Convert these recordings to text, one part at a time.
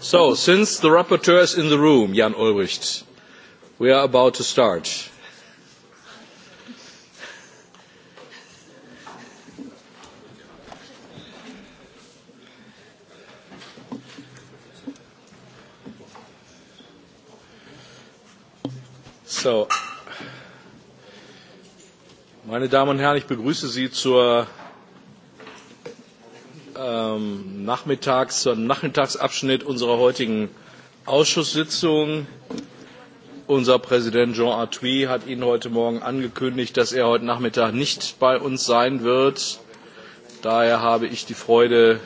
So, since the rapporteur is in the room, Jan Ulbricht, we are about to start. So, meine Damen und Herren, ich begrüße Sie zur ähm, Nachmittags, zum Nachmittagsabschnitt unserer heutigen Ausschusssitzung. Unser Präsident Jean Arthuis hat Ihnen heute Morgen angekündigt, dass er heute Nachmittag nicht bei uns sein wird. Daher habe ich die Freude,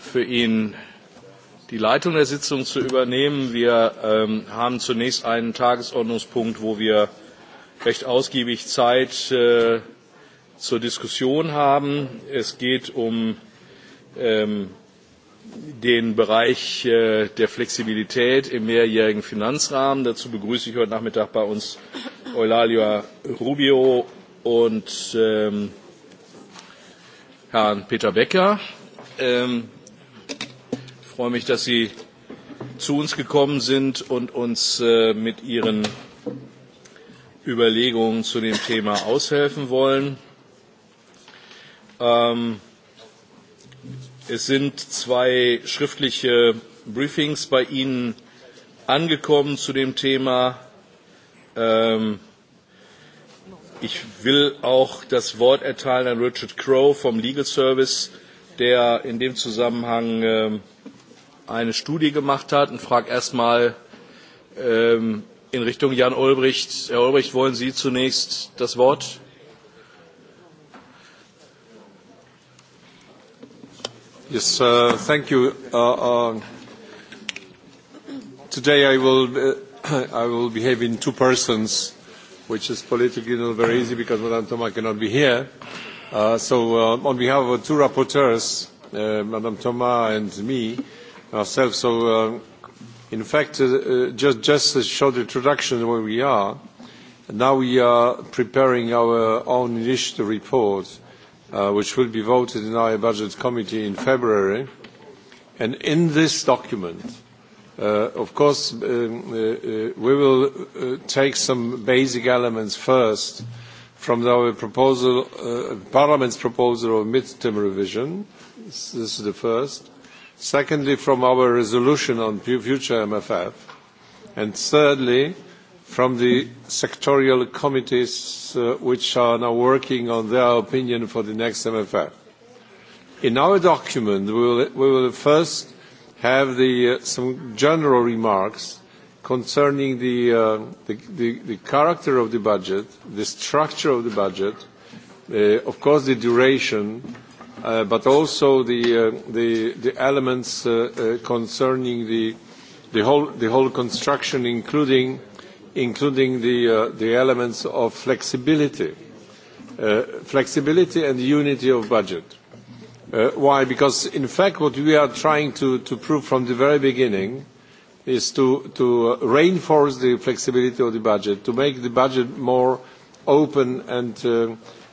für ihn die Leitung der Sitzung zu übernehmen. Wir ähm, haben zunächst einen Tagesordnungspunkt, wo wir recht ausgiebig Zeit äh, zur Diskussion haben. Es geht um Ähm, den Bereich äh, der Flexibilität im mehrjährigen Finanzrahmen. Dazu begrüße ich heute Nachmittag bei uns Eulalia Rubio und ähm, Herrn Peter Becker. ich ähm, freue mich, dass Sie zu uns gekommen sind und uns äh, mit Ihren Überlegungen zu dem Thema aushelfen wollen. Es sind zwei schriftliche Briefings bei Ihnen angekommen zu dem Thema. Ähm, ich will auch das Wort erteilen an Richard Crow vom Legal Service, der in dem Zusammenhang ähm, eine Studie gemacht hat und frage erstmal ähm, in Richtung Jan Olbricht. Herr Olbricht, wollen Sie zunächst das Wort? Yes, uh, thank you. Uh, uh, today I will, uh, I will behave in two persons, which is politically not very easy because Madame Thomas cannot be here. Uh, so uh, on behalf of the two rapporteurs, Madame Thomas and me, ourselves, so in fact, just, just a short introduction of where we are. Now we are preparing our own initiative report Uh, which will be voted in our budget committee in February. And in this document, uh, of course, um, uh, we will take some basic elements first from our proposal, Parliament's proposal of mid-term revision. This is the first. Secondly, from our resolution on future MFF. And thirdly, from the sectorial committees uh, which are now working on their opinion for the next MFF. In our document, we will, we will first have the, uh, some general remarks concerning the, uh, the, the, the character of the budget, the structure of the budget, uh, of course the duration, uh, but also the, uh, the, the elements uh, uh, concerning the, the, whole, the whole construction, including uh, including uh, the, elements of flexibility. Uh, flexibility and unity of budget. Uh, why? Because in fact what we are trying to, prove from the very beginning is to, reinforce the flexibility of the budget, to make the budget more open and,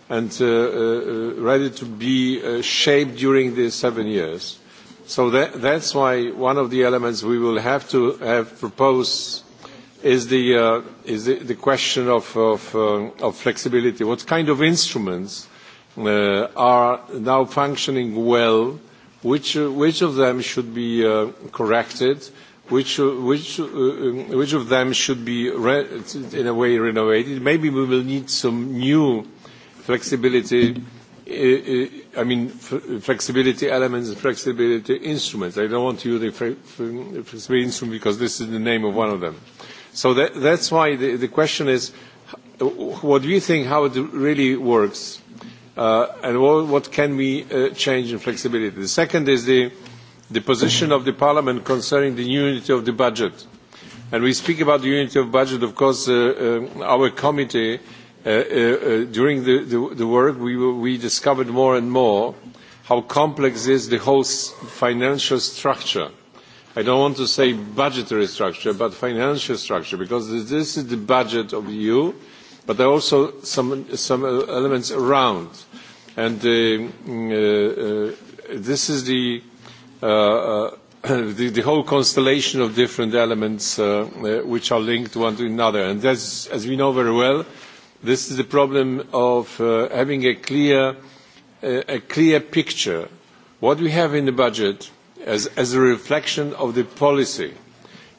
ready to be shaped during the seven years. So that, that's why one of the elements we will have to have proposed is the, uh, question uh, of, flexibility. What kind of instruments uh, are now functioning well? Which, of them should be corrected? which of them should be, in a way, renovated? Maybe we will need some new flexibility I mean, flexibility elements and flexibility instruments. I don't want to use the flexibility instrument because this is the name of one of them. So that, that's why the, the question is, what do you think how it really works? Uh, and what, what can we uh, change in flexibility? The second is the, the position of the Parliament concerning the unity of the budget. And we speak about the unity of budget, of course, uh, uh, our committee, uh, uh, uh, during the, the, the work, we, we discovered more and more how complex is the whole financial structure i don't want to say budgetary structure, but financial structure, because this is the budget of the EU, but there are also some, some elements around. And uh, mm, uh, uh, this is the, uh, uh the, the, whole constellation of different elements uh, which are linked one to another. And as, as we know very well, this is the problem of having a clear, a clear picture. What we have in the budget as, as a reflection of the policy.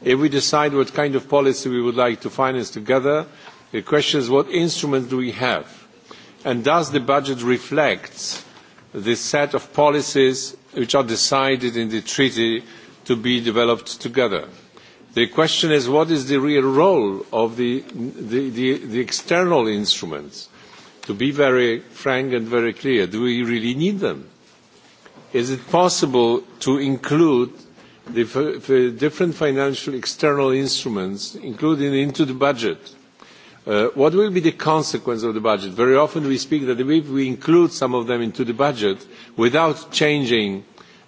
If we decide what kind of policy we would like to finance together, the question is what instruments do we have? And does the budget reflect the set of policies which are decided in the treaty to be developed together? The question is what is the real role of the, the, the, the external instruments? To be very frank and very clear, do we really need them? is it possible to include the, the different financial external instruments including into the budget? Uh, what will be the consequence of the budget? Very often we speak that if we include some of them into the budget without changing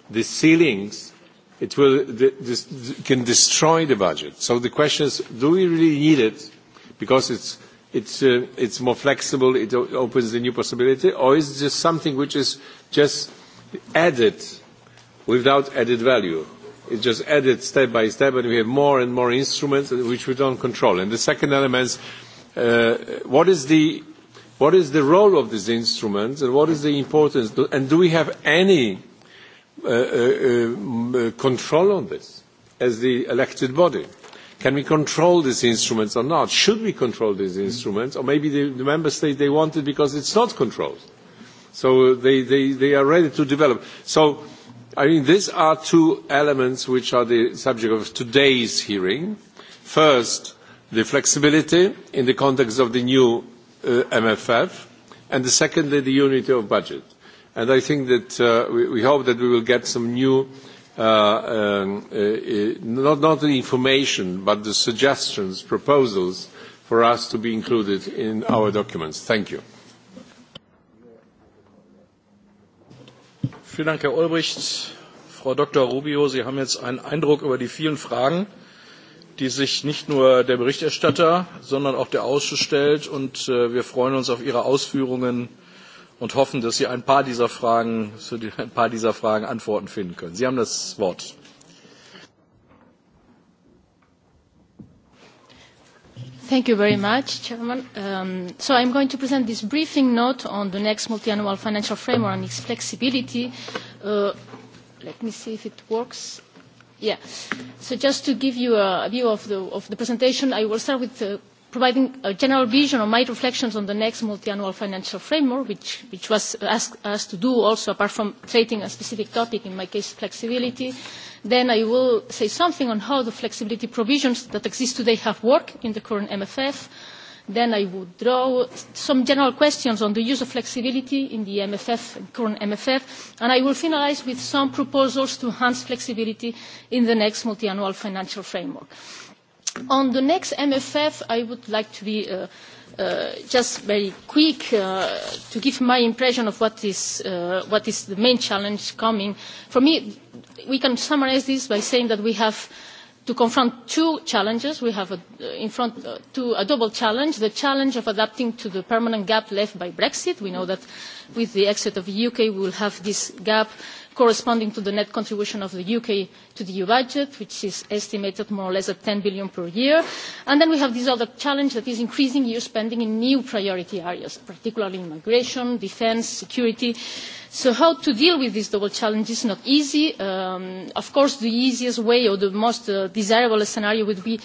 the ceilings, it will, this can destroy the budget. So the question is, do we really need it because it's, it's, uh, it's more flexible, it opens a new possibility, or is it just something which is just added without added value. It's just added step by step, and we have more and more instruments which we don't control. And the second element is uh, what is the what is the role of these instruments and what is the importance Do, and do we have any uh, uh, um, uh, control on this as the elected body? Can we control these instruments or not? Should we control these instruments? Or maybe the, the member states, they want it because it's not controlled So they, they, they are ready to develop. So, I mean, these are two elements which are the subject of today's hearing. First, the flexibility in the context of the new uh, MFF, and the secondly, the unity of budget. And I think that uh, we, we hope that we will get some new, uh, um, uh, not, not the information, but the suggestions, proposals for us to be included in our documents. Thank you. Vielen Dank, Herr Olbricht. Frau Dr. Rubio, Sie haben jetzt einen Eindruck über die vielen Fragen, die sich nicht nur der Berichterstatter, sondern auch der Ausschuss stellt. Und äh, wir freuen uns auf Ihre Ausführungen und hoffen, dass Sie ein paar dieser Fragen, ein paar dieser Fragen Antworten finden können. Sie haben das Wort. Thank you very much, Chairman. Um, so I'm going to present this briefing note on the next multi-annual financial framework and its flexibility. Uh, let me see if it works. Yeah. So just to give you a view of the, of the presentation, I will start with uh, providing a general vision of my reflections on the next multi-annual financial framework, which, which was asked us to do also, apart from treating a specific topic, in my case, flexibility. Uh, Then I will say something on how the flexibility provisions that exist today have worked in the current MFF. Then I would draw some general questions on the use of flexibility in the MFF, current MFF, and I will finalise with some proposals to enhance flexibility in the next multiannual financial framework. On the next MFF, I would like to be uh, uh, just very quick uh, to give my impression of what is, uh, what is the main challenge coming. For me, we can summarize this by saying that we have to confront two challenges. We have a, in front uh, to a double challenge, the challenge of adapting to the permanent gap left by Brexit. We know that with the exit of the UK, we will have this gap corresponding to the net contribution of the UK to the EU budget, which is estimated more or less at 10 billion per year. And then we have this other challenge that is increasing EU spending in new priority areas, particularly in migration, defence, security, uh, So how to deal with this double challenge is not easy. Um, of course, the easiest way or the most uh, desirable scenario would be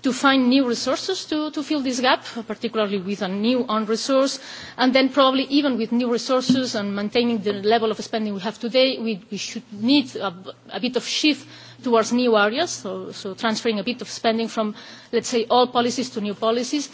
to find new resources to, to fill this gap, particularly with a new own resource, and then probably even with new resources and maintaining the level of spending we have today, we, we should need a, a bit of shift towards new areas, so, so transferring a bit of spending from, let's say, all policies to new policies,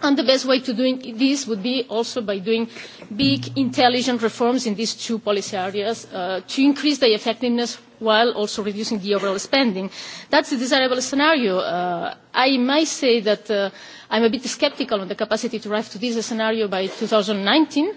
And the best way to do this would be also by doing big, intelligent reforms in these two policy areas uh, to increase the effectiveness while also reducing the overall spending. That's a desirable scenario. Uh, I might say that uh, I'm a bit skeptical on the capacity to arrive to this scenario by 2019.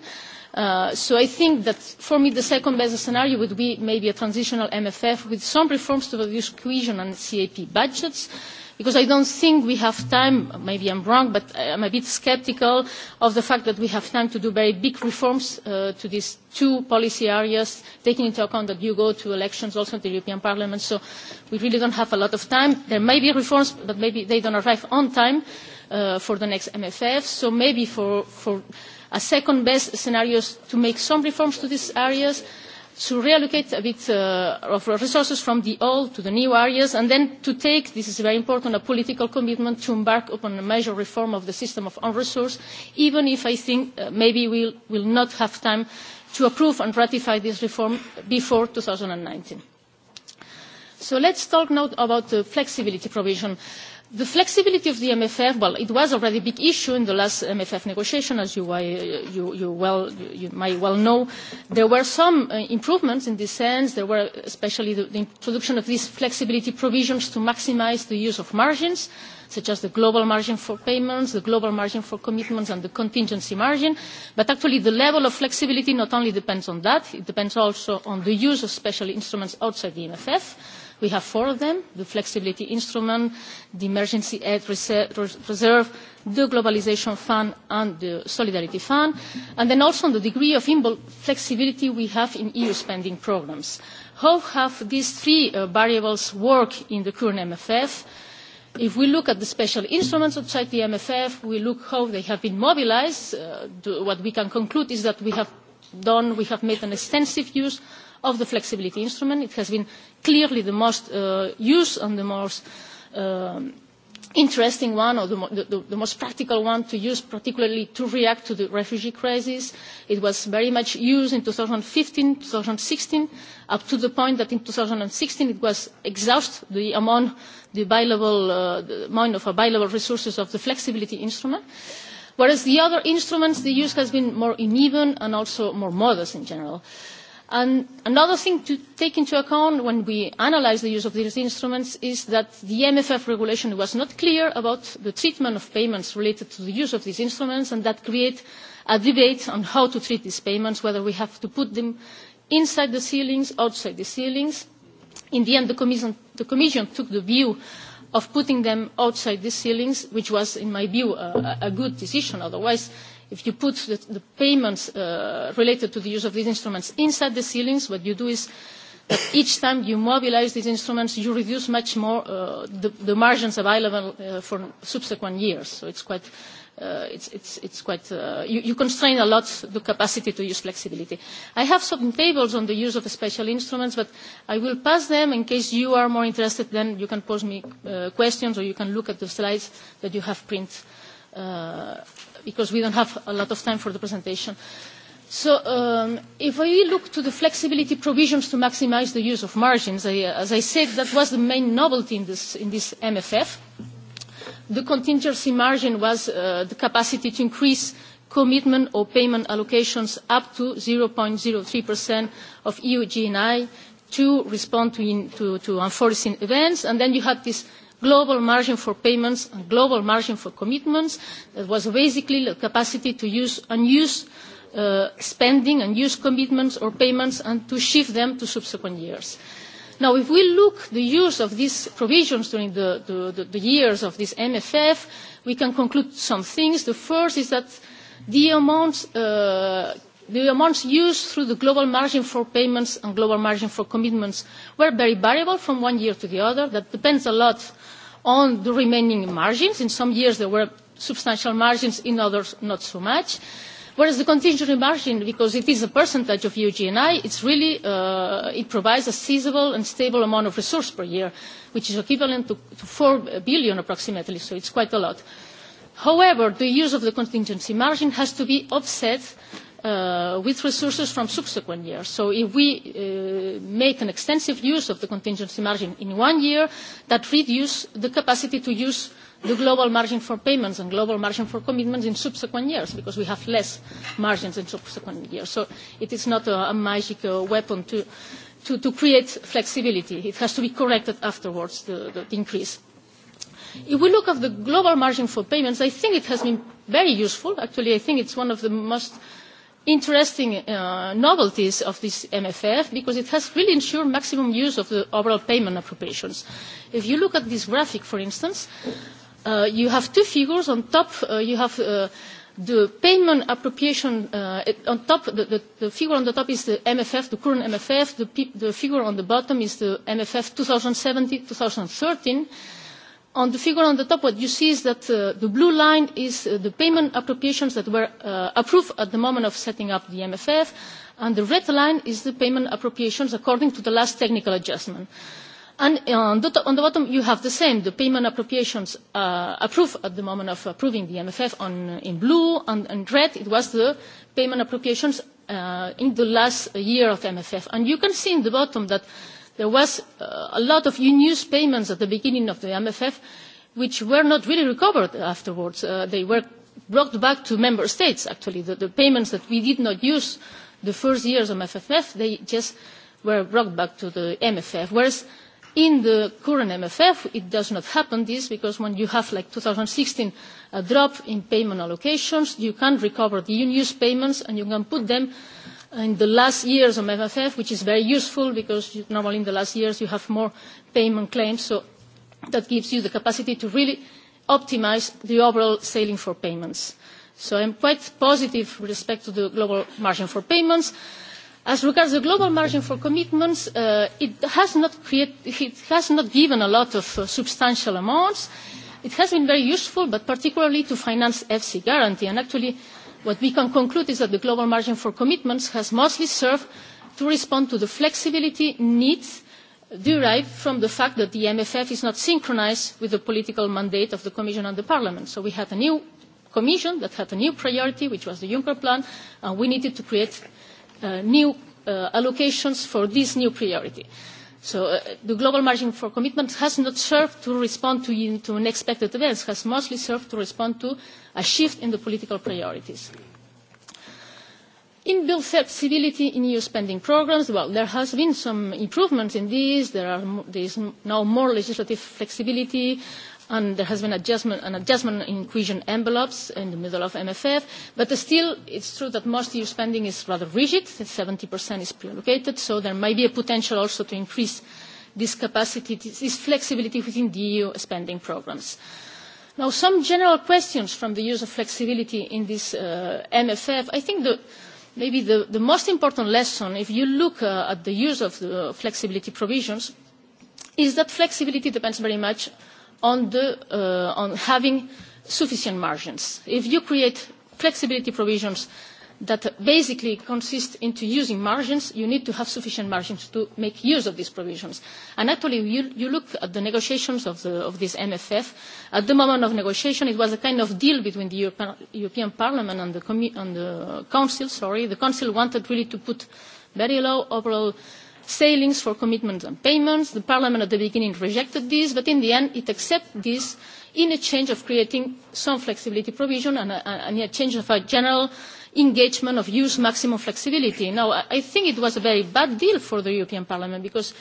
Uh, so I think that for me the second best scenario would be maybe a transitional MFF with some reforms to reduce cohesion and CAP budgets, uh, because I don't think we have time, maybe I'm wrong, but I'm a bit skeptical of the fact that we have time to do very big reforms uh, to these two policy areas, taking into account that you go to elections also in the European Parliament, so we really don't have a lot of time. There may be reforms, but maybe they don't arrive on time uh, for the next MFF, so maybe for, for a second best scenario to make some reforms to these areas, to reallocate a bit uh, of resources from the old to the new areas, and then to take, this is very important, a political commitment to embark upon a major reform of the system of own resource, even if I think uh, maybe we will we'll not have time to approve and ratify this reform before 2019. So let's talk now about the flexibility provision. Uh, The flexibility of the MFF, well, it was already a big issue in the last MFF negotiation, as you, uh, you, you, well, you might well know. There were some uh, improvements in this sense. There were especially the, the introduction of these flexibility provisions to maximize the use of margins, such as the global margin for payments, the global margin for commitments, and the contingency margin. But actually, the level of flexibility not only depends on that, it depends also on the use of special instruments outside the MFF We have four of them, the flexibility instrument, the emergency aid reserve, the globalization fund and the solidarity fund, and then also on the degree of flexibility we have in EU spending programs. How have these three uh, variables worked in the current MFF? If we look at the special instruments outside the MFF, we look how they have been mobilized. Uh, what we can conclude is that we have done, we have made an extensive use of the flexibility instrument. It has been clearly the most uh, used and the most um, interesting one or the, the, the most practical one to use, particularly to react to the refugee crisis. It was very much used in 2015, 2016, up to the point that in 2016 it was exhausted the amount, the available, uh, the amount of available resources of the flexibility instrument. Whereas the other instruments, the use has been more uneven and also more modest in general. Uh, And another thing to take into account when we analyse the use of these instruments is that the MFF regulation was not clear about the treatment of payments related to the use of these instruments, and that creates a debate on how to treat these payments, whether we have to put them inside the ceilings, outside the ceilings. In the end, the Commission, the commission took the view of putting them outside the ceilings, which was, in my view, a, a good decision. Otherwise, If you put the, the payments uh, related to the use of these instruments inside the ceilings, what you do is that each time you mobilize these instruments, you reduce much more uh, the, the margins available uh, for subsequent years. So it's quite uh, it's, it's, it's quite, uh, you, you constrain a lot the capacity to use flexibility. I have some tables on the use of special instruments, but I will pass them in case you are more interested, then you can pose me uh, questions or you can look at the slides that you have printed. Uh, because we don't have a lot of time for the presentation. So um, if we look to the flexibility provisions to maximize the use of margins, I, as I said, that was the main novelty in this, in this MFF. The contingency margin was uh, the capacity to increase commitment or payment allocations up to 0.03% of EU GNI to respond to, in, to, to unforeseen events. And then you have this global margin for payments and global margin for commitments. That was basically the capacity to use unused uh, spending, unused commitments or payments, and to shift them to subsequent years. Now, if we look at the use of these provisions during the, the, the, the years of this MFF, we can conclude some things. The first is that the amounts, uh, the amounts used through the global margin for payments and global margin for commitments were very variable from one year to the other. That depends a lot on the remaining margins. In some years, there were substantial margins, in others, not so much. Whereas the contingency margin, because it is a percentage of UGNI, it's really, uh, it provides a feasible and stable amount of resource per year, which is equivalent to, to 4 billion approximately, so it's quite a lot. However, the use of the contingency margin has to be offset Uh, with resources from subsequent years. So if we uh, make an extensive use of the contingency margin in one year, that reduces the capacity to use the global margin for payments and global margin for commitments in subsequent years because we have less margins in subsequent years. So it is not a, a magic uh, weapon to, to, to create flexibility. It has to be corrected afterwards, the, the, the increase. If we look at the global margin for payments, I think it has been very useful. Actually, I think it's one of the most interesting uh, novelties of this MFF because it has really ensured maximum use of the overall payment appropriations. If you look at this graphic, for instance, uh, you have two figures. On top, uh, you have uh, the payment appropriation uh, on top, the, the, the figure on the top is the MFF, the current MFF. The, the figure on the bottom is the MFF 2017-2013 on the figure on the top, what you see is that uh, the blue line is uh, the payment appropriations that were uh, approved at the moment of setting up the MFF, and the red line is the payment appropriations according to the last technical adjustment. And uh, on the, on the bottom, you have the same, the payment appropriations uh, approved at the moment of approving the MFF on, uh, in blue, and in red, it was the payment appropriations uh, in the last year of MFF. And you can see in the bottom that uh, There was uh, a lot of unused payments at the beginning of the MFF, which were not really recovered afterwards. Uh, they were brought back to member states, actually. The, the payments that we did not use the first years of MFF, they just were brought back to the MFF. Whereas in the current MFF, it does not happen this because when you have like 2016 a drop in payment allocations, you can recover the unused payments and you can put them in the last years of MFF, which is very useful because normally in the last years you have more payment claims, so that gives you the capacity to really optimize the overall sailing for payments. So I'm quite positive with respect to the global margin for payments. As regards the global margin for commitments, uh, it, has not create, it has not given a lot of uh, substantial amounts. It has been very useful, but particularly to finance FC guarantee. And actually, What we can conclude is that the global margin for commitments has mostly served to respond to the flexibility needs derived from the fact that the MFF is not synchronized with the political mandate of the Commission and the Parliament. So we had a new Commission that had a new priority, which was the Juncker Plan, and we needed to create uh, new uh, allocations for this new priority. So uh, the global margin for commitment has not served to respond to, to unexpected events, has mostly served to respond to a shift in the political priorities. In bill flexibility in EU spending programs, well, there has been some improvements in these. There, are, there is now more legislative flexibility and there has been adjustment, an adjustment in inclusion envelopes in the middle of MFF, but still it's true that most EU spending is rather rigid, 70% is pre-allocated, so there might be a potential also to increase this capacity, this flexibility within the EU spending programs. Now, some general questions from the use of flexibility in this uh, MFF. I think the, maybe the, the most important lesson, if you look uh, at the use of the flexibility provisions, is that flexibility depends very much on, the, uh, on having sufficient margins. If you create flexibility provisions that basically consist into using margins, you need to have sufficient margins to make use of these provisions. And actually, you, you look at the negotiations of, the, of this MFF. At the moment of negotiation, it was a kind of deal between the European, European Parliament and the, and the Council. Sorry, The Council wanted really to put very low overall sailings for commitments and payments. The Parliament at the beginning rejected this, but in the end it accepted this in exchange of creating some flexibility provision and, uh, a, and in exchange of a general engagement of use maximum flexibility. Now, I think it was a very bad deal for the European Parliament because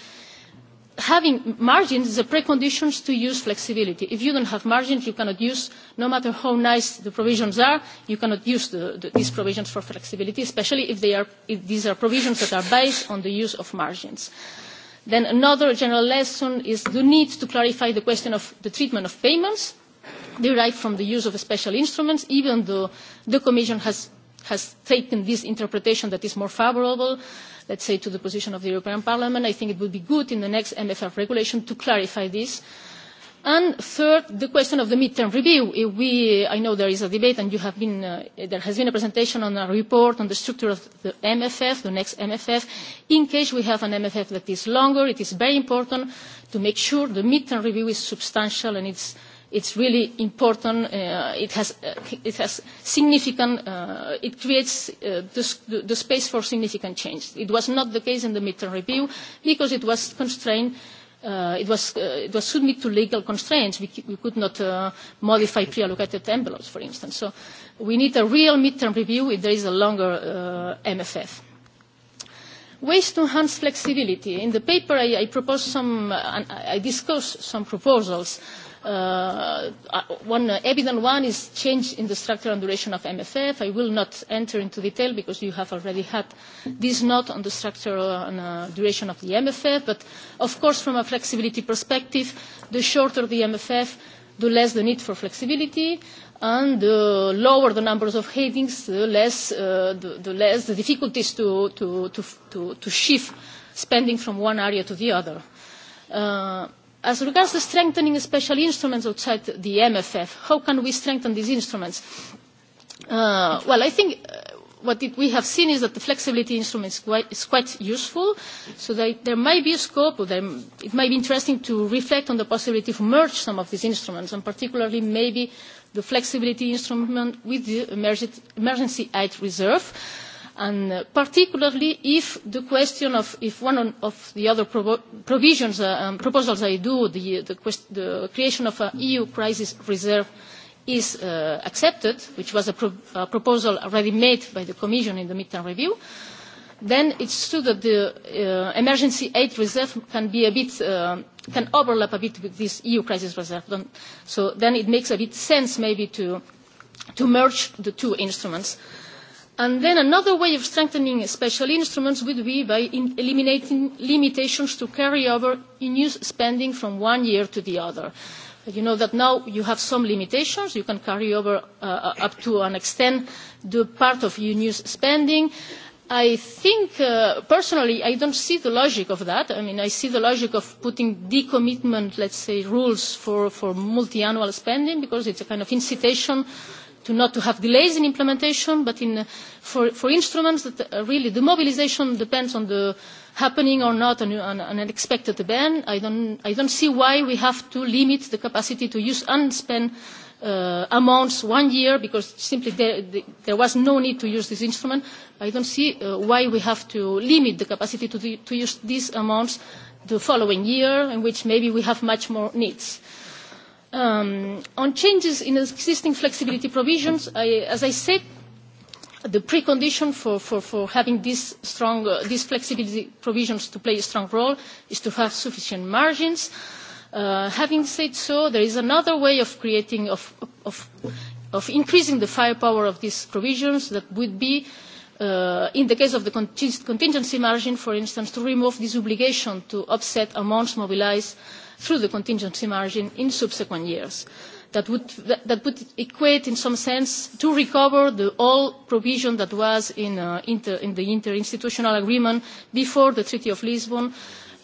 having margins is a precondition to use flexibility. If you don't have margins, you cannot use, no matter how nice the provisions are, you cannot use the, the, these provisions for flexibility, especially if, they are, if these are provisions that are based on the use of margins. Then another general lesson is the need to clarify the question of the treatment of payments derived from the use of special instruments, even though the Commission has, has taken this interpretation that is more favorable. Uh, let's say, to the position of the European Parliament. I think it would be good in the next MFF regulation to clarify this. And third, the question of the midterm review. If we, I know there is a debate, and you have been, uh, there has been a presentation on a report on the structure of the MFF, the next MFF. In case we have an MFF that is longer, it is very important to make sure the midterm review is substantial and it's it's really important. Uh, it has uh, it has significant. Uh, it creates uh, the, the space for significant change. It was not the case in the midterm review because it was constrained. Uh, it was uh, it was submitted to legal constraints. We, we could not uh, modify pre-allocated envelopes, for instance. So we need a real midterm review if there is a longer uh, MFF ways to enhance flexibility. In the paper, I, I propose some, uh, I discuss some proposals Uh, uh, one, uh, evident one is change in the structure and duration of MFF. I will not enter into detail because you have already had this note on the structure and uh, duration of the MFF. But of course, from a flexibility perspective, the shorter the MFF, the less the need for flexibility and the lower the numbers of headings, the less, uh, the, the, less the difficulties to, to, to, to, to shift spending from one area to the other. Uh, As regards the strengthening special instruments outside the MFF, how can we strengthen these instruments? Uh, well, I think uh, what it, we have seen is that the flexibility instrument is quite, is quite useful, so there might be a scope, or there, it might be interesting to reflect on the possibility to merge some of these instruments, and particularly maybe the flexibility instrument with the emergency aid reserve. Uh, and particularly if the question of if one of the other provisions uh, um, proposals I do, the, the, the creation of an EU crisis reserve is uh, accepted, which was a, pro a proposal already made by the Commission in the midterm review, then it's true that the uh, emergency aid reserve can be a bit uh, can overlap a bit with this EU crisis reserve. Don't, so then it makes a bit sense maybe to to merge the two instruments. Uh, And then another way of strengthening special instruments would be by eliminating limitations to carry over unused spending from one year to the other. You know that now you have some limitations. You can carry over uh, up to an extent the part of unused spending. I think, uh, personally, I don't see the logic of that. I mean, I see the logic of putting decommitment, let's say, rules for, for multi-annual spending because it's a kind of incitation uh, to not to have delays in implementation, but in, for, for instruments that uh, really the mobilization depends on the happening or not on, an unexpected ban. I don't, I don't see why we have to limit the capacity to use unspent uh, amounts one year because simply there, there was no need to use this instrument. I don't see uh, why we have to limit the capacity to, the, to use these amounts the following year in which maybe we have much more needs. Uh, Um, on changes in existing flexibility provisions, I, as I said, the precondition for, for, for having this strong, uh, these flexibility provisions to play a strong role is to have sufficient margins. Uh, having said so, there is another way of creating, of, of, of increasing the firepower of these provisions that would be, uh, in the case of the contingency margin, for instance, to remove this obligation to offset amounts mobilized uh, through the contingency margin in subsequent years. That would, that would equate, in some sense, to recover the old provision that was in, uh, inter, in the interinstitutional agreement before the Treaty of Lisbon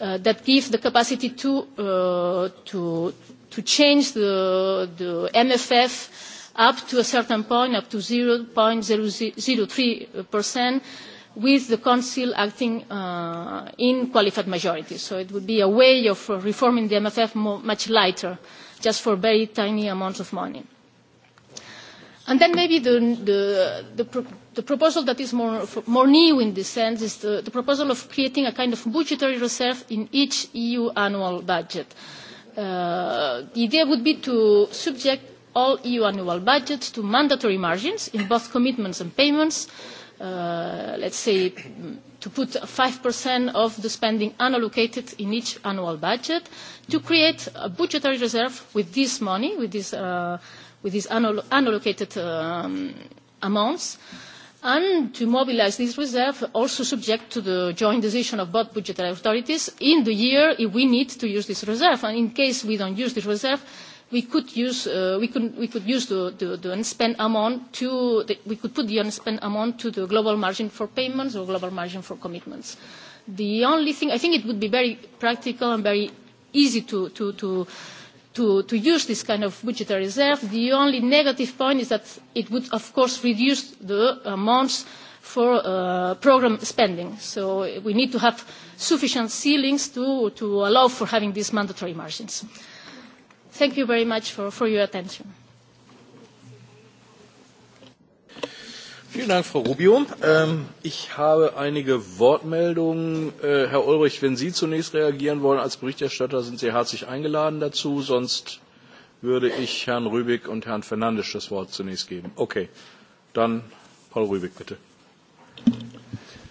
uh, that gives the capacity to, uh, to, to change the, the MFF up to a certain point, up to 0.003%, with the Council acting uh, in qualified majority. So it would be a way of reforming the MFF much lighter, just for very tiny amounts of money. And then maybe the, the, the, pro the proposal that is more, more new in this sense is the, the proposal of creating a kind of budgetary reserve in each EU annual budget. Uh, the idea would be to subject all EU annual budgets to mandatory margins in both commitments and payments, Uh, let's say, to put 5% of the spending unallocated in each annual budget to create a budgetary reserve with this money, with, this, uh, with these unallocated um, amounts, and to mobilise this reserve also subject to the joint decision of both budgetary authorities in the year if we need to use this reserve. And in case we don't use this reserve, we could use uh, we could we could use the, the, the unspent amount to the, we could put the unspent amount to the global margin for payments or global margin for commitments. The only thing I think it would be very practical and very easy to to to to, to use this kind of budgetary reserve. The only negative point is that it would, of course, reduce the amounts for uh, program spending. So we need to have sufficient ceilings to, to allow for having these mandatory margins. Uh, Thank you very much for, for your attention. Vielen Dank, Frau Rubio. Ähm, ich habe einige Wortmeldungen. Äh, Herr Ulrich, wenn Sie zunächst reagieren wollen als Berichterstatter, sind Sie herzlich eingeladen dazu. Sonst würde ich Herrn Rübig und Herrn Fernandes das Wort zunächst geben. Okay, dann Paul Rübig, bitte.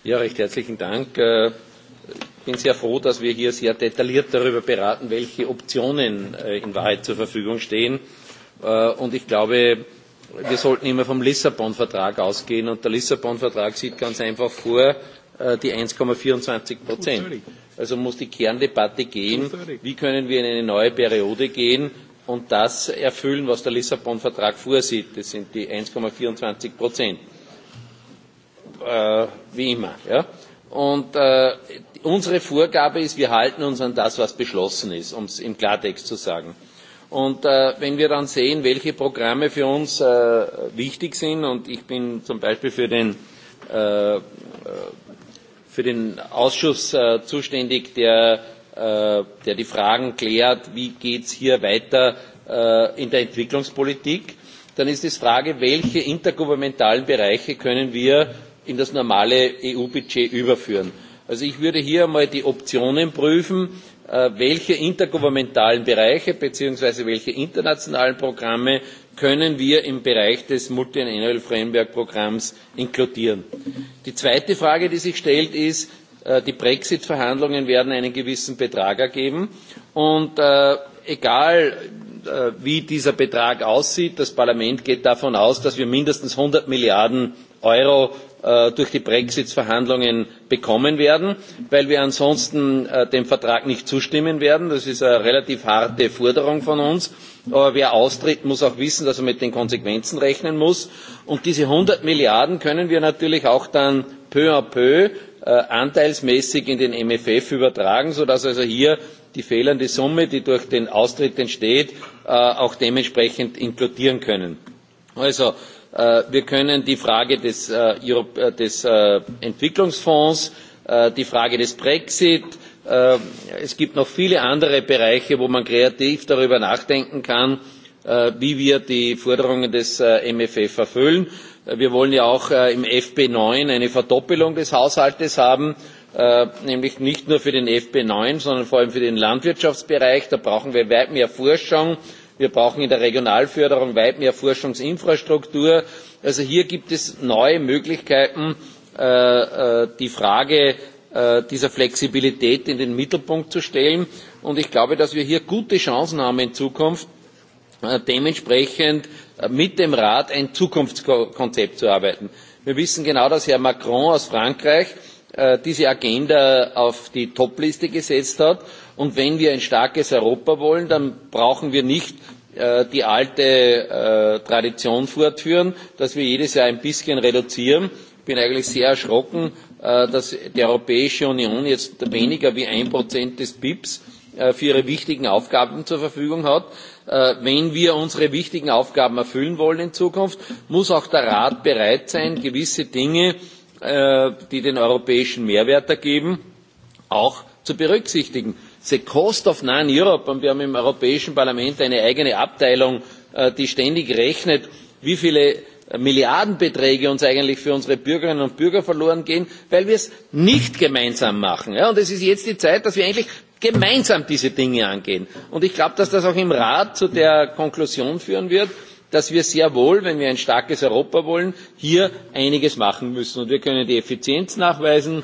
Ja, recht herzlichen Dank. Äh bin sehr froh, dass wir hier sehr detailliert darüber beraten, welche Optionen äh, in Wahrheit zur Verfügung stehen. Äh, und ich glaube, wir sollten immer vom Lissabon-Vertrag ausgehen. Und der Lissabon-Vertrag sieht ganz einfach vor, äh, die 1,24 Prozent. Also muss die Kerndebatte gehen, wie können wir in eine neue Periode gehen und das erfüllen, was der Lissabon-Vertrag vorsieht. Das sind die 1,24 Prozent. Äh, wie immer. Ja? Und äh, unsere Vorgabe ist, wir halten uns an das, was beschlossen ist, um es im Klartext zu sagen. Und äh, wenn wir dann sehen, welche Programme für uns äh, wichtig sind, und ich bin zum Beispiel für den, äh, äh für den Ausschuss äh, zuständig, der, äh, der die Fragen klärt, wie geht es hier weiter äh, in der Entwicklungspolitik, dann ist die Frage, welche intergouvernementalen Bereiche können wir in das normale EU-Budget überführen. Also ich würde hier einmal die Optionen prüfen, äh, welche intergouvernementalen Bereiche bzw. welche internationalen Programme können wir im Bereich des Multiannual Framework Programms inkludieren. Die zweite Frage, die sich stellt, ist, äh, die Brexit Verhandlungen werden einen gewissen Betrag ergeben und äh, egal wie dieser Betrag aussieht, das Parlament geht davon aus, dass wir mindestens 100 Milliarden euro äh, durch die brexit verhandlungen bekommen werden weil wir ansonsten äh, dem vertrag nicht zustimmen werden. das ist eine relativ harte forderung von uns. aber wer austritt muss auch wissen dass er mit den konsequenzen rechnen muss. und diese einhundert milliarden können wir natürlich auch dann peu à peu äh, anteilsmäßig in den mfr übertragen sodass also hier die fehlende summe die durch den austritt entsteht auch dementsprechend inkludieren können. also Äh, wir können die frage des, äh, äh, entwicklungsfonds die frage des brexit es gibt noch viele andere bereiche wo man kreativ darüber nachdenken kann wie wir die forderungen des mfr erfüllen. wir wollen ja auch im fp neun eine verdoppelung des haushalts haben nämlich nicht nur für den fp neun sondern vor allem für den landwirtschaftsbereich. da brauchen wir weit mehr forschung wir brauchen in der regionalförderung weit mehr forschungsinfrastruktur. also hier gibt es neue möglichkeiten äh, äh, die frage äh, dieser flexibilität in den mittelpunkt zu stellen und ich glaube dass wir hier gute chancen haben in zukunft dementsprechend mit dem rat ein zukunftskonzept zu erarbeiten. wir wissen genau dass herr macron aus frankreich diese agenda auf die topliste gesetzt hat. Und wenn wir ein starkes Europa wollen, dann brauchen wir nicht äh, die alte äh, Tradition fortführen, dass wir jedes Jahr ein bisschen reduzieren. Ich bin eigentlich sehr erschrocken, äh, dass die Europäische Union jetzt weniger wie ein Prozent des BIPs für ihre wichtigen Aufgaben zur Verfügung hat. Wenn wir unsere wichtigen Aufgaben erfüllen wollen in Zukunft, muss auch der Rat bereit sein, gewisse Dinge, die den europäischen Mehrwert ergeben, auch zu berücksichtigen the cost of non-Europe, und wir haben im Europäischen Parlament eine eigene Abteilung, äh, die ständig rechnet, wie viele äh, Milliardenbeträge uns eigentlich für unsere Bürgerinnen und Bürger verloren gehen, weil wir es nicht gemeinsam machen. und es ist jetzt die Zeit, dass wir endlich gemeinsam diese Dinge angehen. Und ich glaube, dass das auch im Rat zu der Konklusion führen wird, dass wir sehr wohl, wenn wir ein starkes Europa wollen, hier einiges machen müssen. Und wir können die Effizienz nachweisen,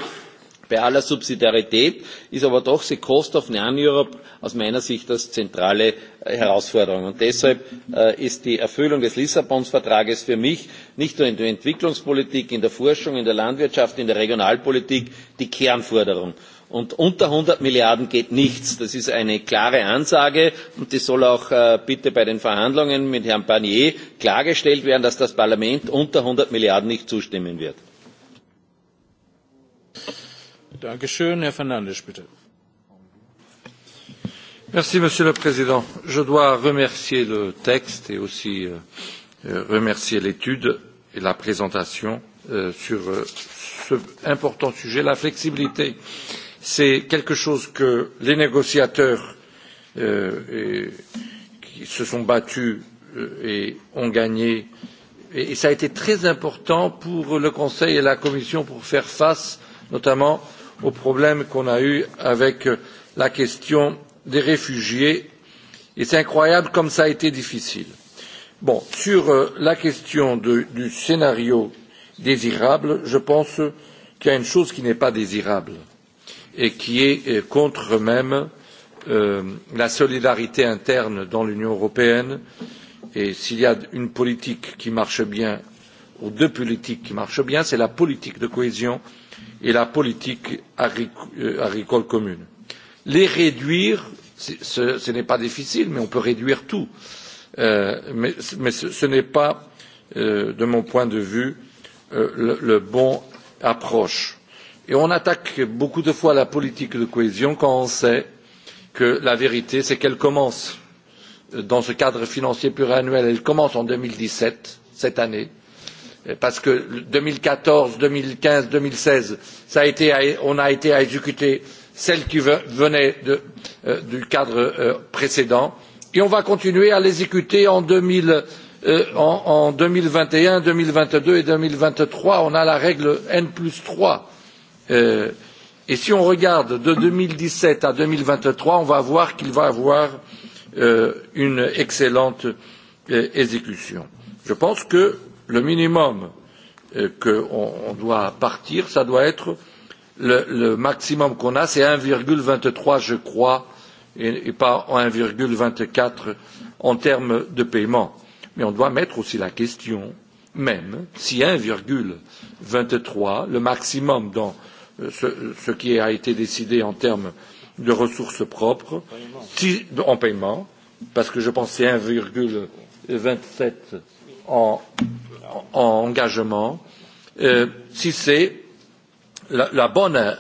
Bei aller Subsidiarität ist aber doch the cost of non-Europe aus meiner Sicht die zentrale äh, Herausforderung. Und deshalb äh, ist die Erfüllung des lissabon vertrags für mich nicht nur in der Entwicklungspolitik, in der Forschung, in der Landwirtschaft, in der Regionalpolitik die Kernforderung. Und unter 100 Milliarden geht nichts. Das ist eine klare Ansage und die soll auch äh, bitte bei den Verhandlungen mit Herrn Barnier klargestellt werden, dass das Parlament unter 100 Milliarden nicht zustimmen wird. Monsieur le Président. Je dois remercier le texte et aussi euh, euh, remercier l'étude et la présentation euh, sur cet important sujet. La flexibilité, c'est quelque chose que les négociateurs qui se sont battus et ont gagné. Et, cela a été très important pour le Conseil et la Commission pour faire face notamment au problème qu'on a eu avec euh, la question des réfugiés et c'est incroyable comme ça a été difficile. Bon, sur euh, la question de, du scénario désirable, je pense qu'il y a une chose qui n'est pas désirable et qui est euh, contre même euh, la solidarité interne dans l'Union européenne. Et s'il y a une politique qui marche bien, ou deux politiques qui marchent bien, c'est la politique de cohésion et la politique euh, agricole commune. les réduire ce, n'est pas difficile mais on peut réduire tout euh, mais, ce, n'est pas euh, de mon point de vue la bonne approche. Et on attaque beaucoup de fois la politique de cohésion quand on sait que la vérité c'est qu'elle commence dans ce cadre financier pluriannuel elle commence en deux mille dix sept cette année parce que deux mille quatorze deux mille quinze deux mille seize nous avons été à exécuter celles qui venaient euh, du cadre euh, précédent et nous allons continuer à les exécuter euh, en deux mille vingt et un deux mille vingt deux et deux mille vingt trois nous avons la règle n trois et si nous regardons de deux mille dix sept à deux mille vingt trois nous va voir qu'il va y avoir une excellente exécution. je pense que le minimum euh, qu'on doit partir, ça doit être le, le maximum qu'on a, c'est 1,23 je crois, et, et pas 1,24 en termes de paiement. Mais on doit mettre aussi la question, même si 1,23, le maximum dans euh, ce, ce qui a été décidé en termes de ressources propres, si, en paiement, parce que je pense que c'est 1,27 en en engagement euh, si c'est la, la, bonne, euh,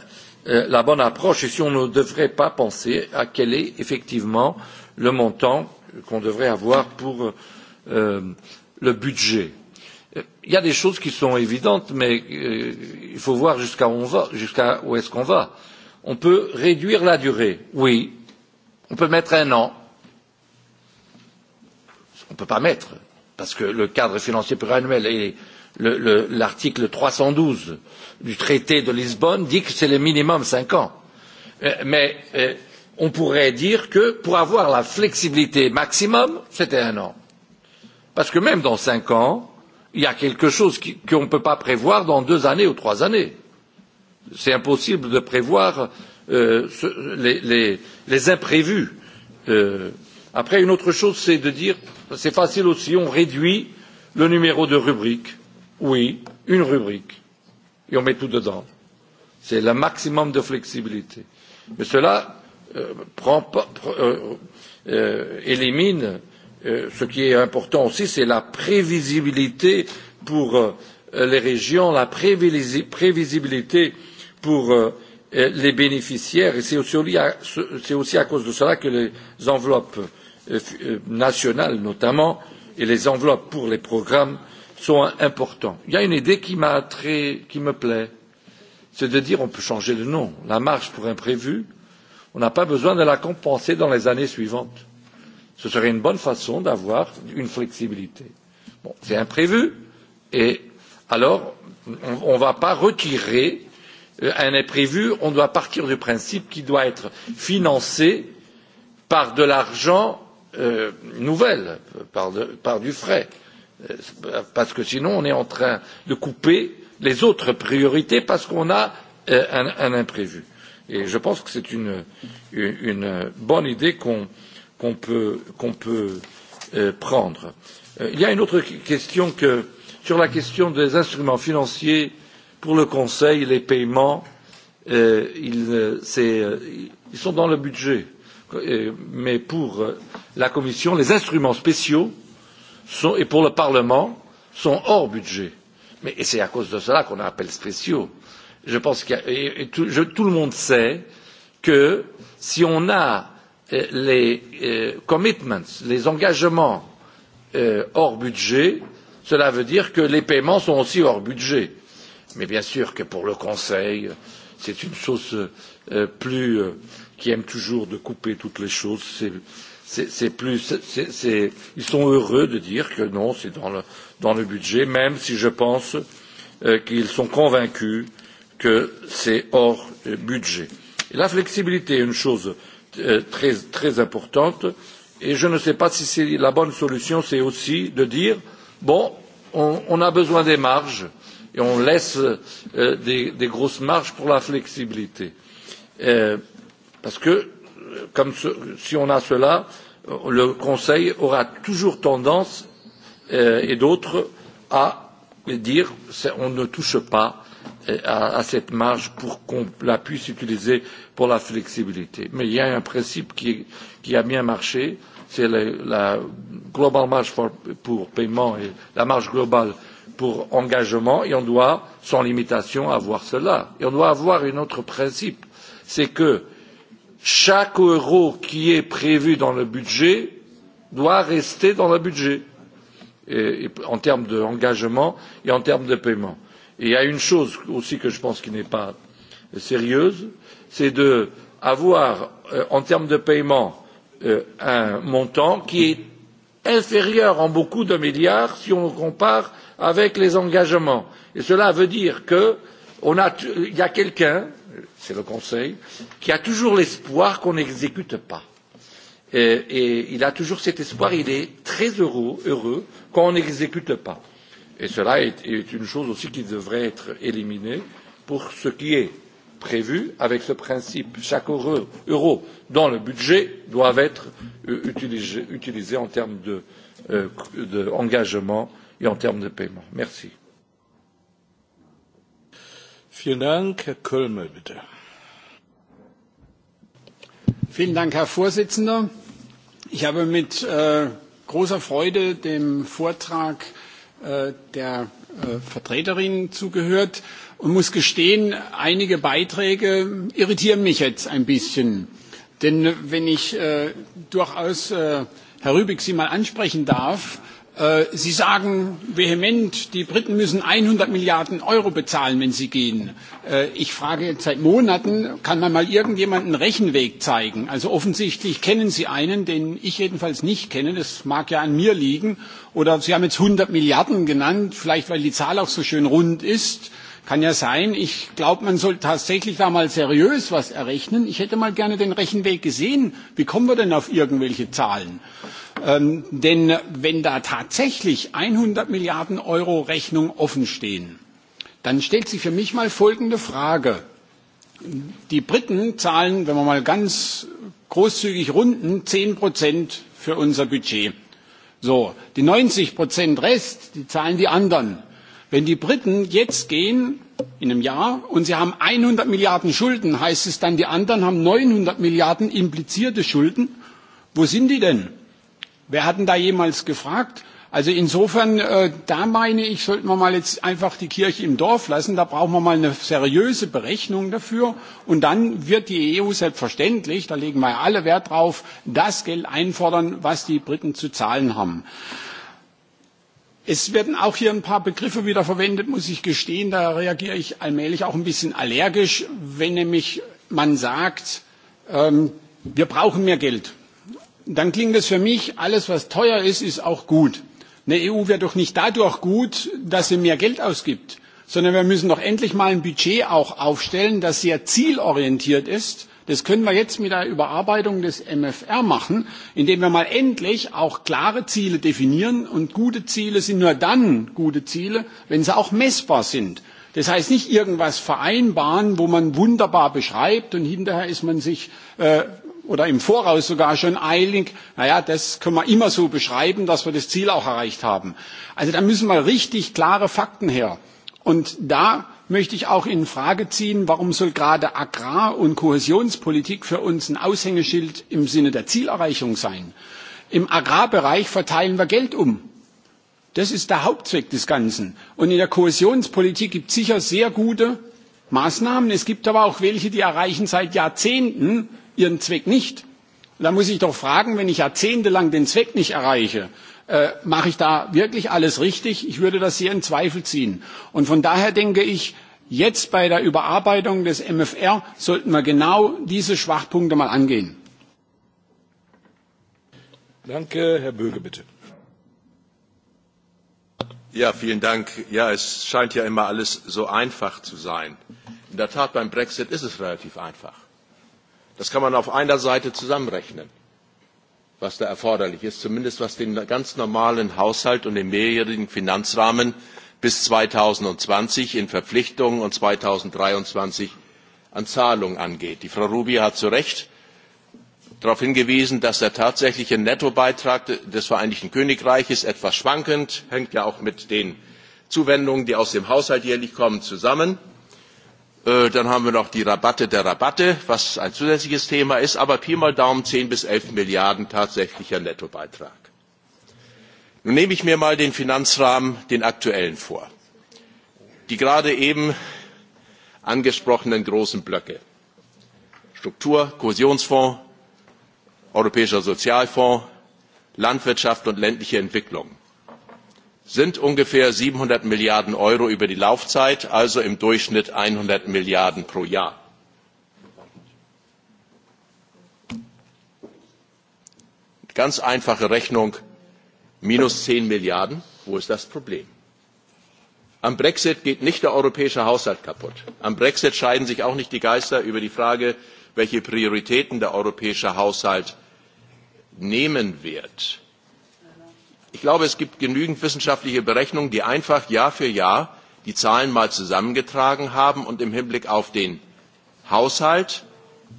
la bonne approche et si on ne devrait pas penser à quel est effectivement le montant qu'on devrait avoir pour euh, le budget. Il y a des choses qui sont évidentes, mais euh, il faut voir jusqu'à où, jusqu où est-ce qu'on va. On peut réduire la durée, oui. On peut mettre un an. On ne peut pas mettre parce que le cadre financier pluriannuel et l'article trois cent douze du traité de lisbonne dit que c'est le minimum cinq ans euh, mais euh, on pourrait dire que pour avoir la flexibilité maximum c'était un an parce que même dans cinq ans il y a quelque chose qu'on ne peut pas prévoir dans deux années ou trois années c'est impossible de prévoir euh, les, les, les imprévus euh, après une autre chose c'est de dire c'est facile aussi on réduit le numéro de rubrique oui une rubrique et on met tout dedans c'est le maximum de flexibilité mais cela euh, prend pas, euh, euh, élimine euh, ce qui est important aussi c'est la prévisibilité pour euh, les régions la prévisibilité pour euh, les bénéficiaires et c'est aussi, aussi à cause de cela que les enveloppes Euh, nationales notamment et les enveloppes pour les programmes sont importants. Il y a une idée qui m'a très, qui me plaît, c'est de dire on peut changer le nom, la marge pour imprévu, on n'a pas besoin de la compenser dans les années suivantes. Ce serait une bonne façon d'avoir une flexibilité. Bon, c'est imprévu et alors on ne va pas retirer euh, un imprévu, on doit partir du principe qu'il doit être financé par de l'argent Euh, nouvelle par, du frais euh, parce que sinon on est en train de couper les autres priorités parce qu'on a euh, un, un imprévu. Et je pense que c'est une, une, bonne idée qu'on qu'on peut, qu peut prendre. il y a une autre question que, sur la question des instruments financiers pour le Conseil, les paiements, euh, ils, ils sont dans le budget mais pour euh, la Commission, les instruments spéciaux sont, et pour le Parlement sont hors budget. Mais, et c'est à cause de cela qu'on appelle spéciaux. Je pense que tout, tout le monde sait que si on a euh, les euh, commitments, les engagements euh, hors budget, cela veut dire que les paiements sont aussi hors budget. Mais bien sûr que pour le Conseil, c'est une chose euh, plus. Euh, qui aiment toujours de couper toutes les choses. C'est, c'est, c'est plus, c'est, c'est, ils sont heureux de dire que non, c'est dans le, dans le budget, même si je pense euh, qu'ils sont convaincus que c'est hors euh, budget. Et la flexibilité est une chose euh, très, très importante et je ne sais pas si c'est la bonne solution, c'est aussi de dire bon, on, on a besoin des marges et on laisse euh, des, des grosses marges pour la flexibilité. Euh, Parce que euh, comme ce, si on a cela, euh, le Conseil aura toujours tendance euh, et d'autres à dire on ne touche pas euh, à, à cette marge pour qu'on la puisse utiliser pour la flexibilité. Mais il y a un principe qui, qui a bien marché, c'est la, la global marge for, pour paiement et la marge globale pour engagement, et on doit, sans limitation, avoir cela. Et on doit avoir un autre principe, c'est que chaque euro qui est prévu dans le budget doit rester dans le budget et, et, en termes d'engagement et en termes de paiement. Et il y a une chose aussi que je pense qui n'est pas sérieuse, c'est d'avoir euh, en termes de paiement euh, un montant qui est inférieur en beaucoup de milliards si on compare avec les engagements. Et cela veut dire que euh, on a, il y a quelqu'un, c'est le Conseil, qui a toujours l'espoir qu'on n'exécute pas. Et, et il a toujours cet espoir, il est très heureux, heureux quand on n'exécute pas. Et cela est, est une chose aussi qui devrait être éliminée pour ce qui est prévu avec ce principe chaque euro, euro dans le budget doit être euh, utilisé, utilisé en termes d'engagement de, euh, de et en termes de paiement. Merci. Vielen Dank. Herr Kölmel, bitte. Vielen Dank, Herr Vorsitzender. Ich habe mit äh, großer Freude dem Vortrag äh, der äh, Vertreterin zugehört und muss gestehen, einige Beiträge irritieren mich jetzt ein bisschen. Denn wenn ich äh, durchaus, äh, Herr Rübig, Sie mal ansprechen darf, äh, Äh, sie sagen vehement, die Briten müssen 100 Milliarden Euro bezahlen, wenn sie gehen. Äh, ich frage jetzt seit Monaten, kann man mal irgendjemanden Rechenweg zeigen? Also offensichtlich kennen Sie einen, den ich jedenfalls nicht kenne. Das mag ja an mir liegen. Oder Sie haben jetzt 100 Milliarden genannt, vielleicht weil die Zahl auch so schön rund ist. Kann ja sein. Ich glaube, man soll tatsächlich da mal seriös was errechnen. Ich hätte mal gerne den Rechenweg gesehen. Wie kommen wir denn auf irgendwelche Zahlen? Ähm, denn wenn da tatsächlich 100 Milliarden Euro Rechnung offenstehen, dann stellt sich für mich mal folgende Frage. Die Briten zahlen, wenn wir mal ganz großzügig runden, 10 Prozent für unser Budget. So, die 90 Prozent Rest, die zahlen die anderen. Wenn die Briten jetzt gehen in einem Jahr und sie haben 100 Milliarden Schulden, heißt es dann, die anderen haben 900 Milliarden implizierte Schulden. Wo sind die denn? Wer hat denn da jemals gefragt? Also insofern, äh, da meine ich, sollten wir mal jetzt einfach die Kirche im Dorf lassen. Da brauchen wir mal eine seriöse Berechnung dafür. Und dann wird die EU selbstverständlich, da legen wir ja alle Wert drauf, das Geld einfordern, was die Briten zu zahlen haben. Es werden auch hier ein paar Begriffe wieder verwendet, muss ich gestehen. Da reagiere ich allmählich auch ein bisschen allergisch, wenn nämlich man sagt, ähm, wir brauchen mehr Geld dann klingt es für mich, alles was teuer ist, ist auch gut. Eine EU wird doch nicht dadurch gut, dass sie mehr Geld ausgibt, sondern wir müssen doch endlich mal ein Budget auch aufstellen, das sehr zielorientiert ist. Das können wir jetzt mit der Überarbeitung des MFR machen, indem wir mal endlich auch klare Ziele definieren. Und gute Ziele sind nur dann gute Ziele, wenn sie auch messbar sind. Das heißt nicht irgendwas vereinbaren, wo man wunderbar beschreibt und hinterher ist man sich äh, oder im Voraus sogar schon eilig, naja, das können wir immer so beschreiben, dass wir das Ziel auch erreicht haben. Also da müssen mal richtig klare Fakten her. Und da möchte ich auch in Frage ziehen, warum soll gerade Agrar- und Kohäsionspolitik für uns ein Aushängeschild im Sinne der Zielerreichung sein? Im Agrarbereich verteilen wir Geld um. Das ist der Hauptzweck des Ganzen. Und in der Kohäsionspolitik gibt es sicher sehr gute Maßnahmen. Es gibt aber auch welche, die erreichen seit Jahrzehnten ihren Zweck nicht. Da muss ich doch fragen, wenn ich jahrzehntelang den Zweck nicht erreiche, äh, mache ich da wirklich alles richtig? Ich würde das sehr in Zweifel ziehen. Und von daher denke ich, jetzt bei der Überarbeitung des MFR sollten wir genau diese Schwachpunkte mal angehen. Danke, Herr Böge, bitte. Ja, vielen Dank. Ja, es scheint ja immer alles so einfach zu sein. In der Tat, beim Brexit ist es relativ einfach. Das kann man auf einer Seite zusammenrechnen, was da erforderlich ist, zumindest was den ganz normalen Haushalt und den mehrjährigen Finanzrahmen bis 2020 in Verpflichtungen und 2023 an Zahlungen angeht. Die Frau Rubio hat zu Recht darauf hingewiesen, dass der tatsächliche Nettobeitrag des Vereinigten Königreiches etwas schwankend, hängt ja auch mit den Zuwendungen, die aus dem Haushalt jährlich kommen, zusammen Äh, dann haben wir noch die Rabatte der Rabatte, was ein zusätzliches Thema ist, aber Pi mal Daumen 10 bis 11 Milliarden tatsächlicher Nettobeitrag. Nun nehme ich mir mal den Finanzrahmen, den aktuellen vor. Die gerade eben angesprochenen großen Blöcke. Struktur, Kohäsionsfonds, Europäischer Sozialfonds, Landwirtschaft und ländliche Entwicklung sind ungefähr siebenhundert milliarden euro über die laufzeit also im durchschnitt einhundert milliarden pro jahr. ganz einfache rechnung minus zehn milliarden wo ist das problem? am brexit geht nicht der europäische haushalt kaputt am brexit scheiden sich auch nicht die geister über die frage welche prioritäten der europäische haushalt nehmen wird. Ich glaube, es gibt genügend wissenschaftliche Berechnungen, die einfach Jahr für Jahr die Zahlen mal zusammengetragen haben und im Hinblick auf den Haushalt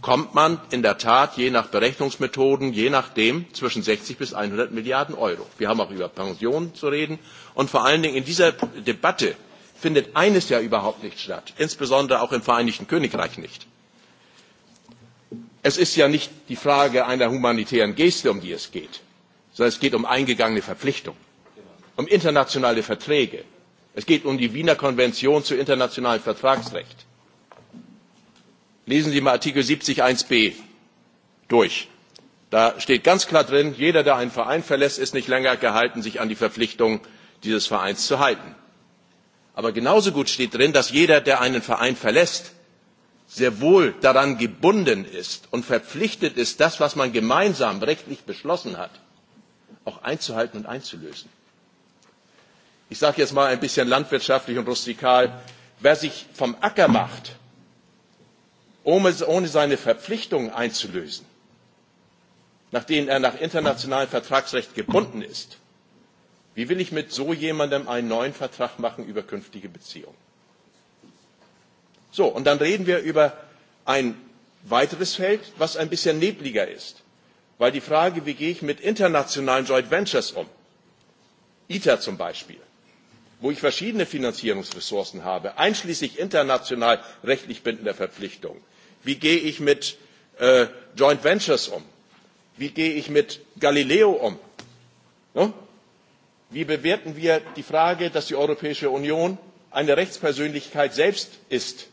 kommt man in der Tat je nach Berechnungsmethoden, je nachdem zwischen sechzig bis einhundert Milliarden Euro. Wir haben auch über Pensionen zu reden und vor allen Dingen in dieser Debatte findet eines ja überhaupt nicht statt, insbesondere auch im Vereinigten Königreich nicht. Es ist ja nicht die Frage einer humanitären Geste, um die es geht sondern es geht um eingegangene Verpflichtungen, um internationale Verträge. Es geht um die Wiener Konvention zu internationalem Vertragsrecht. Lesen Sie mal Artikel 70 1b durch. Da steht ganz klar drin, jeder, der einen Verein verlässt, ist nicht länger gehalten, sich an die Verpflichtungen dieses Vereins zu halten. Aber genauso gut steht drin, dass jeder, der einen Verein verlässt, sehr wohl daran gebunden ist und verpflichtet ist, das, was man gemeinsam rechtlich beschlossen hat, auch einzuhalten und einzulösen. Ich sage jetzt mal ein bisschen landwirtschaftlich und rustikal, wer sich vom Acker macht, ohne seine Verpflichtungen einzulösen, nach denen er nach internationalem Vertragsrecht gebunden ist, wie will ich mit so jemandem einen neuen Vertrag machen über künftige Beziehungen? So, und dann reden wir über ein weiteres Feld, was ein bisschen nebliger ist weil die frage wie gehe ich mit internationalen joint ventures um iter zum beispiel wo ich verschiedene finanzierungsressourcen habe einschließlich international rechtlich bindender verpflichtungen wie gehe ich mit äh, joint ventures um wie gehe ich mit galileo um ne? wie bewerten wir die frage dass die europäische union eine rechtspersönlichkeit selbst ist?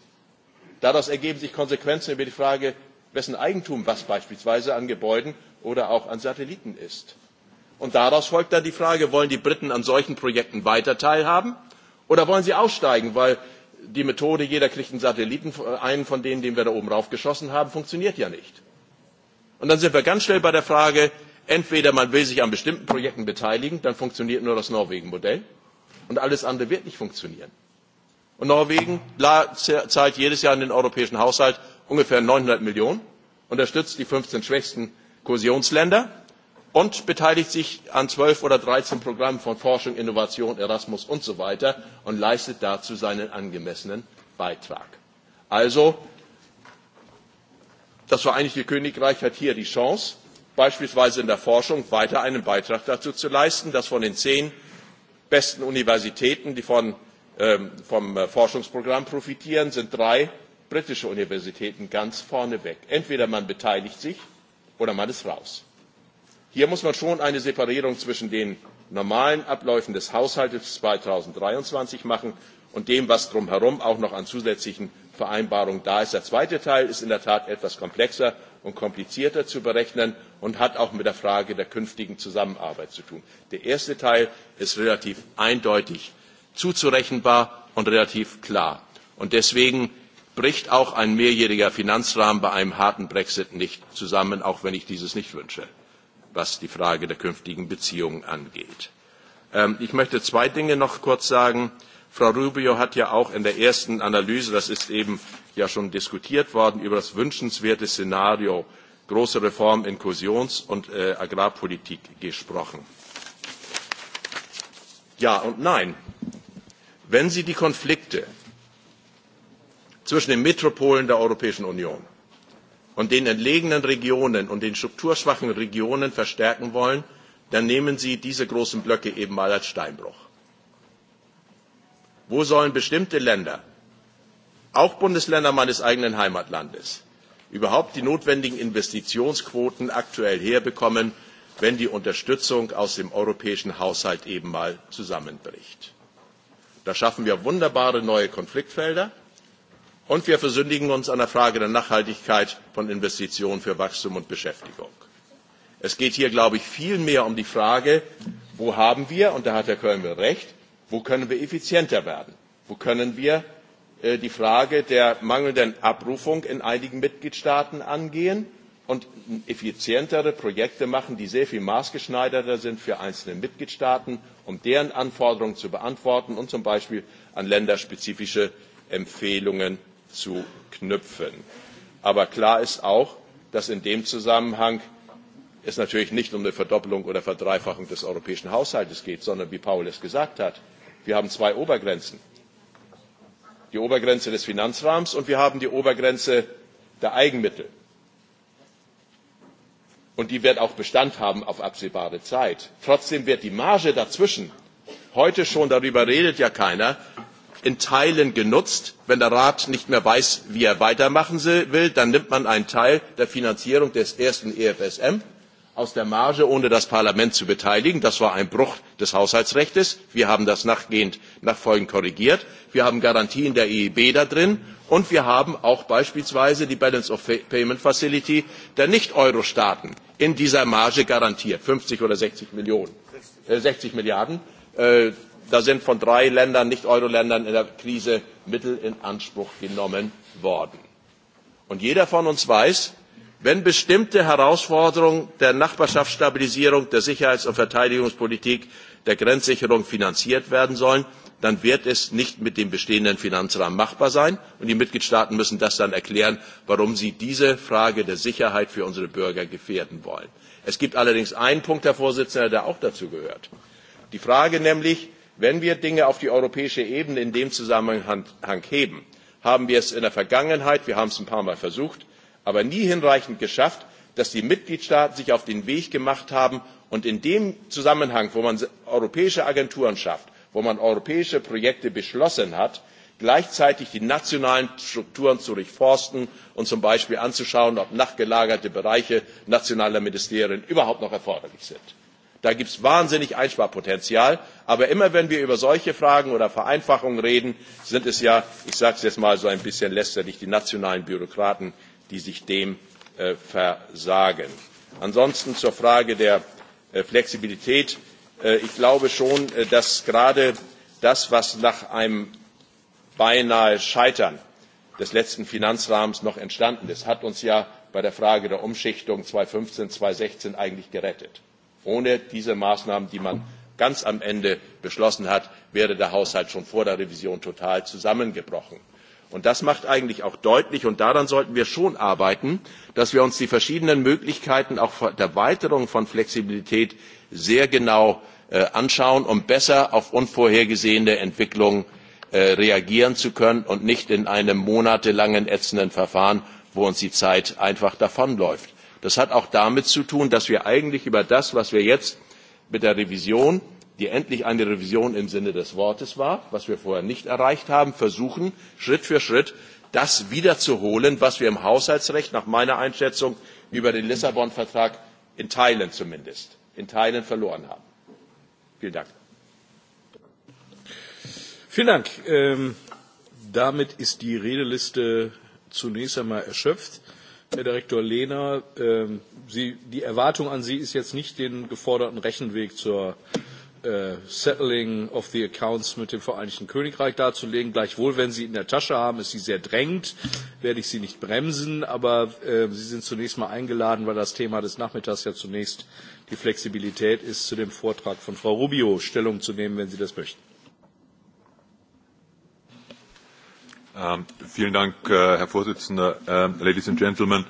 daraus ergeben sich konsequenzen über die frage wessen eigentum was beispielsweise an gebäuden oder auch an Satelliten ist. Und daraus folgt dann die Frage, wollen die Briten an solchen Projekten weiter teilhaben oder wollen sie aussteigen, weil die Methode, jeder kriegt einen Satelliten, einen von denen, den wir da oben drauf geschossen haben, funktioniert ja nicht. Und dann sind wir ganz schnell bei der Frage, entweder man will sich an bestimmten Projekten beteiligen, dann funktioniert nur das Norwegen-Modell und alles andere wird nicht funktionieren. Und Norwegen zahlt jedes Jahr in den europäischen Haushalt ungefähr 900 Millionen, unterstützt die 15 schwächsten kohäsionsländer und beteiligt sich an zwölf oder dreizehn programmen von forschung innovation erasmus und so weiter und leistet dazu seinen angemessenen beitrag. also das vereinigte königreich hat hier die chance beispielsweise in der forschung weiter einen beitrag dazu zu leisten dass von den zehn besten universitäten die von, ähm, vom äh, forschungsprogramm profitieren sind drei britische universitäten ganz vorne weg. entweder man beteiligt oder man ist raus. Hier muss man schon eine Separierung zwischen den normalen Abläufen des Haushaltes 2023 machen und dem, was drumherum auch noch an zusätzlichen Vereinbarungen da ist. Der zweite Teil ist in der Tat etwas komplexer und komplizierter zu berechnen und hat auch mit der Frage der künftigen Zusammenarbeit zu tun. Der erste Teil ist relativ eindeutig zuzurechenbar und relativ klar. Und deswegen bricht auch ein mehrjähriger Finanzrahmen bei einem harten Brexit nicht zusammen, auch wenn ich dieses nicht wünsche, was die Frage der künftigen Beziehungen angeht. Ähm, ich möchte zwei Dinge noch kurz sagen. Frau Rubio hat ja auch in der ersten Analyse, das ist eben ja schon diskutiert worden, über das wünschenswerte Szenario große Reform in Kohäsions- und äh, Agrarpolitik gesprochen. Ja und nein. Wenn Sie die Konflikte zwischen den Metropolen der Europäischen Union und den entlegenen Regionen und den strukturschwachen Regionen verstärken wollen, dann nehmen Sie diese großen Blöcke eben mal als Steinbruch. Wo sollen bestimmte Länder, auch Bundesländer meines eigenen Heimatlandes, überhaupt die notwendigen Investitionsquoten aktuell herbekommen, wenn die Unterstützung aus dem europäischen Haushalt eben mal zusammenbricht? Da schaffen wir wunderbare neue Konfliktfelder Und wir versündigen uns an der Frage der Nachhaltigkeit von Investitionen für Wachstum und Beschäftigung. Es geht hier, glaube ich, vielmehr um die Frage, wo haben wir, und da hat Herr Kölmel recht, wo können wir effizienter werden? Wo können wir äh, die Frage der mangelnden Abrufung in einigen Mitgliedstaaten angehen und effizientere Projekte machen, die sehr viel maßgeschneiderter sind für einzelne Mitgliedstaaten, um deren Anforderungen zu beantworten und zum Beispiel an länderspezifische Empfehlungen zu knüpfen. aber klar ist auch dass in dem zusammenhang es natürlich nicht um eine verdoppelung oder verdreifachung des europäischen haushalts geht sondern wie paul es gesagt hat wir haben zwei obergrenzen die obergrenze des finanzrahmens und wir haben die obergrenze der eigenmittel. und die wird auch bestand haben auf absehbare zeit. trotzdem wird die marge dazwischen heute schon darüber redet ja keiner in teilen genutzt wenn der rat nicht mehr weiß wie er weitermachen will dann nimmt man einen teil der finanzierung des ersten efsm aus der marge ohne das parlament zu beteiligen das war ein bruch des haushaltsrechts wir haben das nachfolgend korrigiert wir haben garantien der eib e da drin und wir haben auch beispielsweise die balance of payment facility der nicht euro staaten in dieser marge garantiert fünfzig oder sechzig äh, milliarden. Äh, da sind von drei Ländern, Nicht-Euro-Ländern in der Krise Mittel in Anspruch genommen worden. Und jeder von uns weiß, wenn bestimmte Herausforderungen der Nachbarschaftsstabilisierung, der Sicherheits- und Verteidigungspolitik, der Grenzsicherung finanziert werden sollen, dann wird es nicht mit dem bestehenden Finanzrahmen machbar sein. Und die Mitgliedstaaten müssen das dann erklären, warum sie diese Frage der Sicherheit für unsere Bürger gefährden wollen. Es gibt allerdings einen Punkt, Herr Vorsitzender, der auch dazu gehört. Die Frage nämlich, wenn wir dinge auf die europäische ebene in dem zusammenhang heben haben wir es in der vergangenheit wir haben es ein paar mal versucht aber nie hinreichend geschafft dass die mitgliedstaaten sich auf den weg gemacht haben und in dem zusammenhang wo man europäische agenturen schafft wo man europäische projekte beschlossen hat gleichzeitig die nationalen strukturen zu durchforsten und zum beispiel anzuschauen ob nachgelagerte bereiche nationaler ministerien überhaupt noch erforderlich sind da gibt es wahnsinnig einsparpotenzial aber immer wenn wir über solche fragen oder vereinfachungen reden sind es ja ich sage es jetzt mal so ein bisschen lästerlich die nationalen bürokraten die sich dem äh, versagen. ansonsten zur frage der äh, flexibilität äh, ich glaube schon dass gerade das was nach einem beinahe scheitern des letzten finanzrahmens noch entstanden ist hat uns ja bei der frage der umschichtung zweitausendfünfzehn zweitausendsechzehn eigentlich gerettet. Ohne diese Maßnahmen, die man ganz am Ende beschlossen hat, wäre der Haushalt schon vor der Revision total zusammengebrochen. Und das macht eigentlich auch deutlich, und daran sollten wir schon arbeiten, dass wir uns die verschiedenen Möglichkeiten auch der Erweiterung von Flexibilität sehr genau äh, anschauen, um besser auf unvorhergesehene Entwicklungen äh, reagieren zu können und nicht in einem monatelangen ätzenden Verfahren, wo uns die Zeit einfach davonläuft. Das hat auch damit zu tun, dass wir eigentlich über das, was wir jetzt mit der Revision, die endlich eine Revision im Sinne des Wortes war, was wir vorher nicht erreicht haben, versuchen, Schritt für Schritt das wiederzuholen, was wir im Haushaltsrecht nach meiner Einschätzung über den Lissabon-Vertrag in Teilen zumindest, in Teilen verloren haben. Vielen Dank. Vielen Dank. Ähm, damit ist die Redeliste zunächst einmal erschöpft. Herr Direktor Lehner, ähm, Sie, die Erwartung an Sie ist jetzt nicht, den geforderten Rechenweg zur äh, Settling of the Accounts mit dem Vereinigten Königreich darzulegen. Gleichwohl, wenn Sie in der Tasche haben, ist Sie sehr drängend. werde ich Sie nicht bremsen, aber äh, Sie sind zunächst mal eingeladen, weil das Thema des Nachmittags ja zunächst die Flexibilität ist, zu dem Vortrag von Frau Rubio Stellung zu nehmen, wenn Sie das möchten. Um, vielen Dank, uh, Herr Vorsitzender. Um, ladies and gentlemen,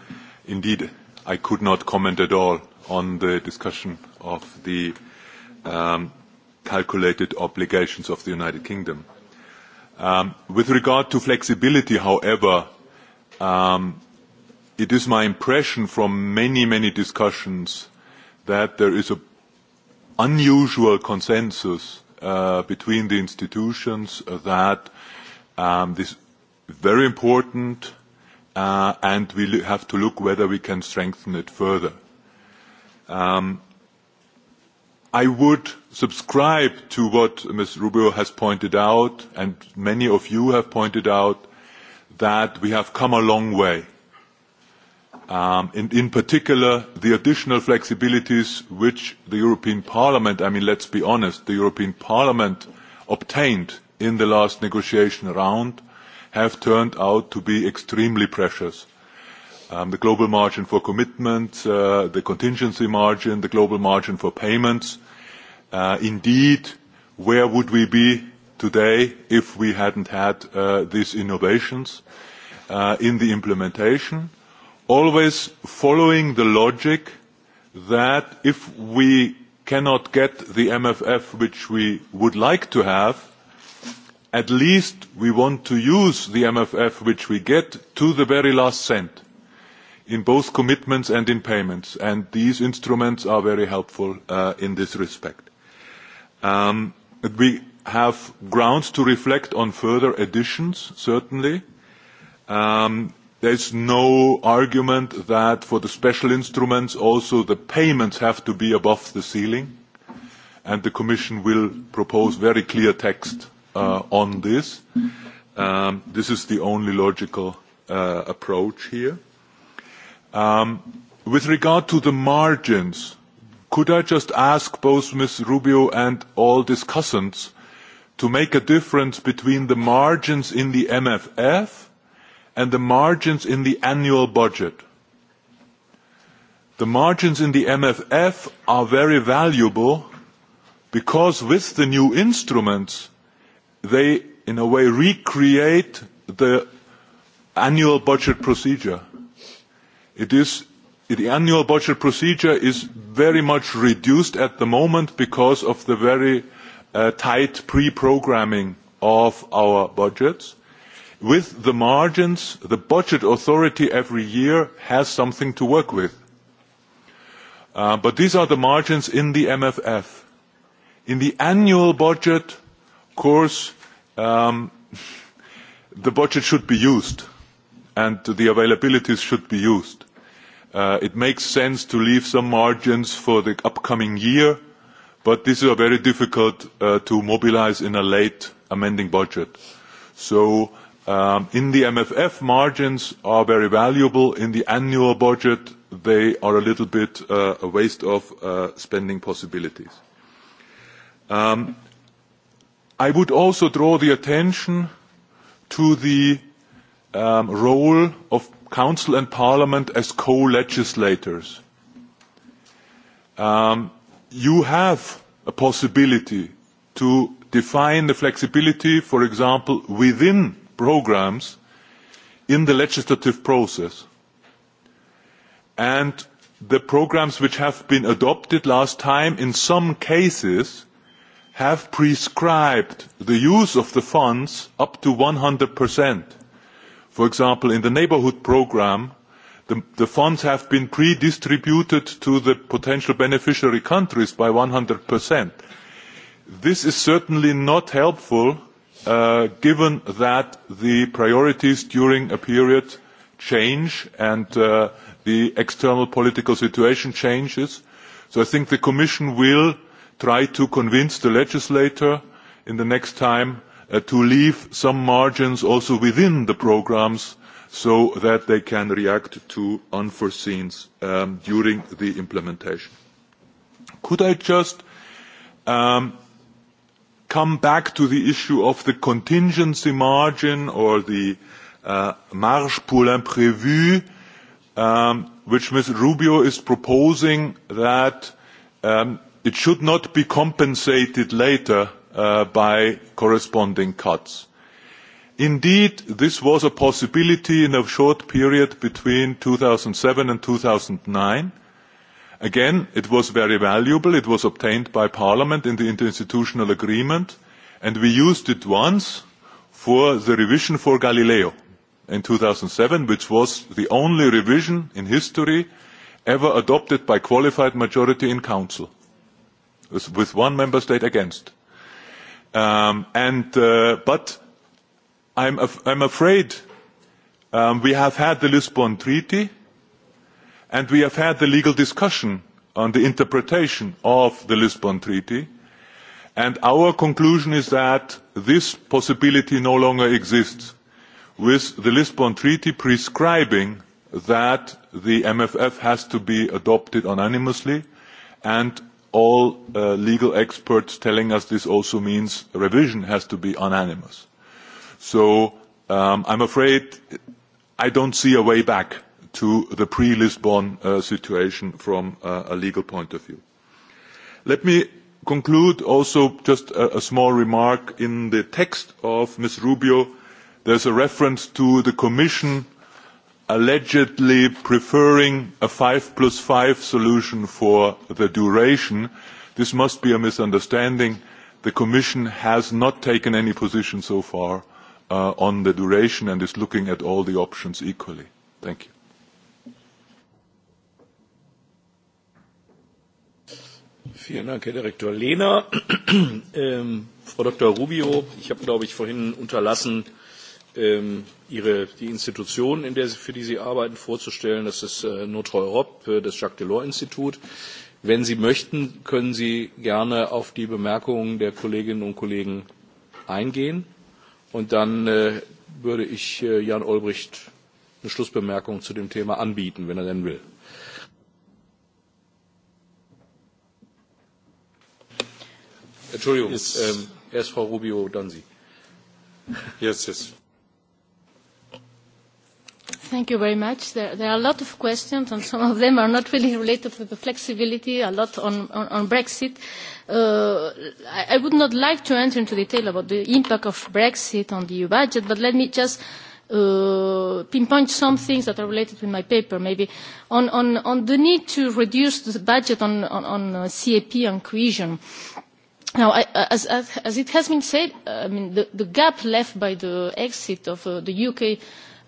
indeed, I could not comment at all on the discussion of the um, calculated obligations of the United Kingdom. Um, with regard to flexibility, however, um, it is my impression from many, many discussions that there is an unusual consensus uh, between the institutions that um, this very important, uh, and we have to look whether we can strengthen it further. Um, I would subscribe to what Ms. Rubio has pointed out, and many of you have pointed out, that we have come a long way. Um, in particular, the additional flexibilities which the European Parliament, I mean, let's be honest, the European Parliament obtained in the last negotiation round have turned out to be extremely precious. Um, the global margin for commitment, uh, the contingency margin, the global margin for payments. Uh, indeed, where would we be today if we hadn't had uh, these innovations uh, in the implementation? Always following the logic that if we cannot get the MFF which we would like to have, at least we want to use the MFF which we get to the very last cent in both commitments and in payments, and these instruments are very helpful uh, in this respect. Um, we have grounds to reflect on further additions, certainly. Um, there's no argument that for the special instruments also the payments have to be above the ceiling, and the Commission will propose very clear text Uh, on this. Um, this is the only logical uh, approach here. Um, with regard to the margins, could I just ask both Ms. Rubio and all discussants to make a difference between the margins in the MFF and the margins in the annual budget? The margins in the MFF are very valuable because with the new instruments, they, in a way, recreate the annual budget procedure. It is, the annual budget procedure is very much reduced at the moment because of the very uh, tight pre-programming of our budgets. With the margins, the budget authority every year has something to work with. Uh, but these are the margins in the MFF. In the annual budget, course, um, the budget should be used and the availabilities should be used. Uh, it makes sense to leave some margins for the upcoming year, but these are very difficult uh, to mobilize in a late amending budget. So um, in the MFF, margins are very valuable. In the annual budget, they are a little bit uh, a waste of spending possibilities. Um, i would also draw the attention to the um, role of Council and Parliament as co-legislators. Um, you have a possibility to define the flexibility, for example, within programs in the legislative process. And the programs which have been adopted last time, in some cases, have prescribed the use of the funds up to 100%. For example, in the neighborhood program, the, the funds have been pre-distributed to the potential beneficiary countries by 100%. This is certainly not helpful uh, given that the priorities during a period change and uh, the external political situation changes. So I think the Commission will try to convince the legislator in the next time uh, to leave some margins also within the programs so that they can react to unforeseen um, during the implementation. Could I just um, come back to the issue of the contingency margin or the uh, marge pour l'imprévu, um, which Ms. Rubio is proposing that um, it should not be compensated later uh, by corresponding cuts. Indeed, this was a possibility in a short period between 2007 and 2009. Again, it was very valuable. It was obtained by Parliament in the interinstitutional agreement, and we used it once for the revision for Galileo in 2007, which was the only revision in history ever adopted by qualified majority in Council with one member state against. Um, and, uh, but I'm, af I'm afraid um, we have had the Lisbon Treaty and we have had the legal discussion on the interpretation of the Lisbon Treaty. And our conclusion is that this possibility no longer exists, with the Lisbon Treaty prescribing that the MFF has to be adopted unanimously and all uh, legal experts telling us this also means revision has to be unanimous. So um, I'm afraid I don't see a way back to the pre-Lisbon uh, situation from uh, a legal point of view. Let me conclude also just a, a small remark. In the text of Ms. Rubio, there's a reference to the Commission allegedly preferring a five plus five solution for the duration. This must be a misunderstanding. The Commission has not taken any position so far uh, on the duration and is looking at all the options equally. Thank you. Vielen Dank, Herr Direktor Lehner. ähm, Frau Dr. Rubio, ich habe, glaube ich, vorhin unterlassen, äh, Ähm, ihre, die Institution, in der sie, für die Sie arbeiten, vorzustellen. Das ist äh, Notre Europe, äh, das Jacques Delors-Institut. Wenn Sie möchten, können Sie gerne auf die Bemerkungen der Kolleginnen und Kollegen eingehen. Und dann äh, würde ich äh, Jan Olbricht eine Schlussbemerkung zu dem Thema anbieten, wenn er denn will. Entschuldigung, yes. ähm, erst Frau Rubio, dann Sie. Yes, yes. Thank you very much. There, there are a lot of questions, and some of them are not really related to the flexibility, a lot on, on, on Brexit. Uh, I, I would not like to enter into detail about the impact of Brexit on the EU budget, but let me just uh, pinpoint some things that are related to my paper, maybe. On, on, on the need to reduce the budget on, on, on uh, CAP and cohesion, Now, I, as, as, as it has been said, I mean, the, the gap left by the exit of uh, the UK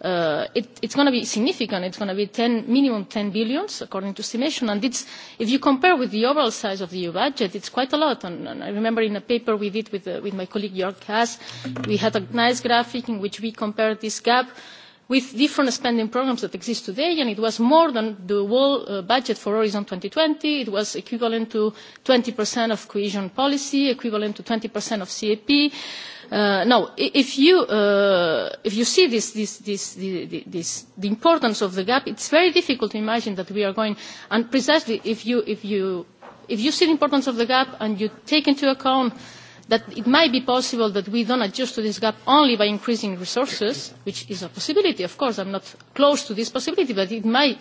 Uh, it, it's going to be significant. It's going to be 10, minimum 10 billions, according to estimation. And it's, if you compare with the overall size of the EU budget, it's quite a lot. And, and I remember in a paper we did with, uh, with my colleague Jörg Kass, we had a nice graphic in which we compared this gap with different spending programmes that exist today, and it was more than the whole uh, budget for Horizon 2020. It was equivalent to 20% of cohesion policy, equivalent to 20% of CAP Uh, no, if you, uh, if you see this, this, this, the, this, the importance of the gap, it's very difficult to imagine that we are going, and precisely if you, if you, if you see the importance of the gap and you take into account that it might be possible that we don't adjust to this gap only by increasing resources, which is a possibility, of course, I'm not close to this possibility, but it might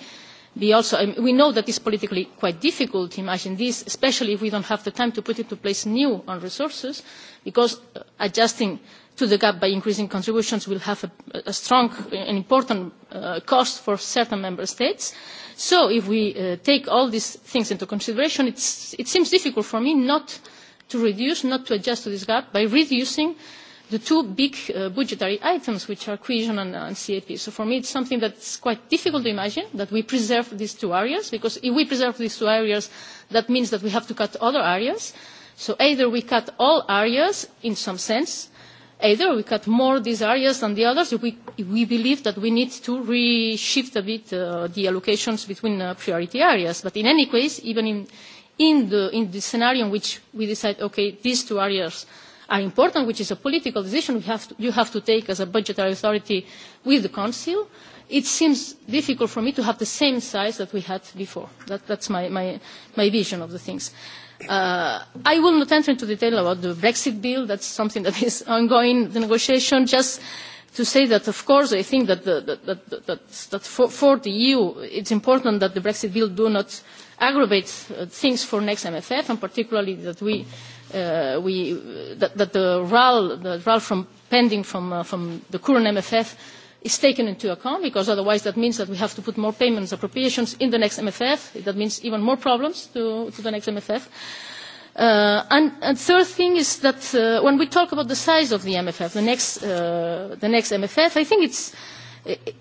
be also, I mean, we know that it's politically quite difficult to imagine this, especially if we don't have the time to put into place new on resources, because uh, adjusting to the gap by increasing contributions will have a, a strong and important uh, cost for certain member states. So if we uh, take all these things into consideration, it seems difficult for me not to reduce, not to adjust to this gap by reducing uh, the two big uh, budgetary items, which are cohesion and, and CAP. So for me, it's something that's quite difficult to imagine that we preserve these two areas, because if we preserve these two areas, that means that we have to cut other areas. So either we cut all areas in some sense, either we cut more these areas than the others if we, if we believe that we need to reshift a bit uh, the allocations between uh, priority areas. But in any case, even in, in, the, in the scenario in which we decide, okay, these two areas are important, which is a political decision we have to, you have to take as a budgetary authority with the Council, it seems difficult for me to have the same size that we had before. That, that's my, my, my vision of the things. Uh, I will not enter into detail about the Brexit deal. That's something that is ongoing, the negotiation. Just to say that, of course, I think that, the, that, that, that, that for, for the EU, it's important that the Brexit deal do not aggravate uh, things for next MFF, and particularly that we Uh, that the RAL, the RAL from pending from, uh, from the current MFF is taken into account because otherwise that means that we have to put more payments appropriations in the next MFF. That means even more problems to, to the next MFF. Uh, and, and third thing is that uh, when we talk about the size of the MFF, the next, uh, the next MFF, I think it's,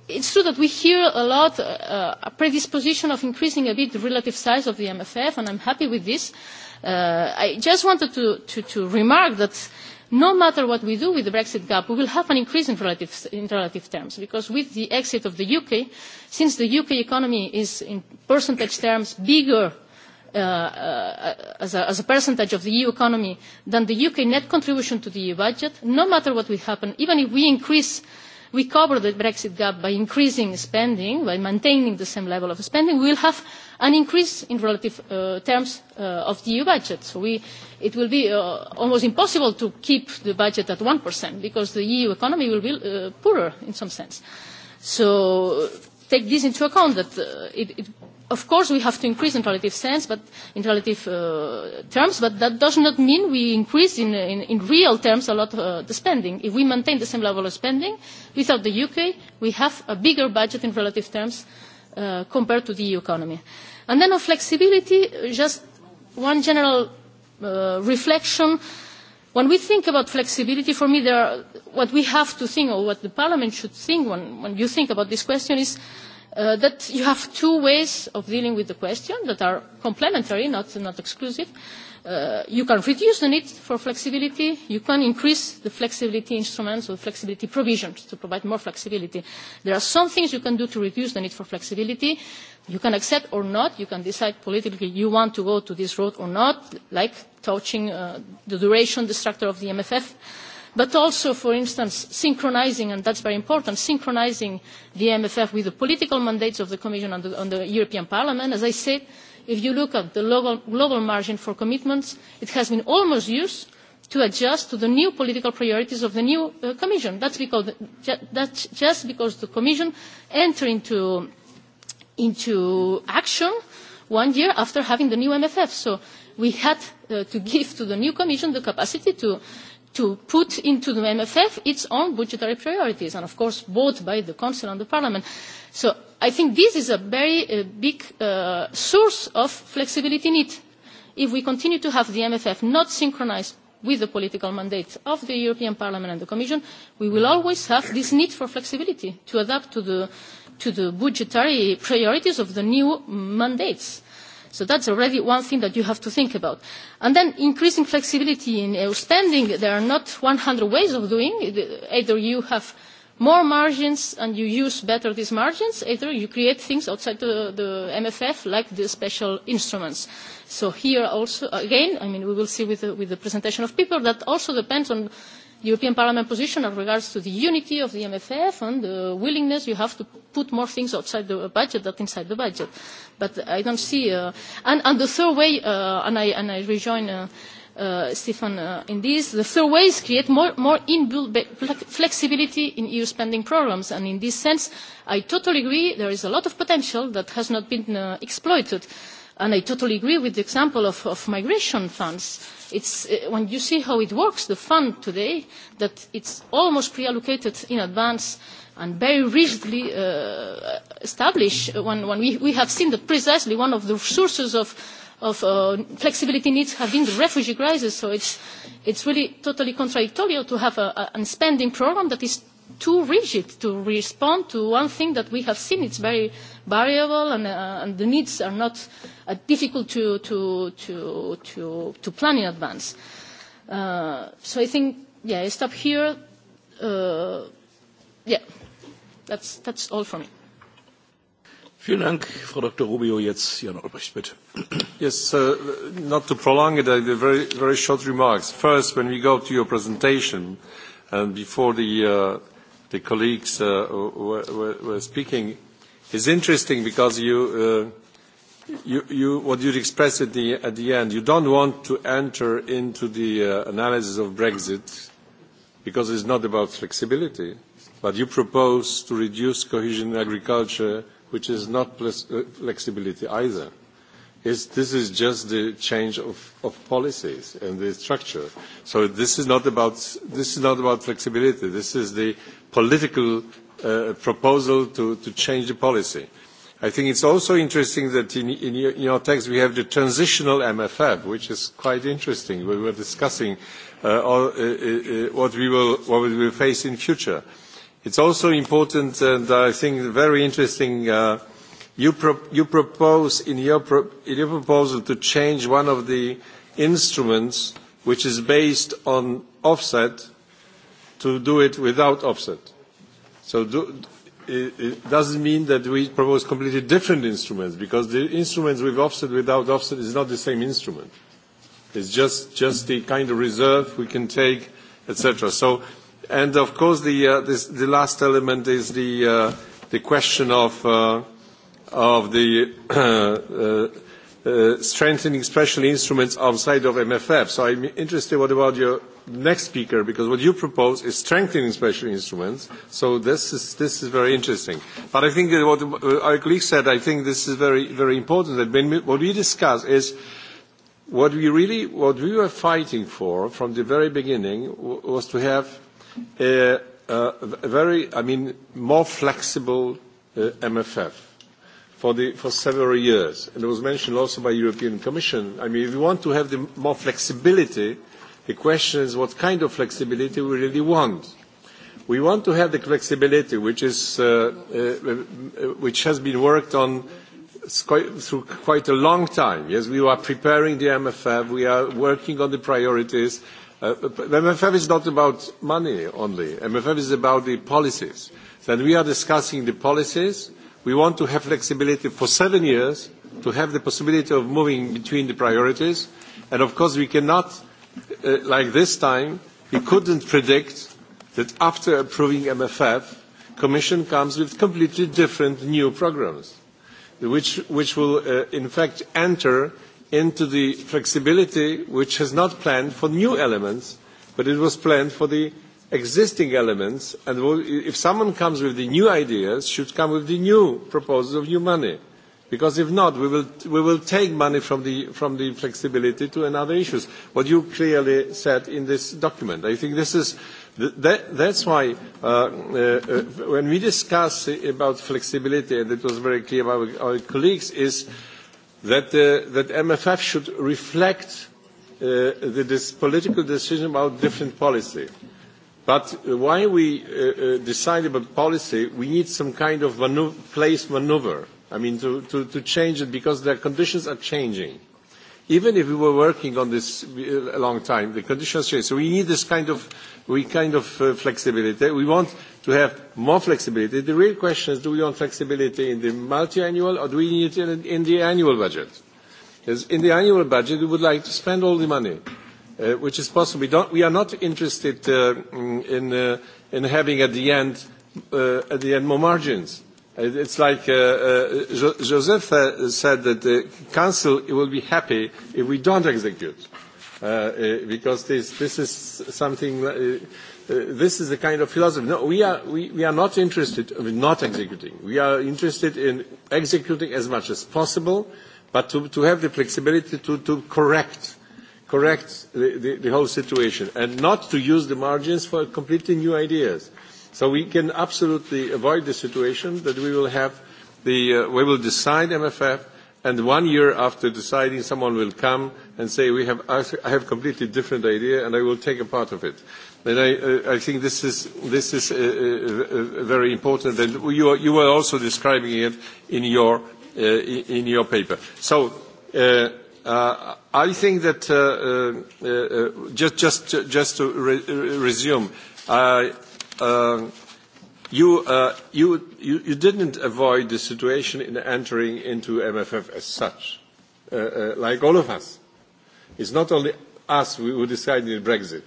it's true that we hear a lot uh, a predisposition of increasing a bit the relative size of the MFF, and I'm happy with this. Uh, Uh, I just wanted to, to, to remark that no matter what we do with the Brexit gap, we will have an increase in relative, in relative terms because with the exit of the UK, since the UK economy is in percentage terms bigger Uh, uh, as, a, as a percentage of the EU economy than the UK net contribution to the EU budget, no matter what will happen, even if we increase we cover the Brexit gap by increasing spending, by maintaining the same level of spending, we will have an increase in relative uh, terms uh, of the EU budget. So we, it will be uh, almost impossible to keep the budget at 1% because the EU economy will be uh, poorer in some sense. So take this into account that uh, it, it of course we have to increase in relative sense, but in relative uh, terms, but that does not mean we increase in, in, in real terms a lot of uh, the spending. If we maintain the same level of spending, without the UK, we have a bigger budget in relative terms uh, compared to the EU economy. And then on flexibility, just one general uh, reflection. When we think about flexibility, for me, there are, what we have to think, or what the Parliament should think when, when you think about this question is, Uh, that you have two ways of dealing with the question that are complementary, not, not exclusive. Uh, you can reduce the need for flexibility. You can increase the flexibility instruments or flexibility provisions to provide more flexibility. There are some things you can do to reduce the need for flexibility. You can accept or not. You can decide politically you want to go to this road or not, like touching uh, the duration, the structure of the MFF. Uh, but also, for instance, synchronizing, and that's very important, synchronizing the MFF with the political mandates of the Commission and the, and the European Parliament. As I said, if you look at the global, global margin for commitments, it has been almost used to adjust to the new political priorities of the new uh, Commission. That's, because, that's just because the Commission entered into, into action one year after having the new MFF. So we had uh, to give to the new Commission the capacity to, to put into the MFF its own budgetary priorities, and of course both by the Council and the Parliament. So I think this is a very uh, big uh, source of flexibility need. If we continue to have the MFF not synchronized with the political mandate of the European Parliament and the Commission, we will always have this need for flexibility to adapt to the, to the budgetary priorities of the new mandates. Uh, So that's already one thing that you have to think about. And then increasing flexibility in EU uh, spending, there are not 100 ways of doing. It. Either you have more margins and you use better these margins, either you create things outside the, the MFF like the special instruments. So here also, again, I mean, we will see with the, with the presentation of people, that also depends on European Parliament position in regards to the unity of the MFF and the willingness you have to put more things outside the budget than inside the budget. But I don't see... Uh, and, and the third way, uh, and, I, and I rejoin uh, uh, Stefan uh, in this, the third way is create more, more inbuilt flexibility in EU spending programs. And in this sense, I totally agree there is a lot of potential that has not been uh, exploited. Uh, And I totally agree with the example of, of migration funds. It's, uh, when you see how it works, the fund today, that it's almost pre-allocated in advance and very rigidly uh, established uh, when, when we, we have seen that precisely one of the sources of, of uh, flexibility needs have been the refugee crisis. So it's, it's really totally contradictory to have a, a, a spending program that is too rigid to respond to one thing that we have seen. It's very variable and, uh, and the needs are not uh, difficult to, to, to, to, to plan in advance. Uh, so I think, yeah, I stop here. Uh, yeah, that's, that's all for me. Vielen Dank, Frau Dr. Rubio. Jetzt Jan Olbrecht, bitte. yes, uh, not to prolong it, uh, very, very short remarks. First, when we go to your presentation, and before the uh, the colleagues uh, were, were, were speaking is interesting because you, uh, you, you, what you expressed at the, at the end, you don't want to enter into the uh, analysis of Brexit because it's not about flexibility, but you propose to reduce cohesion in agriculture, which is not uh, flexibility either is this is just the change of, policies and the structure. So this is not about this is not about flexibility. This is the political uh, proposal to, change the policy. I think it's also interesting that in, your, text we have the transitional MFF, which is quite interesting. We were discussing uh, uh, what, we will, what we will face in future. It's also important, and I think very interesting. Uh, You, pro you propose in your, pro in your proposal to change one of the instruments which is based on offset to do it without offset. So do, it, it doesn't mean that we propose completely different instruments because the instruments with offset without offset is not the same instrument. It's just, just the kind of reserve we can take, etc. So, and of course the, uh, this, the last element is the, uh, the question of uh, of the uh, uh, uh, strengthening special instruments outside of MFF. So I'm interested what about your next speaker, because what you propose is strengthening special instruments. So this is, this is very interesting. But I think that what our colleague said, I think this is very, very important, that when, what we discuss is what we really, what we were fighting for from the very beginning was to have a, a very, I mean, more flexible uh, MFF for, the, for several years. And it was mentioned also by European Commission. I mean, if you want to have the more flexibility, the question is what kind of flexibility we really want. We want to have the flexibility which, is, uh, uh, uh which has been worked on through quite a long time. Yes, we are preparing the MFF, we are working on the priorities. Uh, MFF is not about money only. MFF is about the policies. Then we are discussing the policies, we want to have flexibility for seven years to have the possibility of moving between the priorities. And of course, we cannot, uh, like this time, we couldn't predict that after approving MFF, Commission comes with completely different new programs, which, which will uh, in fact enter into the flexibility which has not planned for new elements, but it was planned for the existing elements, and if someone comes with the new ideas, should come with the new proposals of new money. Because if not, we will, we will take money from the, from the flexibility to another issues. What you clearly said in this document. I think this is, that, that's why uh, uh, when we discuss about flexibility, and it was very clear by our, colleagues, is that, uh, that MFF should reflect uh, the, this political decision about different policy. But uh, why we uh, uh, decide about policy, we need some kind of place maneuver. I mean, to, to, to change it because the conditions are changing. Even if we were working on this uh, a long time, the conditions change. So we need this kind of, we kind of uh, flexibility. We want to have more flexibility. The real question is, do we want flexibility in the multi-annual or do we need it in, in the annual budget? Because in the annual budget, we would like to spend all the money. Uh, which is possible. We, are not interested uh, mm, uh, in, having at the end more margins. It's like Joseph said that the council will be happy if we don't execute, because this, is something. this is the kind of philosophy. No, we are, not interested in not executing. We are interested in executing as much as possible, but to, have the flexibility to correct Correct the, the, the whole situation and not to use the margins for completely new ideas. So we can absolutely avoid the situation that we will have the, uh, we will decide MFF and one year after deciding someone will come and say we have I have completely different idea and I will take a part of it. Then I, uh, I think this is, this is uh uh, uh, uh, very important and you, are, you were also describing it in your, uh, in your paper. So uh, Uh, I think that uh, uh, uh, just, just, just to re uh, resume, um, you, you, you didn't avoid the situation in entering into MFF as such, like all of us. It's not only us who decided Brexit,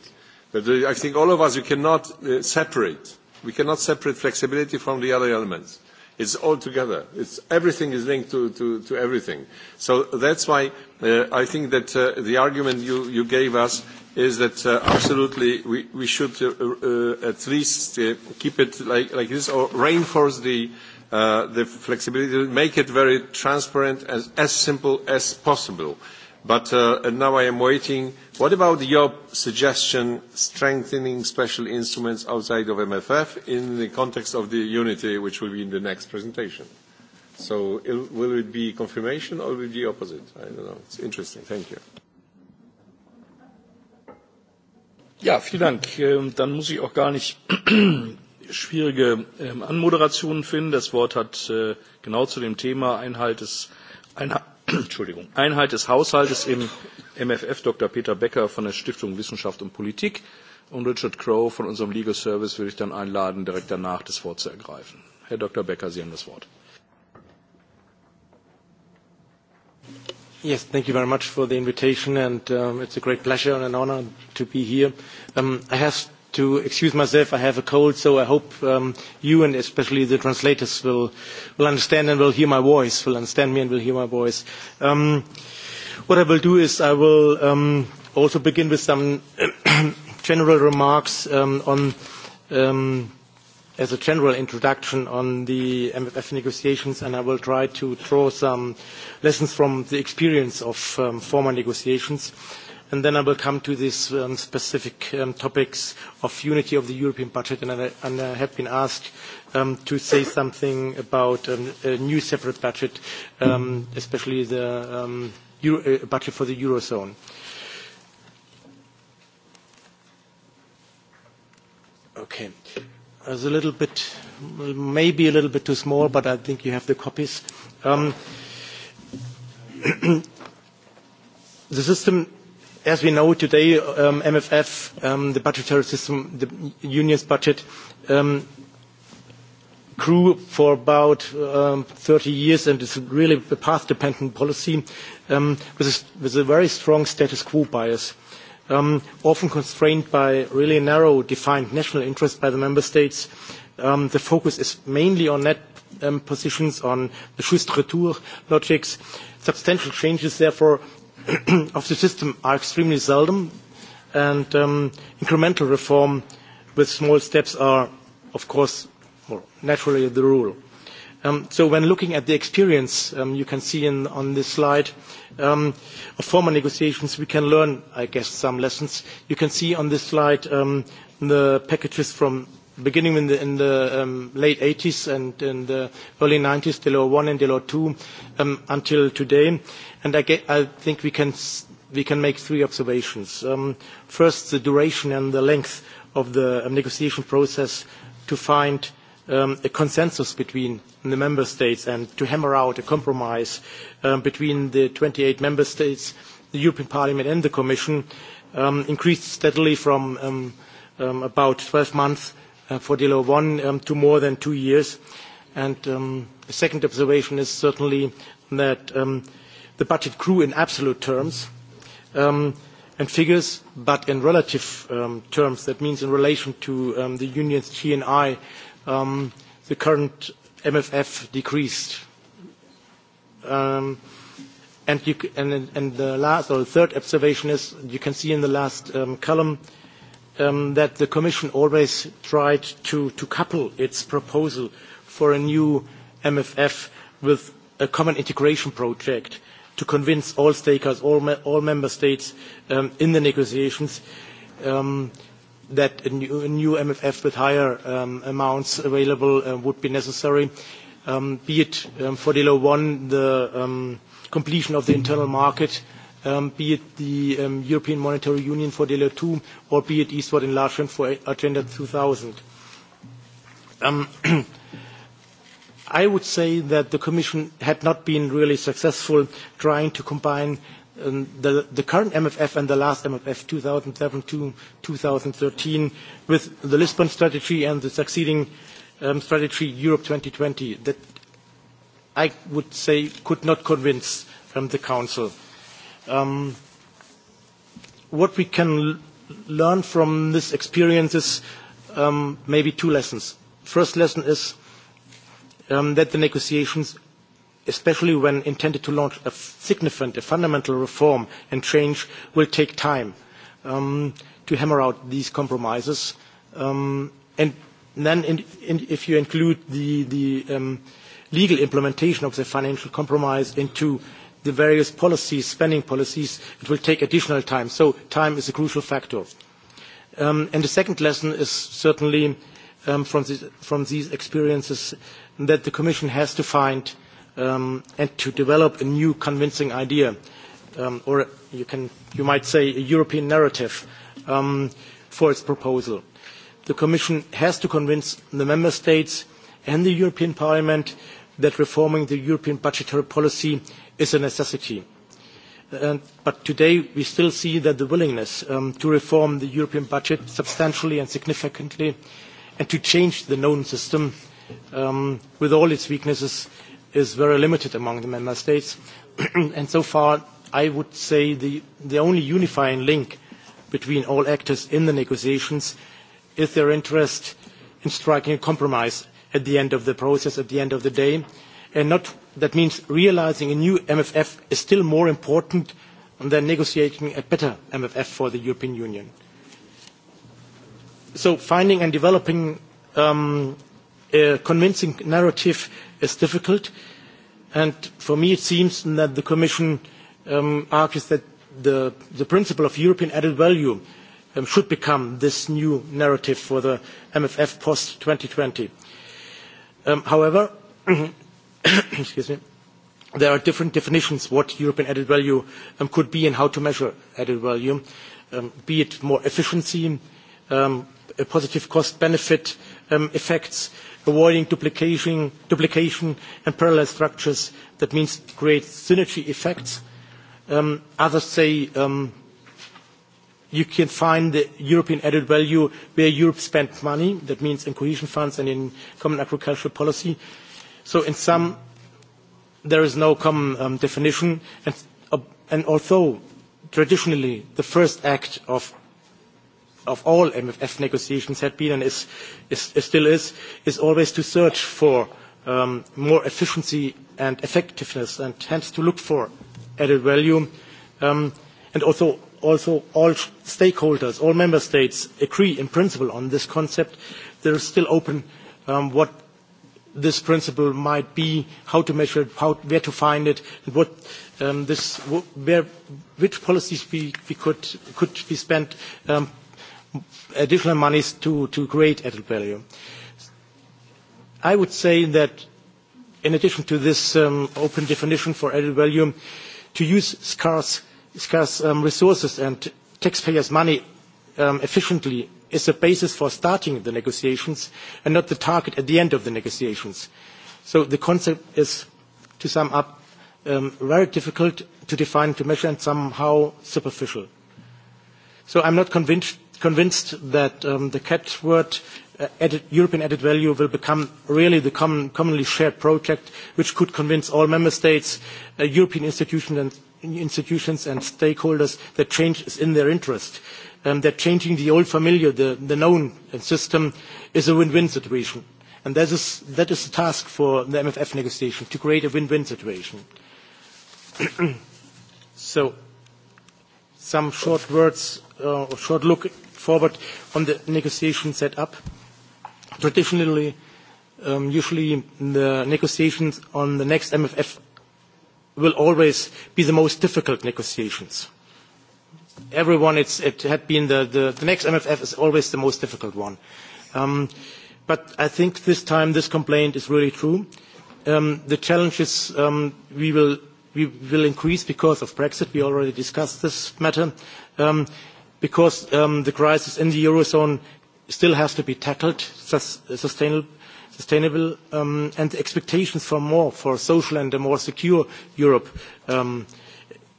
but I think all of us, we cannot separate. We cannot separate flexibility from the other elements. It's all together. It's everything is linked to, to, to everything. So that's why Uh, I think that uh, the argument you, you gave us is that uh, absolutely we, we should uh, uh, at least keep it like, like this or reinforce the, the flexibility, make it very transparent and as simple as possible. But now I am waiting. What about your suggestion, strengthening special instruments outside of MFF in the context of the unity, which will be in the next presentation? So it, will it be confirmation or will it be opposite? I don't know. It's interesting. Thank you. Ja, vielen Dank. Ähm, dann muss ich auch gar nicht schwierige ähm, Anmoderationen finden. Das Wort hat äh, genau zu dem Thema Einhalt des, Einha Entschuldigung, Einhalt des Haushaltes im MFF Dr. Peter Becker von der Stiftung Wissenschaft und Politik und Richard Crow von unserem Legal Service würde ich dann einladen, direkt danach das Wort zu ergreifen. Herr Dr. Becker, Sie haben das Wort. Yes, thank you very much for the invitation, and um, it's a great pleasure and an honor to be here. Um, I have to excuse myself, I have a cold, so I hope um, you and especially the translators will, will understand and will hear my voice, will understand me and will hear my voice. Um, what I will do is I will um, also begin with some general remarks um, on um, as a general introduction on the MFF negotiations, and I will try to draw some lessons from the experience of um, former negotiations. And then I will come to these um, specific um, topics of unity of the European budget, and I, and I have been asked um, to say something about um, a new separate budget, um, especially the Euro, uh, budget for the Eurozone. Okay is a little bit, maybe a little bit too small, but I think you have the copies. Um, the system, as we know today, um, MFF, um, the budgetary system, the union's budget, um, grew for about um, 30 years and it's really a path-dependent policy um, with, a, with a very strong status quo bias um, often constrained by really narrow defined national interests by the member states. Um, the focus is mainly on net um, positions, on the juste retour logics. Substantial changes, therefore, of the system are extremely seldom, and um, incremental reform with small steps are, of course, naturally the rule. Um, so when looking at the experience um, you can see on this slide um, of former negotiations, we can learn, I guess, some lessons. You can see on this slide the packages from beginning in the, late 80s and in the early 90s, Delaware 1 and Delaware 2, until today. And I, think we can, make three observations. first, the duration and the length of the negotiation process to find – um, a consensus between the member states and to hammer out a compromise um, between the 28 member states, the European Parliament and the Commission um, increased steadily from um, um, about 12 months uh, for DLO1 um, to more than two years. And um, the second observation is certainly that um, the budget grew in absolute terms um, and figures, but in relative um, terms. That means in relation to um, the union's GNI, Um, the current MFF decreased. Um, and, you, and, the last or the third observation is you can see in the last um, column um, that the Commission always tried to, to couple its proposal for a new MFF with a common integration project to convince all stakeholders, all, all member states um, in the negotiations um, that a new, a new MFF with higher um, amounts available uh, would be necessary, um, be it um, for DELO One, the um, completion of the internal market, um, be it the um, European Monetary Union for DELO Two, or be it eastward enlargement for Agenda 2000. I would say that the Commission had not been really successful trying to combine Um, the, current MFF and the last MFF, 2007 to 2013, with the Lisbon strategy and the succeeding um, strategy Europe 2020, that I would say could not convince um, the Council. what we can learn from this experience is maybe two lessons. First lesson is that the negotiations especially when intended to launch a significant, a fundamental reform and change, will take time um, to hammer out these compromises. Um, and then in, in, if you include the, the um, legal implementation of the financial compromise into the various policies, spending policies, it will take additional time. So time is a crucial factor. Um, and the second lesson is certainly um, from, from these experiences that the Commission has to find – um, and to develop a new convincing idea, um, or you, can, you might say a European narrative um, for its proposal. The Commission has to convince the Member States and the European Parliament that reforming the European budgetary policy is a necessity. Uh, but today we still see that the willingness um, to reform the European budget substantially and significantly and to change the known system um, with all its weaknesses is very limited among the member states. and so far, I would say the, the only unifying link between all actors in the negotiations is their interest in striking a compromise at the end of the process, at the end of the day. And not, that means realizing a new MFF is still more important than negotiating a better MFF for the European Union. So finding and developing um, a convincing narrative is difficult. And for me, it seems that the Commission um, argues that the, the principle of European added value um, should become this new narrative for the MFF post 2020. Um, however, excuse me, there are different definitions what European added value um, could be and how to measure added value, um, be it more efficiency, um, a positive cost benefit um, effects, avoiding duplication, and parallel structures. That means create synergy effects. Um, others say um, you can find the European added value where Europe spent money. That means in cohesion funds and in common agricultural policy. So in some, there is no common um, definition. Uh, and although traditionally the first act of of all MFF negotiations had been and is, is, is still is, is always to search for um, more efficiency and effectiveness and hence to look for added value. Um, and also, also all stakeholders, all member states agree in principle on this concept. There is still open um, what this principle might be, how to measure it, how, where to find it, and what um, this, where, which policies we, we could, could be spent um, additional uh, monies to, to create added value. I would say that in addition to this um, open definition for added value, to use scarce, scarce um, resources and taxpayers' money um, efficiently is the basis for starting the negotiations and not the target at the end of the negotiations. So the concept is, to sum up, um, very difficult to define, to measure, and somehow superficial. So I'm not convinced convinced that um, the catchword uh, added, European added value will become really the common, commonly shared project which could convince all member states, uh, European and, institutions and stakeholders that change is in their interest. Um, that changing the old familiar, the, the known system is a win-win situation. And that is, that is the task for the MFF negotiation, to create a win-win situation. so, some short words uh, or short look forward on the negotiation set up. Traditionally, um, usually the negotiations on the next MFF will always be the most difficult negotiations. Everyone, it's, it had been the, the, the next MFF is always the most difficult one. Um, but I think this time this complaint is really true. Um, the challenges um, we, will, we will increase because of Brexit. We already discussed this matter. Um, because um, the crisis in the eurozone still has to be tackled sustainably sustainable, um, and the expectations for more for social and a more secure Europe um,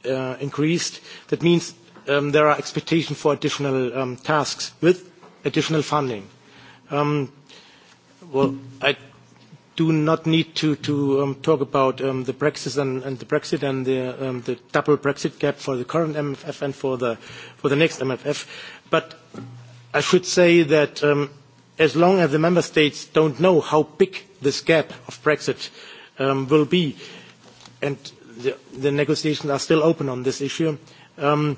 uh, increased. That means um, there are expectations for additional um, tasks with additional funding. Um, well, I do not need to, to um, talk about um, the Brexit and, and the Brexit and the, um, the double Brexit gap for the current MFF and for the, for the next MFF. But I should say that um, as long as the member states don't know how big this gap of Brexit um, will be, and the, the negotiations are still open on this issue, um,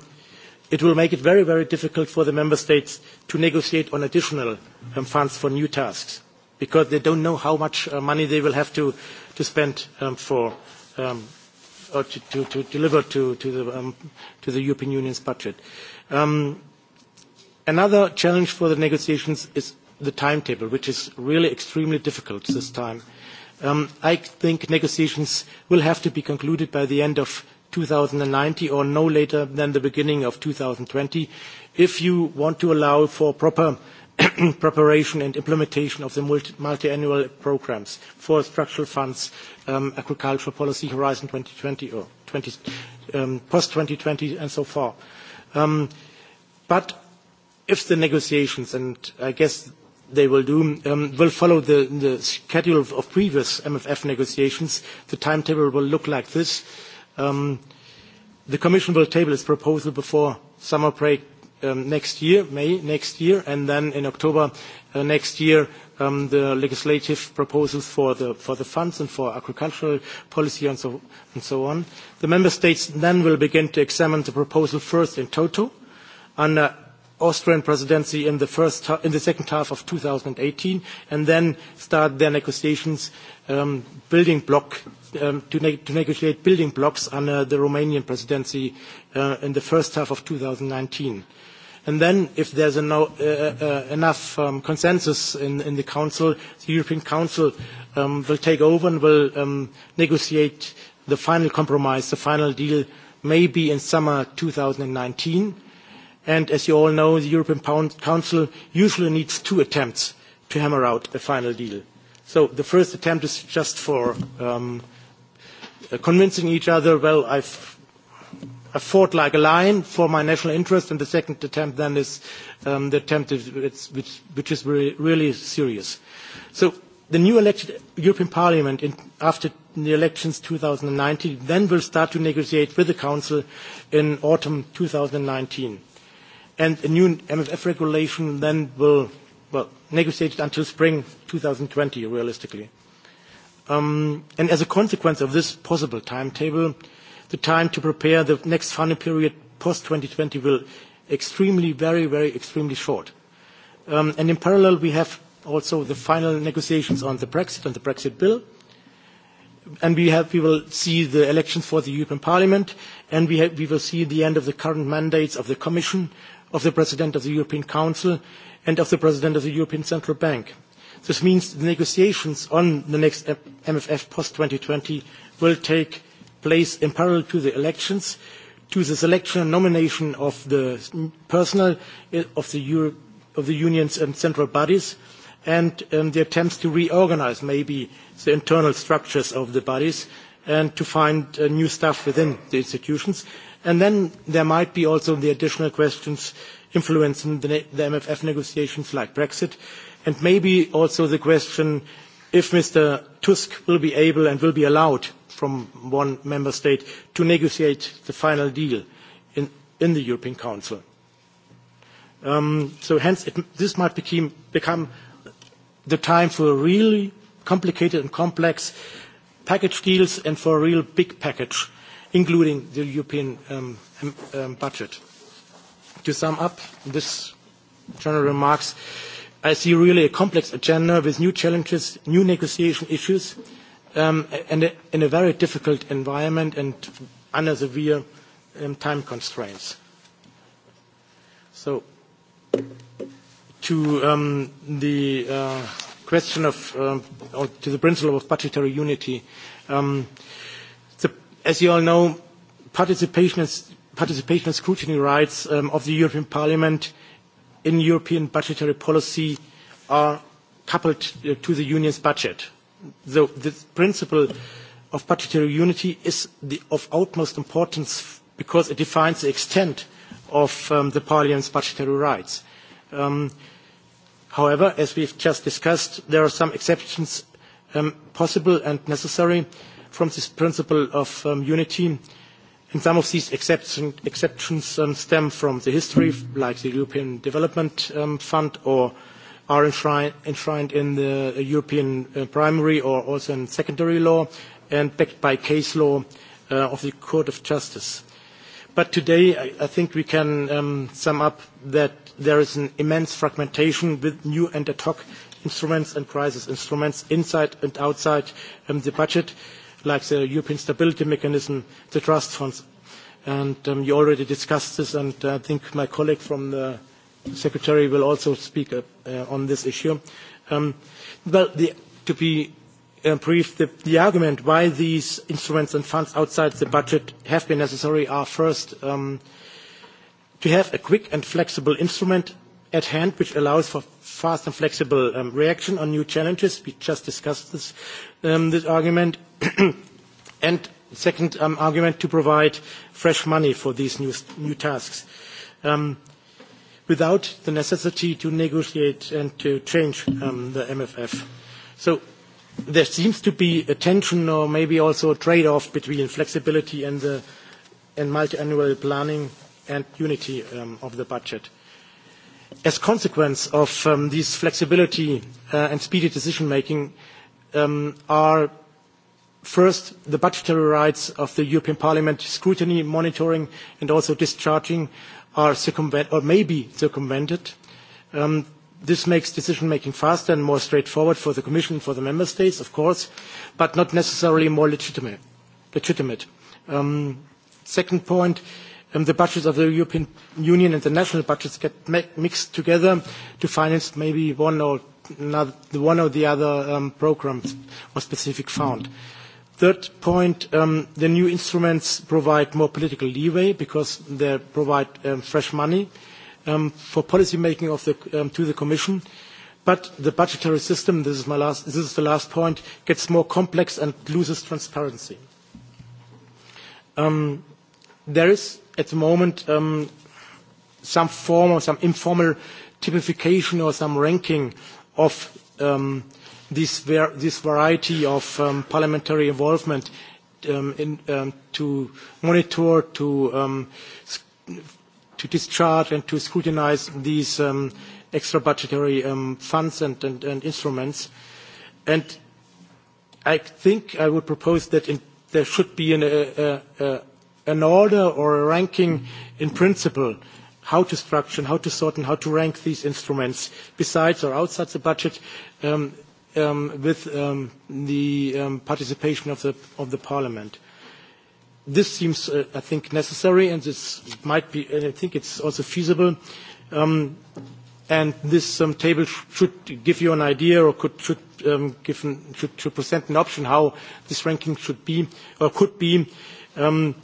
it will make it very, very difficult for the member states to negotiate on additional um, funds for new tasks because they don't know how much uh, money they will have to, to spend um, for um, or to, to, to deliver to, to, the, um, to the European Union's budget. Um, another challenge for the negotiations is the timetable, which is really extremely difficult this time. Um, I think negotiations will have to be concluded by the end of 2019 or no later than the beginning of 2020 if you want to allow for proper preparation and implementation of the multiannual programmes programs for structural funds, um, agricultural policy, Horizon 2020 or 20, um, post-2020 and so far. Um, but if the negotiations, and I guess they will do, um, will follow the, the schedule of, of previous MFF negotiations, the timetable will look like this. Um, the Commission will table its proposal before summer break Um, next year, May next year, and then in October uh, next year, um, the legislative proposals for the, funds and for agricultural policy and so, on. The member states then will begin to examine the proposal first in toto under Austrian presidency in the, second half of 2018, and then start their negotiations, um, building block to, negotiate building blocks under the Romanian presidency uh, in the first half of 2019. And then, if there's a no, uh, uh, uh, enough um, consensus in, in the Council, the European Council um, will take over and will um, negotiate the final compromise, the final deal, maybe in summer 2019. And as you all know, the European Council usually needs two attempts to hammer out a final deal. So the first attempt is just for um, uh, convincing each other, well, I've i fought like a lion for my national interest, and the second attempt then is um, the attempt is, which, which is really, really serious. So the new elected European Parliament in, after the elections 2019 then will start to negotiate with the Council in autumn 2019. And a new MFF regulation then will, well, negotiated until spring 2020, realistically. Um, and as a consequence of this possible timetable, the time to prepare the next funding period post-2020 will extremely, very, very extremely short. Um, and in parallel, we have also the final negotiations on the Brexit and the Brexit bill. And we, have, we will see the elections for the European Parliament, and we, have, we will see the end of the current mandates of the Commission, of the President of the European Council, and of the President of the European Central Bank. This means the negotiations on the next MFF post-2020 will take place in parallel to the elections to the selection and nomination of the personnel of the, Euro, of the union's and um, central bodies and um, the attempts to reorganize maybe the internal structures of the bodies and to find uh, new staff within the institutions. And then there might be also the additional questions influencing the, the MFF negotiations like Brexit and maybe also the question if Mr. Tusk will be able and will be allowed from one member state to negotiate the final deal in, in the European Council. Um, so hence, it, this might became, become the time for really complicated and complex package deals and for a real big package, including the European um, um, um budget. To sum up this general remarks, I see really a complex agenda with new challenges, new negotiation issues, Um, in, a, very difficult environment and under severe um, time constraints. So, to um, the uh, question of, um, or to the principle of budgetary unity, um, the, as you all know, participation, is, participation and scrutiny rights um, of the European Parliament in European budgetary policy are coupled uh, to the Union's budget. So this principle of budgetary unity is the, of utmost importance because it defines the extent of um, the Parliament's budgetary rights. Um, however, as we've just discussed, there are some exceptions um, possible and necessary from this principle of um, unity. And some of these exception, exceptions um, stem from the history, like the European Development um, Fund or are enshrined, in the European uh, primary or also in secondary law and backed by case law uh, of the Court of Justice. But today, I, think we can um, sum up that there is an immense fragmentation with new and ad hoc instruments and crisis instruments inside and outside um, the budget, like the European Stability Mechanism, the trust funds. And um, you already discussed this, and uh, I think my colleague from the Secretary will also speak uh, uh, on this issue. Um, well, the, to be uh, brief, the, the argument why these instruments and funds outside the budget have been necessary are first um, to have a quick and flexible instrument at hand which allows for fast and flexible um, reaction on new challenges. We just discussed this, um, this argument. and second um, argument to provide fresh money for these new, new tasks. Um, without the necessity to negotiate and to change um, the MFF. So there seems to be a tension or maybe also a trade-off between flexibility and, the, and multi-annual planning and unity um, of the budget. As consequence of um, this flexibility uh, and speedy decision-making um, are first the budgetary rights of the European Parliament scrutiny, monitoring and also discharging are circumvent or may be circumvented. Um, this makes decision making faster and more straightforward for the Commission and for the Member States, of course, but not necessarily more legitimate. legitimate. Um, second point, um, the budgets of the European Union and the national budgets get mixed together to finance maybe one or, another, one or the other um, programs or specific fund. Mm -hmm. Third point, um, the new instruments provide more political leeway because they provide um, fresh money um, for policy making to the Commission. But the budgetary system, this is, this is the last point, gets more complex and loses transparency. there is, at the moment, some form or some informal typification or some ranking of this, ver this variety of um, parliamentary involvement um, in, um, to monitor, to, um, to discharge and to scrutinize these um, extra budgetary um, funds and, and, and instruments. And I think I would propose that in, there should be an, a, a, an order or a ranking in principle how to structure and how to sort and how to rank these instruments besides or outside the budget um, um, with um, the um, participation of the, of the parliament. This seems, uh, I think, necessary, and this might be, and I think it's also feasible. Um, and this um, table should give you an idea, or could should um, give an, should, should present an option how this ranking should be or could be. Um,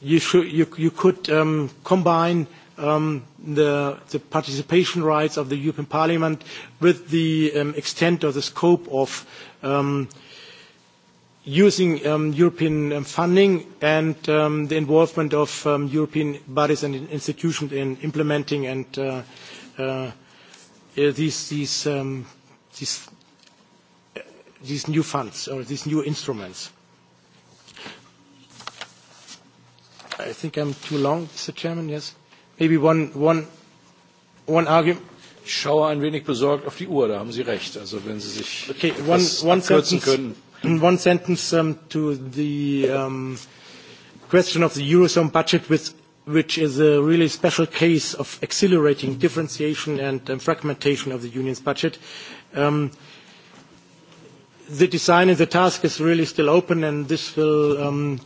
you, should, you, you could um, combine um, the, the participation rights of the European Parliament with the um, extent or the scope of um, using um, European um, funding and um, the involvement of um, European bodies and institutions in implementing and uh, uh, uh these, these, um, these, these new funds or these new instruments. I think I'm too long, Mr. Chairman, yes? maybe one, one, one argument. Ich schaue ein wenig besorgt auf die Uhr, da haben Sie recht. Also wenn Sie sich okay, one, one abkürzen sentence, können. One sentence um, to the um, question of the Eurozone budget, with, which is a really special case of accelerating differentiation and um, fragmentation of the Union's budget. Um, the design and the task is really still open, and this will um,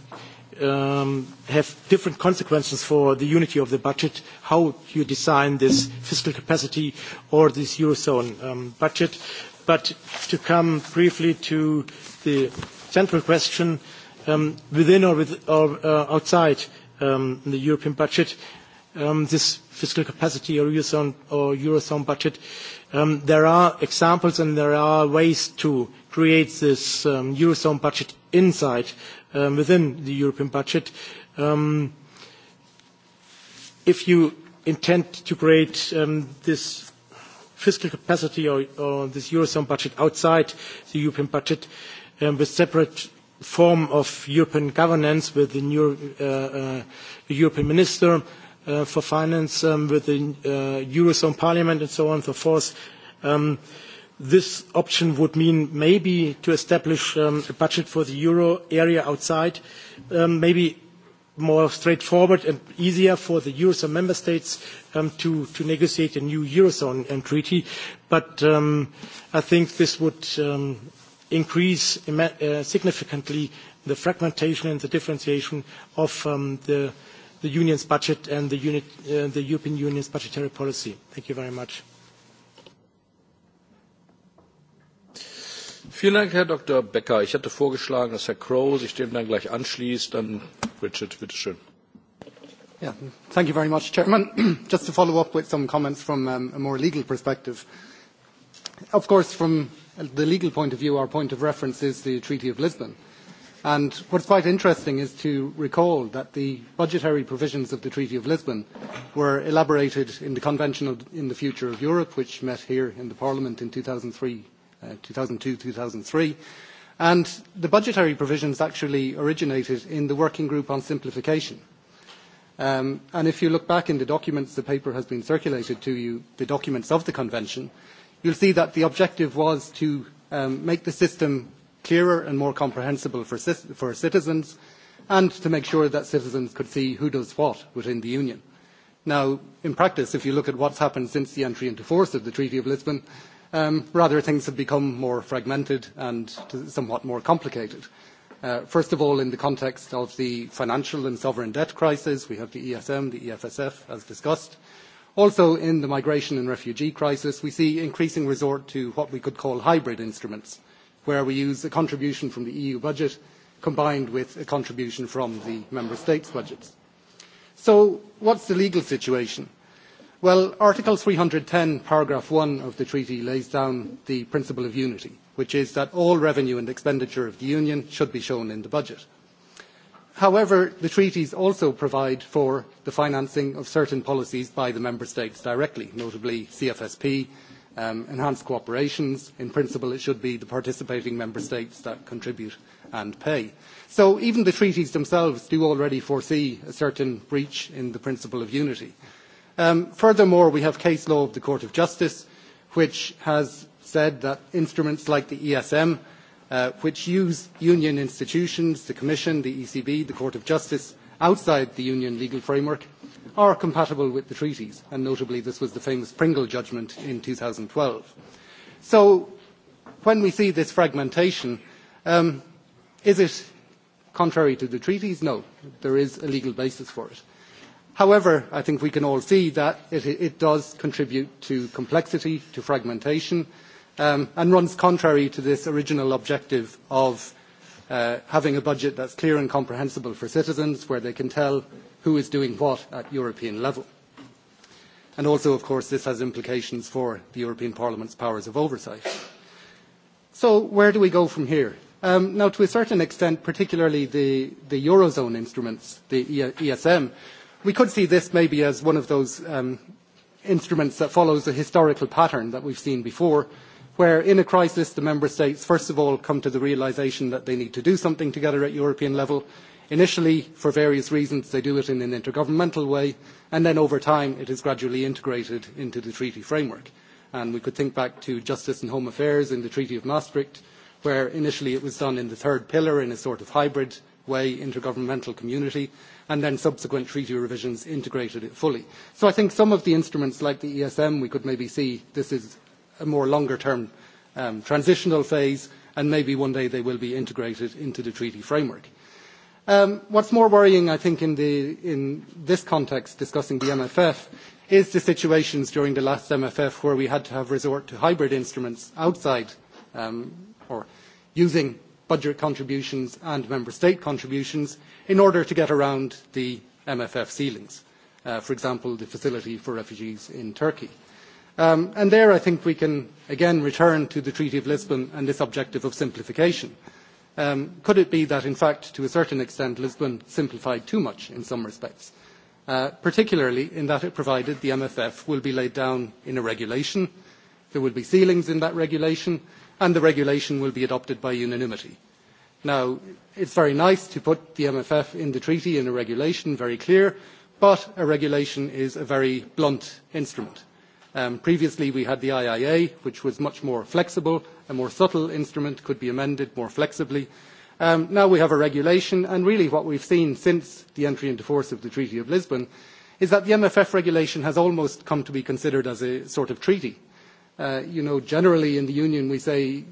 um, have different consequences for the unity of the budget, how you design this fiscal capacity or this Eurozone um, budget. But to come briefly to the central question, um, within or, with, or uh, outside um, the European budget, um, this fiscal capacity or Eurozone, or Eurozone budget, um, there are examples and there are ways to create this um, Eurozone budget inside Um, within the European budget. Um, if you intend to create um, this fiscal capacity or, this Eurozone budget outside the European budget with separate form of European governance with the new, uh, uh, European Minister uh, for Finance, with the Eurozone Parliament and so on and so forth, this option would mean maybe to establish um, a budget for the euro area outside, um, maybe more straightforward and easier for the Eurozone member states um, to, to negotiate a new Eurozone um, treaty. But um, I think this would um, increase uh, significantly the fragmentation and the differentiation of um, the, the Union's budget and the, unit, uh, the European Union's budgetary policy. Thank you very much. Vielen Dank, Herr Dr. Becker. Ich hatte vorgeschlagen, dass Herr Crow sich dem dann gleich anschließt. Dann Richard, bitteschön. Yeah, thank you very much, Chairman. Just to follow up with some comments from um, a more legal perspective. Of course, from the legal point of view, our point of reference is the Treaty of Lisbon. And what's quite interesting is to recall that the budgetary provisions of the Treaty of Lisbon were elaborated in the Convention of, in the Future of Europe, which met here in the Parliament in 2003 2002-2003. Uh, and the budgetary provisions actually originated in the Working Group on Simplification. Um, and if you look back in the documents, the paper has been circulated to you, the documents of the Convention, you'll see that the objective was to um, make the system clearer and more comprehensible for, for citizens and to make sure that citizens could see who does what within the Union. Now, in practice, if you look at what's happened since the entry into force of the Treaty of Lisbon, Um, rather, things have become more fragmented and somewhat more complicated. Uh, first of all, in the context of the financial and sovereign debt crisis, we have the ESM, the EFSF, as discussed. Also, in the migration and refugee crisis, we see increasing resort to what we could call hybrid instruments, where we use a contribution from the EU budget combined with a contribution from the member states' budgets. So what's the legal situation? Well, Article 310, paragraph 1 of the treaty lays down the principle of unity, which is that all revenue and expenditure of the Union should be shown in the budget. However, the treaties also provide for the financing of certain policies by the Member States directly, notably CFSP, um, enhanced cooperations. In principle, it should be the participating Member States that contribute and pay. So even the treaties themselves do already foresee a certain breach in the principle of unity. Um, furthermore, we have case law of the Court of Justice, which has said that instruments like the ESM, uh, which use union institutions, the Commission, the ECB, the Court of Justice, outside the union legal framework, are compatible with the treaties, and notably this was the famous Pringle judgment in 2012. So when we see this fragmentation, um, is it contrary to the treaties? No, there is a legal basis for it. However, I think we can all see that it, does contribute to complexity, to fragmentation, um, and runs contrary to this original objective of uh, having a budget that is clear and comprehensible for citizens, where they can tell who is doing what at European level. And also, of course, this has implications for the European Parliament's powers of oversight. So where do we go from here? Um, now, to a certain extent, particularly the, the Eurozone instruments, the ESM, We could see this maybe as one of those um, instruments that follows a historical pattern that we've seen before, where in a crisis the member states first of all come to the realisation that they need to do something together at European level. Initially, for various reasons, they do it in an intergovernmental way, and then over time it is gradually integrated into the treaty framework. And we could think back to justice and home affairs in the Treaty of Maastricht, where initially it was done in the third pillar in a sort of hybrid way, intergovernmental community, and then subsequent treaty revisions integrated it fully. So I think some of the instruments like the ESM, we could maybe see this is a more longer term um, transitional phase, and maybe one day they will be integrated into the treaty framework. Um, what's more worrying, I think, in, the, in this context, discussing the MFF, is the situations during the last MFF where we had to have resort to hybrid instruments outside um, or using budget contributions and member state contributions in order to get around the MFF ceilings, uh, for example, the facility for refugees in Turkey. Um, and there I think we can again return to the Treaty of Lisbon and this objective of simplification. Um, could it be that in fact to a certain extent Lisbon simplified too much in some respects, uh, particularly in that it provided the MFF will be laid down in a regulation, there will be ceilings in that regulation, and the regulation will be adopted by unanimity. Now, it's very nice to put the MFF in the treaty in a regulation, very clear, but a regulation is a very blunt instrument. Um, previously, we had the IIA, which was much more flexible, a more subtle instrument, could be amended more flexibly. Um, now we have a regulation, and really what we've seen since the entry into force of the Treaty of Lisbon is that the MFF regulation has almost come to be considered as a sort of treaty Uh, you know, generally in the union we say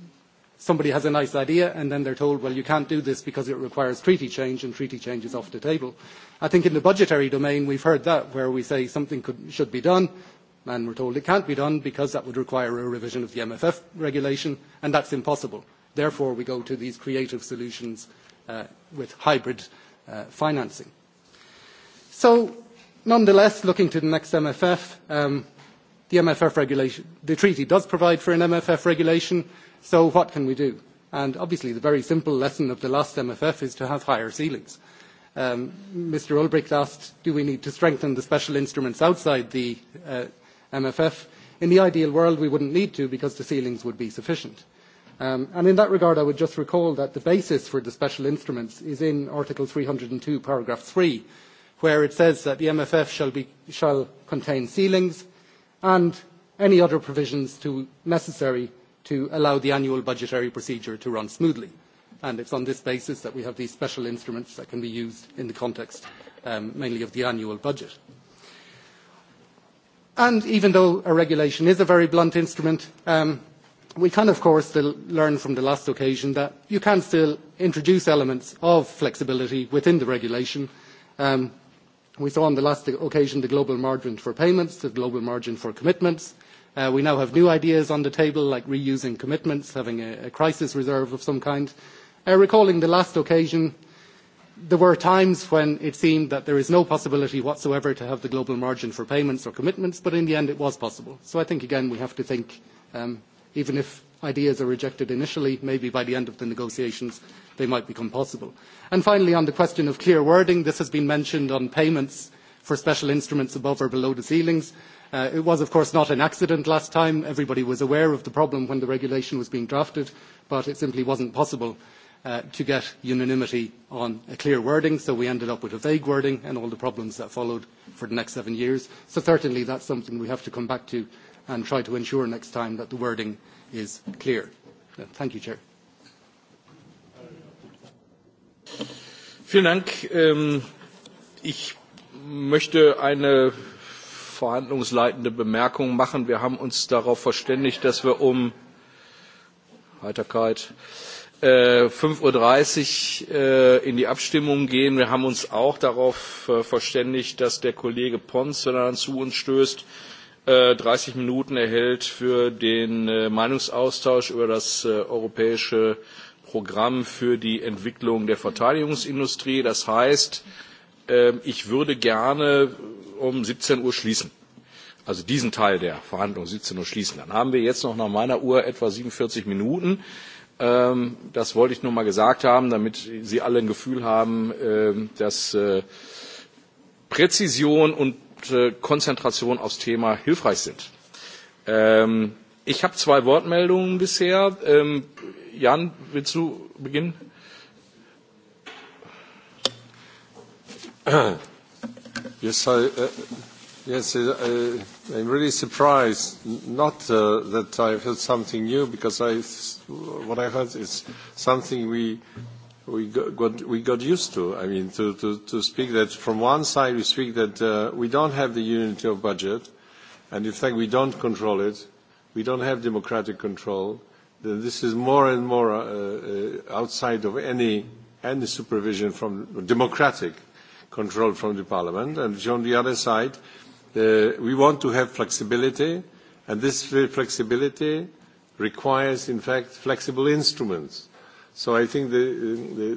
somebody has a nice idea and then they're told, well, you can't do this because it requires treaty change and treaty change is off the table. I think in the budgetary domain we've heard that where we say something could, should be done and we're told it can't be done because that would require a revision of the MFF regulation and that's impossible. Therefore, we go to these creative solutions uh, with hybrid uh, financing. So, nonetheless, looking to the next MFF, the MFF regulation. The treaty does provide for an MFF regulation, so what can we do? And obviously, the very simple lesson of the last MFF is to have higher ceilings. Um, Mr. Ulbricht asked, do we need to strengthen the special instruments outside the uh, MFF? In the ideal world, we wouldn't need to because the ceilings would be sufficient. Um, and in that regard, I would just recall that the basis for the special instruments is in Article 302, paragraph 3, where it says that the MFF shall, be, shall contain ceilings, and any other provisions to, necessary to allow the annual budgetary procedure to run smoothly. And it's on this basis that we have these special instruments that can be used in the context um, mainly of the annual budget. And even though a regulation is a very blunt instrument, um, we can, of course, still learn from the last occasion that you can still introduce elements of flexibility within the regulation. Um, We saw on the last occasion the global margin for payments, the global margin for commitments. Uh, we now have new ideas on the table, like reusing commitments, having a, crisis reserve of some kind. Uh, recalling the last occasion, there were times when it seemed that there is no possibility whatsoever to have the global margin for payments or commitments, but in the end it was possible. So I think, again, we have to think, um, even if ideas are rejected initially, maybe by the end of the negotiations they might become possible. And finally, on the question of clear wording, this has been mentioned on payments for special instruments above or below the ceilings. Uh, it was, of course, not an accident last time. Everybody was aware of the problem when the regulation was being drafted, but it simply wasn't possible uh, to get unanimity on a clear wording, so we ended up with a vague wording and all the problems that followed for the next seven years. So certainly that's something we have to come back to and try to ensure next time that the wording is clear. Thank you, Chair. Vielen Dank. Ähm, ich möchte eine verhandlungsleitende Bemerkung machen. Wir haben uns darauf verständigt, dass wir um Heiterkeit äh, fünf uhr dreißig äh, in die abstimmung gehen. wir haben uns auch darauf äh, verständigt dass der kollege pons wenn er dann zu uns stößt 30 äh, Minuten erhält für den äh, Meinungsaustausch über das äh, europäische Programm für die Entwicklung der Verteidigungsindustrie. Das heißt, ich würde gerne um 17 Uhr schließen. Also diesen Teil der Verhandlung 17 Uhr schließen. Dann haben wir jetzt noch nach meiner Uhr etwa 47 Minuten. Ähm, das wollte ich nur mal gesagt haben, damit Sie alle ein Gefühl haben, dass Präzision und Äh, Konzentration aufs Thema hilfreich sind. Ähm, ich habe zwei Wortmeldungen bisher. Ähm, Jan, willst du beginnen? Yes, I, uh, yes uh, uh I'm really surprised, not uh, that I've heard something new, because I, what I heard is something we we got, we got used to. I mean, to, to, to speak that from one side, we speak that uh, we don't have the unity of budget, and in fact, we don't control it. We don't have democratic control. Then This is more and more uh, uh outside of any, any supervision from democratic control from the parliament. And on the other side, uh, we want to have flexibility, and this flexibility requires, in fact, flexible instruments So I think the, the,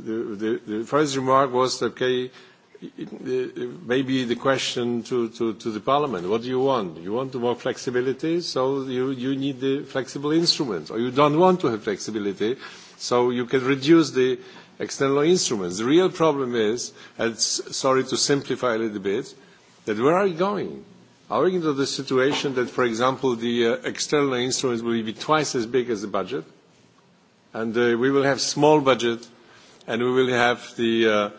the, the first remark was, okay, maybe the question to, to, to the parliament, what do you want? You want more flexibility, so you, you need the flexible instruments, or you don't want to have flexibility, so you can reduce the external instruments. The real problem is, and sorry to simplify a little bit, that where are we going? Are we into the situation that, for example, the uh, external instruments will be twice as big as the budget? and uh, we will have small budget and we will have the, uh,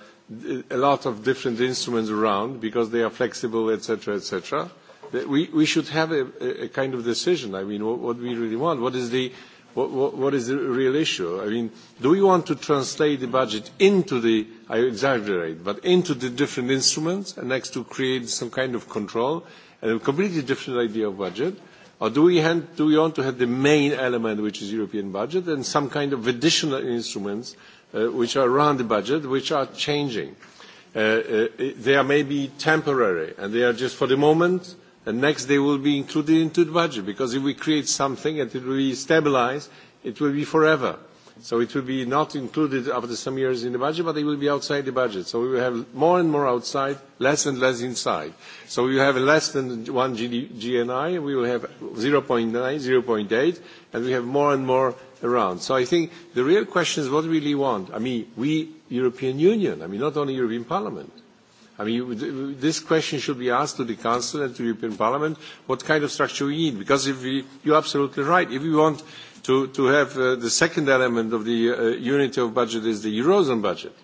a lot of different instruments around because they are flexible, etc., etc. We, we should have a, a kind of decision. I mean, what, what we really want. What is, the, what, what, what is the real issue? I mean, do we want to translate the budget into the, I exaggerate, but into the different instruments and next to create some kind of control and a completely different idea of budget? Or do we, hand, do we want to have the main element, which is European budget, and some kind of additional instruments uh, which are around the budget, which are changing? Uh, uh, they are maybe temporary, and they are just for the moment, and next they will be included into the budget, because if we create something and it will be stabilized, it will be forever. So it will be not included after some years in the budget, but it will be outside the budget. So we will have more and more outside, less and less inside. So we will have less than one GNI, we will have 0.9, 0.8, and we have more and more around. So I think the real question is what do we really want. I mean, we, European Union, I mean, not only European Parliament. I mean, this question should be asked to the Council and to the European Parliament, what kind of structure we need. Because if we, you're absolutely right, if we want to, have uh, the second element of the uh, unity of budget is the Eurozone budget.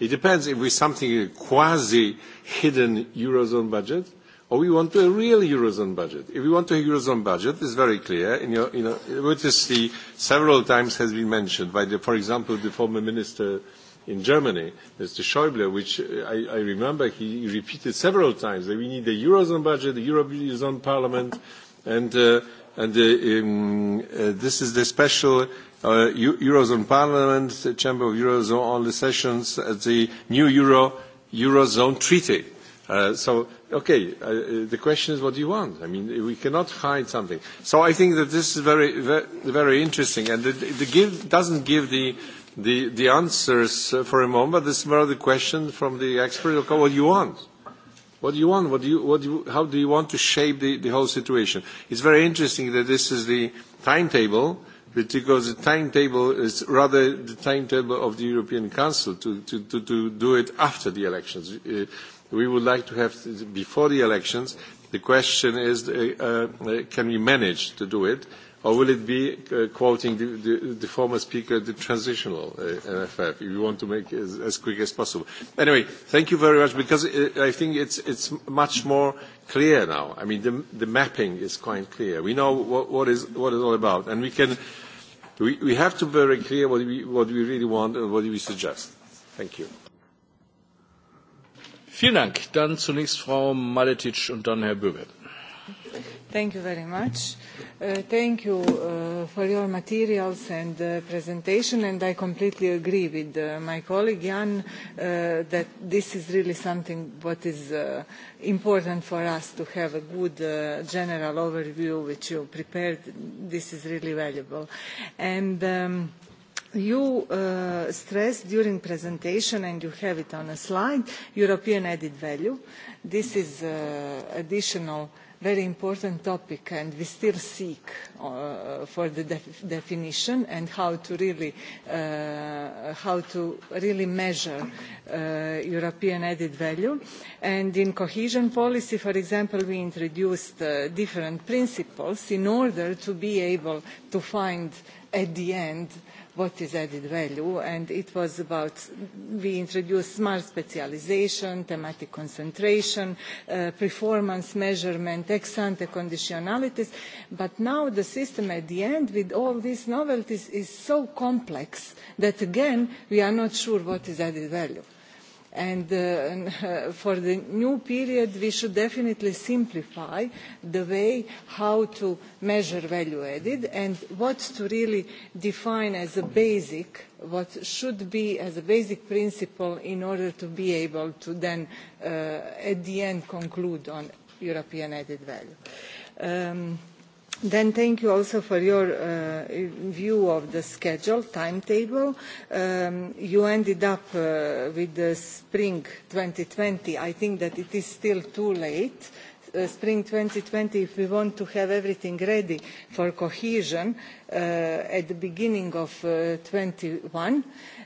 It depends if we something a quasi-hidden Eurozone budget or we want a real Eurozone budget. If we want a Eurozone budget, it's very clear, in your, in your, which is the, several times has been mentioned by, the, for example, the former minister in Germany, Mr. Schäuble, which I, I remember he repeated several times that we need a Eurozone budget, a Eurozone parliament, and uh, Uh, um, uh, this is the special uh, Eurozone Parliament, the Chamber of Eurozone only sessions at the new Euro Eurozone Treaty. Uh, so, okay, uh, uh, the question is what do you want? I mean, we cannot hide something. So I think that this is very, very, interesting, and it, it give, doesn't give the, the, the answers for a moment. but This is more the question from the expert, okay, what do you want? What do you want? What do you, what do you, how do you want to shape the, the whole situation? It's very interesting that this is the timetable, because the timetable is rather the timetable of the European Council to, to, to, to do it after the elections. Uh, we would like to have, before the elections, the question is, uh, uh, can we manage to do it? Or will it be, uh, quoting the, the, the former speaker, the transitional uh, MFF, if you want to make it as, as quick as possible? Anyway, thank you very much, because it, uh, I think it's, it's much more clear now. I mean, the, the mapping is quite clear. We know what, what is what it's all about, and we can we, we have to be very clear what we, what we really want and what we suggest. Thank you. Vielen Dank. Dann zunächst Frau Maletic und dann Herr Böwe. Thank you very much. Uh, thank you uh, for your materials and uh, presentation, and I completely agree with uh, my colleague Jan uh, that this is really something what is uh, important for us to have a good uh, general overview which you prepared. This is really valuable. And um, you uh, stressed during presentation and you have it on a slide european added value this is uh, additional uh, very important topic and we still seek uh, for the def definition and how to really uh, how to really measure uh, European added value and in cohesion policy for example we introduced uh, different principles in order to be able to find at the end uh, what is added value and it was about we introduced smart specialisation thematic concentration uh, performance measurement ex ante conditionalities but now the system at the end with all these novelties is so complex that again we are not sure what is added value and uh, uh, for the new period we should definitely simplify the way how to measure value added and what to really define as a basic what should be as a basic principle in order to be able to then uh, at the end conclude on european added value. Um, Then thank you also for your uh, view of the schedule, timetable. Um, you ended up uh, with the spring 2020. I think that it is still too late. Uh, spring 2020, if we want to have everything ready for cohesion uh, at the beginning of uh, 21,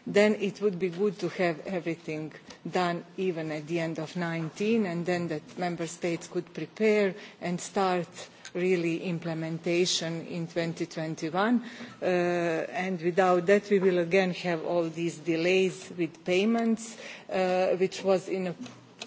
then it would be good to have everything done even at the end of 19, and then that member states could prepare and start really implementation in 2021. Uh, and without that, we will again have all these delays with payments, uh, which was in a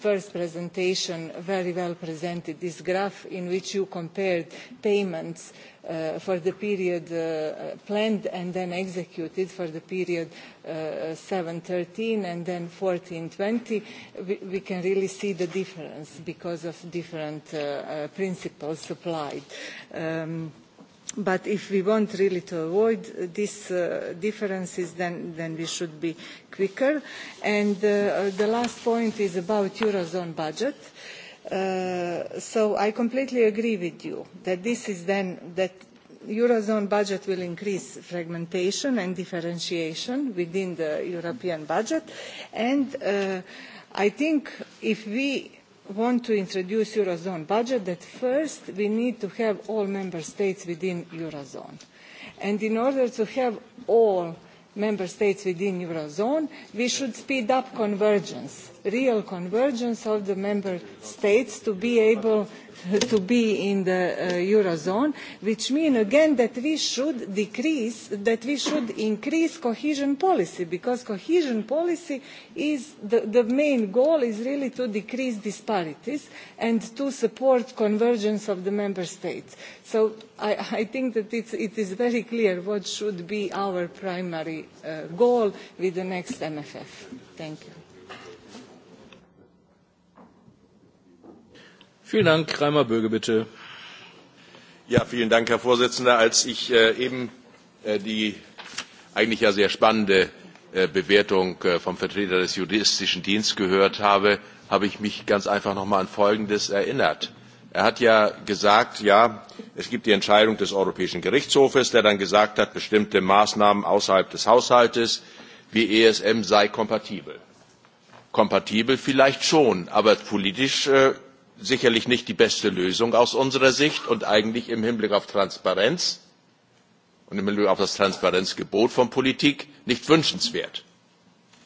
first presentation very well presented, this graph in which you compared payments uh, for the period uh, planned and then executed for the period uh, 713 and then 1420, we, we can really see the difference because of different uh, uh, principles applied. Um, but if we want really to avoid these uh, differences then, then we should be quicker. And uh, the last point is about eurozone budget Uh, so I completely agree with you that this is then that eurozone budget will increase fragmentation and differentiation within the European budget, and uh, I think if we want to introduce eurozone budget, that first we need to have all member states within eurozone, and in order to have all member states within eurozone, we should speed up convergence real convergence of the member states to be able to be in the uh, eurozone which means again that we should decrease that we should increase cohesion policy because cohesion policy is the, the main goal is really to decrease disparities and to support convergence of the member states so i, I think that it's, it is very clear what should be our primary uh, goal with the next mff thank you Herr präsident! Als ich äh, eben äh, die eigentlich ja sehr spannende äh, Bewertung vom Vertreter des juristischen Dienstes gehört habe, habe ich mich ganz einfach noch einmal an Folgendes erinnert. Er hat ja gesagt, ja, es gibt die Entscheidung des Europäischen gerichtshofs der dann gesagt hat, bestimmte Maßnahmen außerhalb des haushalts wie ESM seien kompatibel. Kompatibel vielleicht schon, aber politisch äh, sicherlich nicht die beste Lösung aus unserer Sicht und eigentlich im Hinblick auf Transparenz und im Hinblick auf das Transparenzgebot von Politik nicht wünschenswert.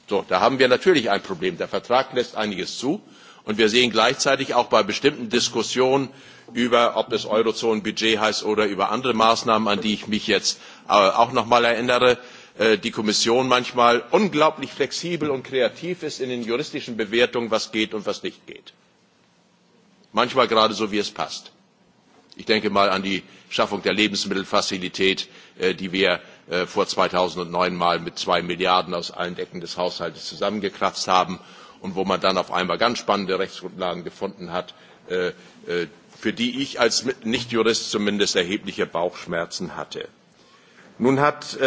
So, da haben wir natürlich ein Problem. Der Vertrag lässt einiges zu und wir sehen gleichzeitig auch bei bestimmten Diskussionen über, ob es Eurozonenbudget heißt oder über andere Maßnahmen, an die ich mich jetzt äh, auch noch mal erinnere, äh, die Kommission manchmal unglaublich flexibel und kreativ ist in den juristischen Bewertungen, was geht und was nicht geht manchmal gerade so, wie es passt. Ich denke mal an die Schaffung der Lebensmittelfazilität, äh, die wir äh, vor 2009 mal mit zwei Milliarden aus allen Ecken des Haushaltes zusammengekratzt haben und wo man dann auf einmal ganz spannende Rechtsgrundlagen gefunden hat, äh, für die ich als Nichtjurist zumindest erhebliche Bauchschmerzen hatte. Nun hat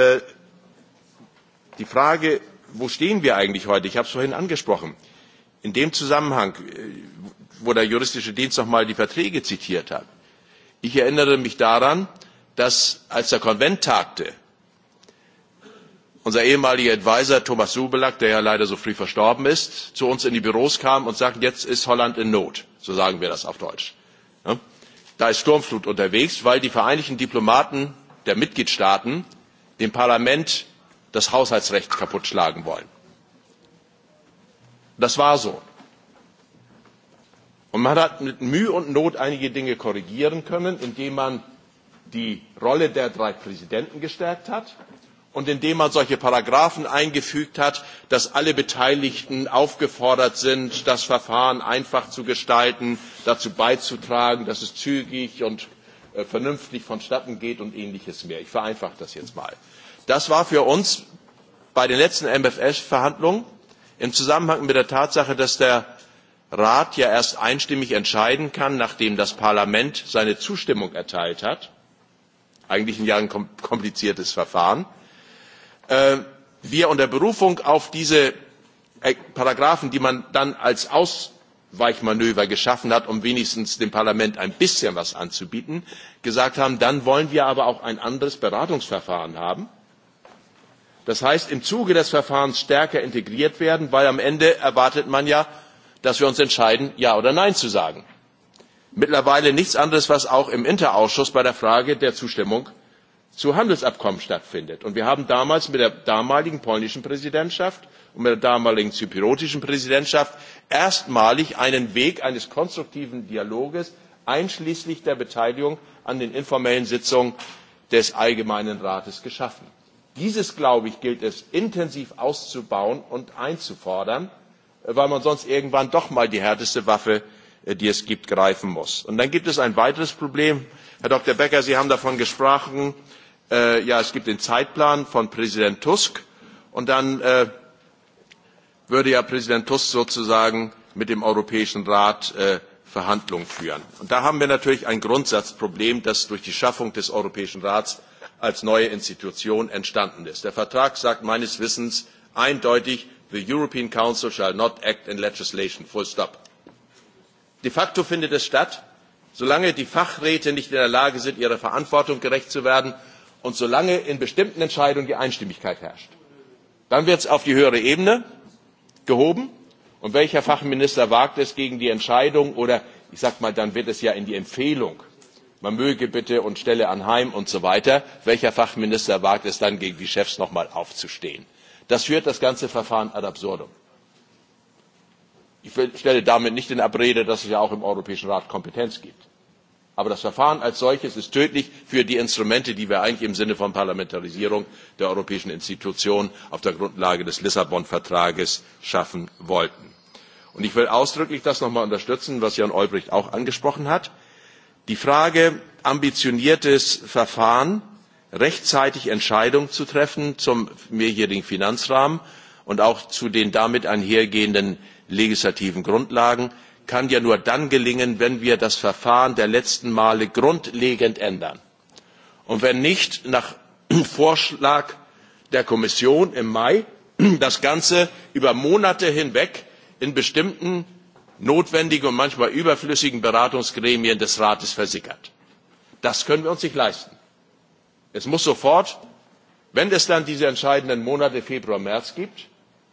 die Frage, wo stehen wir eigentlich heute? Ich habe es vorhin angesprochen. In dem Zusammenhang wo der juristische Dienst noch nochmal die Verträge zitiert hat. Ich erinnere mich daran, dass als der Konvent tagte, unser ehemaliger Advisor Thomas Subelak, der ja leider so früh verstorben ist, zu uns in die Büros kam und sagte, jetzt ist Holland in Not. So sagen wir das auf Deutsch. Ja? Da ist Sturmflut unterwegs, weil die vereinigten Diplomaten der Mitgliedstaaten dem Parlament das Haushaltsrecht kaputtschlagen wollen. Das war so. Und man hat mit Mühe und Not einige Dinge korrigieren können, indem man die Rolle der drei Präsidenten gestärkt hat und indem man solche Paragraphen eingefügt hat, dass alle Beteiligten aufgefordert sind, das Verfahren einfach zu gestalten, dazu beizutragen, dass es zügig und äh, vernünftig vonstatten geht und ähnliches mehr. Ich vereinfache das jetzt mal. Das war für uns bei den letzten MFS-Verhandlungen im Zusammenhang mit der Tatsache, dass der Rat ja erst einstimmig entscheiden kann, nachdem das Parlament seine Zustimmung erteilt hat. Eigentlich ein ja ein kompliziertes Verfahren. Äh, wir unter Berufung auf diese äh, Paragraphen, die man dann als Ausweichmanöver geschaffen hat, um wenigstens dem Parlament ein bisschen was anzubieten, gesagt haben, dann wollen wir aber auch ein anderes Beratungsverfahren haben. Das heißt, im Zuge des Verfahrens stärker integriert werden, weil am Ende erwartet man ja, dass wir uns entscheiden, Ja oder Nein zu sagen. Mittlerweile nichts anderes, was auch im Interausschuss bei der Frage der Zustimmung zu Handelsabkommen stattfindet. Und wir haben damals mit der damaligen polnischen Präsidentschaft und mit der damaligen zypriotischen Präsidentschaft erstmalig einen Weg eines konstruktiven Dialoges einschließlich der Beteiligung an den informellen Sitzungen des Allgemeinen Rates geschaffen. Dieses, glaube ich, gilt es intensiv auszubauen und einzufordern, weil man sonst irgendwann doch mal die härteste Waffe, äh, die es gibt, greifen muss. Und dann gibt es ein weiteres Problem. Herr Dr. Becker, Sie haben davon gesprochen, äh, ja, es gibt den Zeitplan von Präsident Tusk und dann äh, würde ja Präsident Tusk sozusagen mit dem Europäischen Rat äh, Verhandlungen führen. Und da haben wir natürlich ein Grundsatzproblem, das durch die Schaffung des Europäischen Rats als neue Institution entstanden ist. Der Vertrag sagt meines Wissens eindeutig, the European Council shall not act in legislation. Full stop. De facto findet es statt, solange die Fachräte nicht in der Lage sind, ihrer Verantwortung gerecht zu werden und solange in bestimmten Entscheidungen die Einstimmigkeit herrscht. Dann wird es auf die höhere Ebene gehoben und welcher Fachminister wagt es gegen die Entscheidung oder ich sage mal, dann wird es ja in die Empfehlung man möge bitte und stelle anheim und so weiter. Welcher Fachminister wagt es dann, gegen die Chefs noch einmal aufzustehen? das führt das ganze verfahren ad absurdum. ich stelle damit nicht in abrede dass es ja auch im europäischen rat kompetenz gibt aber das verfahren als solches ist tödlich für die instrumente die wir eigentlich im sinne von parlamentarisierung der europäischen institutionen auf der grundlage des lissabon vertrages schaffen wollten. Und ich will ausdrücklich das noch einmal unterstützen was jan olbrycht auch angesprochen hat die frage ambitioniertes verfahren rechtzeitig Entscheidungen zu treffen zum mehrjährigen Finanzrahmen und auch zu den damit einhergehenden legislativen Grundlagen kann ja nur dann gelingen, wenn wir das Verfahren der letzten Male grundlegend ändern. Und wenn nicht nach Vorschlag der Kommission im Mai das Ganze über Monate hinweg in bestimmten notwendigen und manchmal überflüssigen Beratungsgremien des Rates versickert. Das können wir uns nicht leisten es muss sofort wenn es dann diese entscheidenden monate februar märz gibt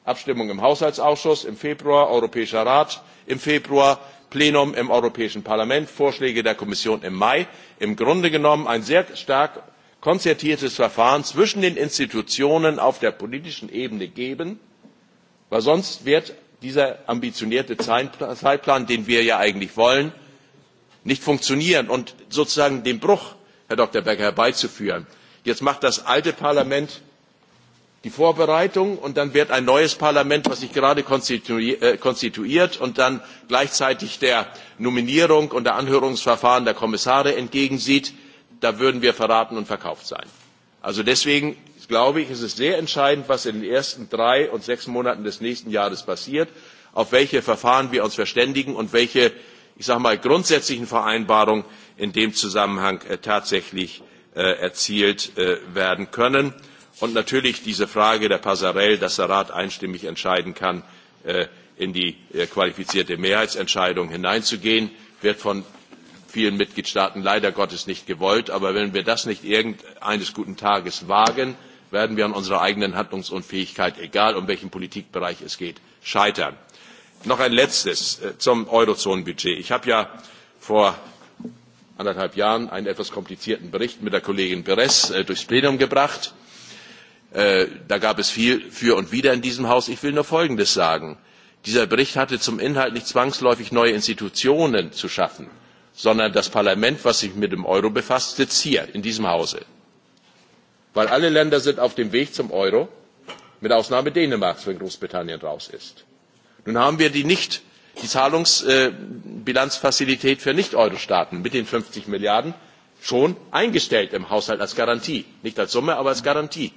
abstimmung im haushaltsausschuss im februar europäischer rat im februar plenum im europäischen parlament vorschläge der kommission im mai im grunde genommen ein sehr stark konzertiertes verfahren zwischen den institutionen auf der politischen ebene geben weil sonst wird dieser ambitionierte zeitplan den wir ja eigentlich wollen nicht funktionieren und sozusagen den bruch herr dr. becker herbeizuführen. jetzt macht das alte parlament die vorbereitung und dann wird ein neues parlament das sich gerade äh, konstituiert und dann gleichzeitig der nominierung und der anhörungsverfahren der kommissare entgegensieht da würden wir verraten und verkauft sein. also deswegen glaube ich ist es sehr entscheidend was in den ersten drei und sechs monaten des nächsten jahres passiert auf welche verfahren wir uns verständigen und welche ich sage mal, grundsätzlichen Vereinbarung in dem Zusammenhang äh, tatsächlich äh, erzielt äh, werden können. Und natürlich diese Frage der Passerelle, dass der Rat einstimmig entscheiden kann, in die qualifizierte Mehrheitsentscheidung hineinzugehen, wird von vielen Mitgliedstaaten leider Gottes nicht gewollt. Aber wenn wir das nicht irgendeines guten Tages wagen, werden wir an unserer eigenen Handlungsunfähigkeit, egal um welchen Politikbereich es geht, scheitern. Noch ein letztes äh, zum Eurozonenbudget. Ich habe ja vor anderthalb Jahren einen etwas komplizierten Bericht mit der Kollegin Beres äh, durchs Plenum gebracht. Äh, da gab es viel für und wider in diesem Haus. Ich will nur Folgendes sagen. Dieser Bericht hatte zum Inhalt nicht zwangsläufig neue Institutionen zu schaffen, sondern das Parlament, was sich mit dem Euro befasst, sitzt hier in diesem Hause. Weil alle Länder sind auf dem Weg zum Euro, mit Ausnahme Dänemarks, wenn Großbritannien raus ist nun haben wir die nicht die zahlungsbilanzfazilität für nicht euro staaten mit den fünfzig milliarden schon eingestellt im haushalt als garantie nicht als summe aber als garantie.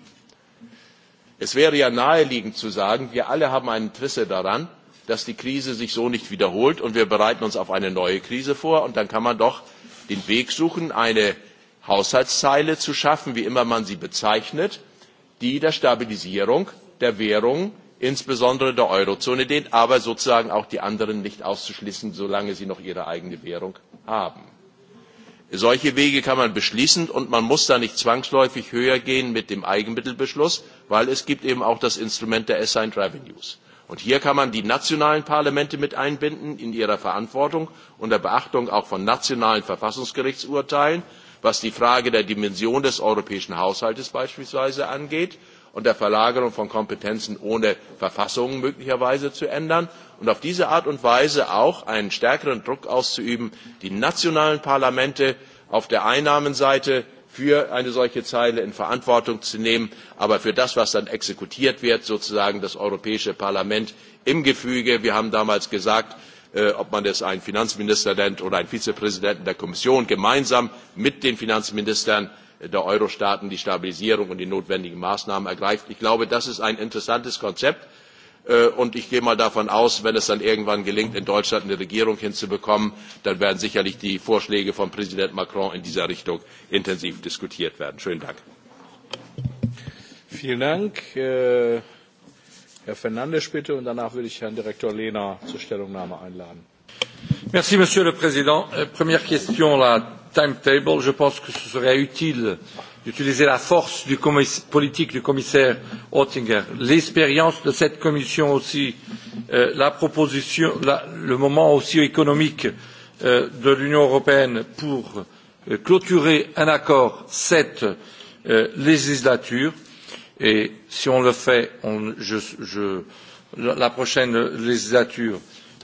es wäre ja naheliegend zu sagen wir alle haben ein interesse daran dass die krise sich so nicht wiederholt und wir bereiten uns auf eine neue krise vor und dann kann man doch den weg suchen eine haushaltszeile zu schaffen wie immer man sie bezeichnet die der stabilisierung der währung insbesondere der eurozone den aber sozusagen auch die anderen nicht auszuschließen solange sie noch ihre eigene währung haben. solche wege kann man beschließen und man muss da nicht zwangsläufig höher gehen mit dem eigenmittelbeschluss weil es gibt eben auch das instrument der assigned revenues. Und hier kann man die nationalen Parlamente mit einbinden in ihrer Verantwortung unter Beachtung auch von nationalen Verfassungsgerichtsurteilen, was die Frage der Dimension des europäischen Haushaltes beispielsweise angeht und der Verlagerung von Kompetenzen ohne Verfassungen möglicherweise zu ändern und auf diese Art und Weise auch einen stärkeren Druck auszuüben, die nationalen Parlamente auf der Einnahmenseite für eine solche Zeile in Verantwortung zu nehmen, aber für das, was dann exekutiert wird, sozusagen das Europäische Parlament im Gefüge. Wir haben damals gesagt, äh, ob man das einen Finanzminister nennt oder einen Vizepräsidenten der Kommission, gemeinsam mit den Finanzministern der Euro-Staaten die Stabilisierung und die notwendigen Maßnahmen ergreift. Ich glaube, das ist ein interessantes Konzept. Äh, und ich gehe mal davon aus, wenn es dann irgendwann gelingt, in Deutschland eine Regierung hinzubekommen, dann werden sicherlich die Vorschläge von Präsident Macron in dieser Richtung intensiv diskutiert werden. Schönen Dank. Vielen Dank. Äh, Herr Fernandes bitte und danach würde ich Herrn Direktor Lehner zur Stellungnahme einladen. Merci, Monsieur le Président. Euh, première question, la timetable, je pense que ce serait utile d'utiliser la force du politique du commissaire Oettinger, l'expérience de cette commission aussi, euh, la proposition, la, le moment aussi économique euh, de l'Union européenne pour euh, clôturer un accord cette euh, législature. Et si on le fait, on, je, je, la prochaine législature,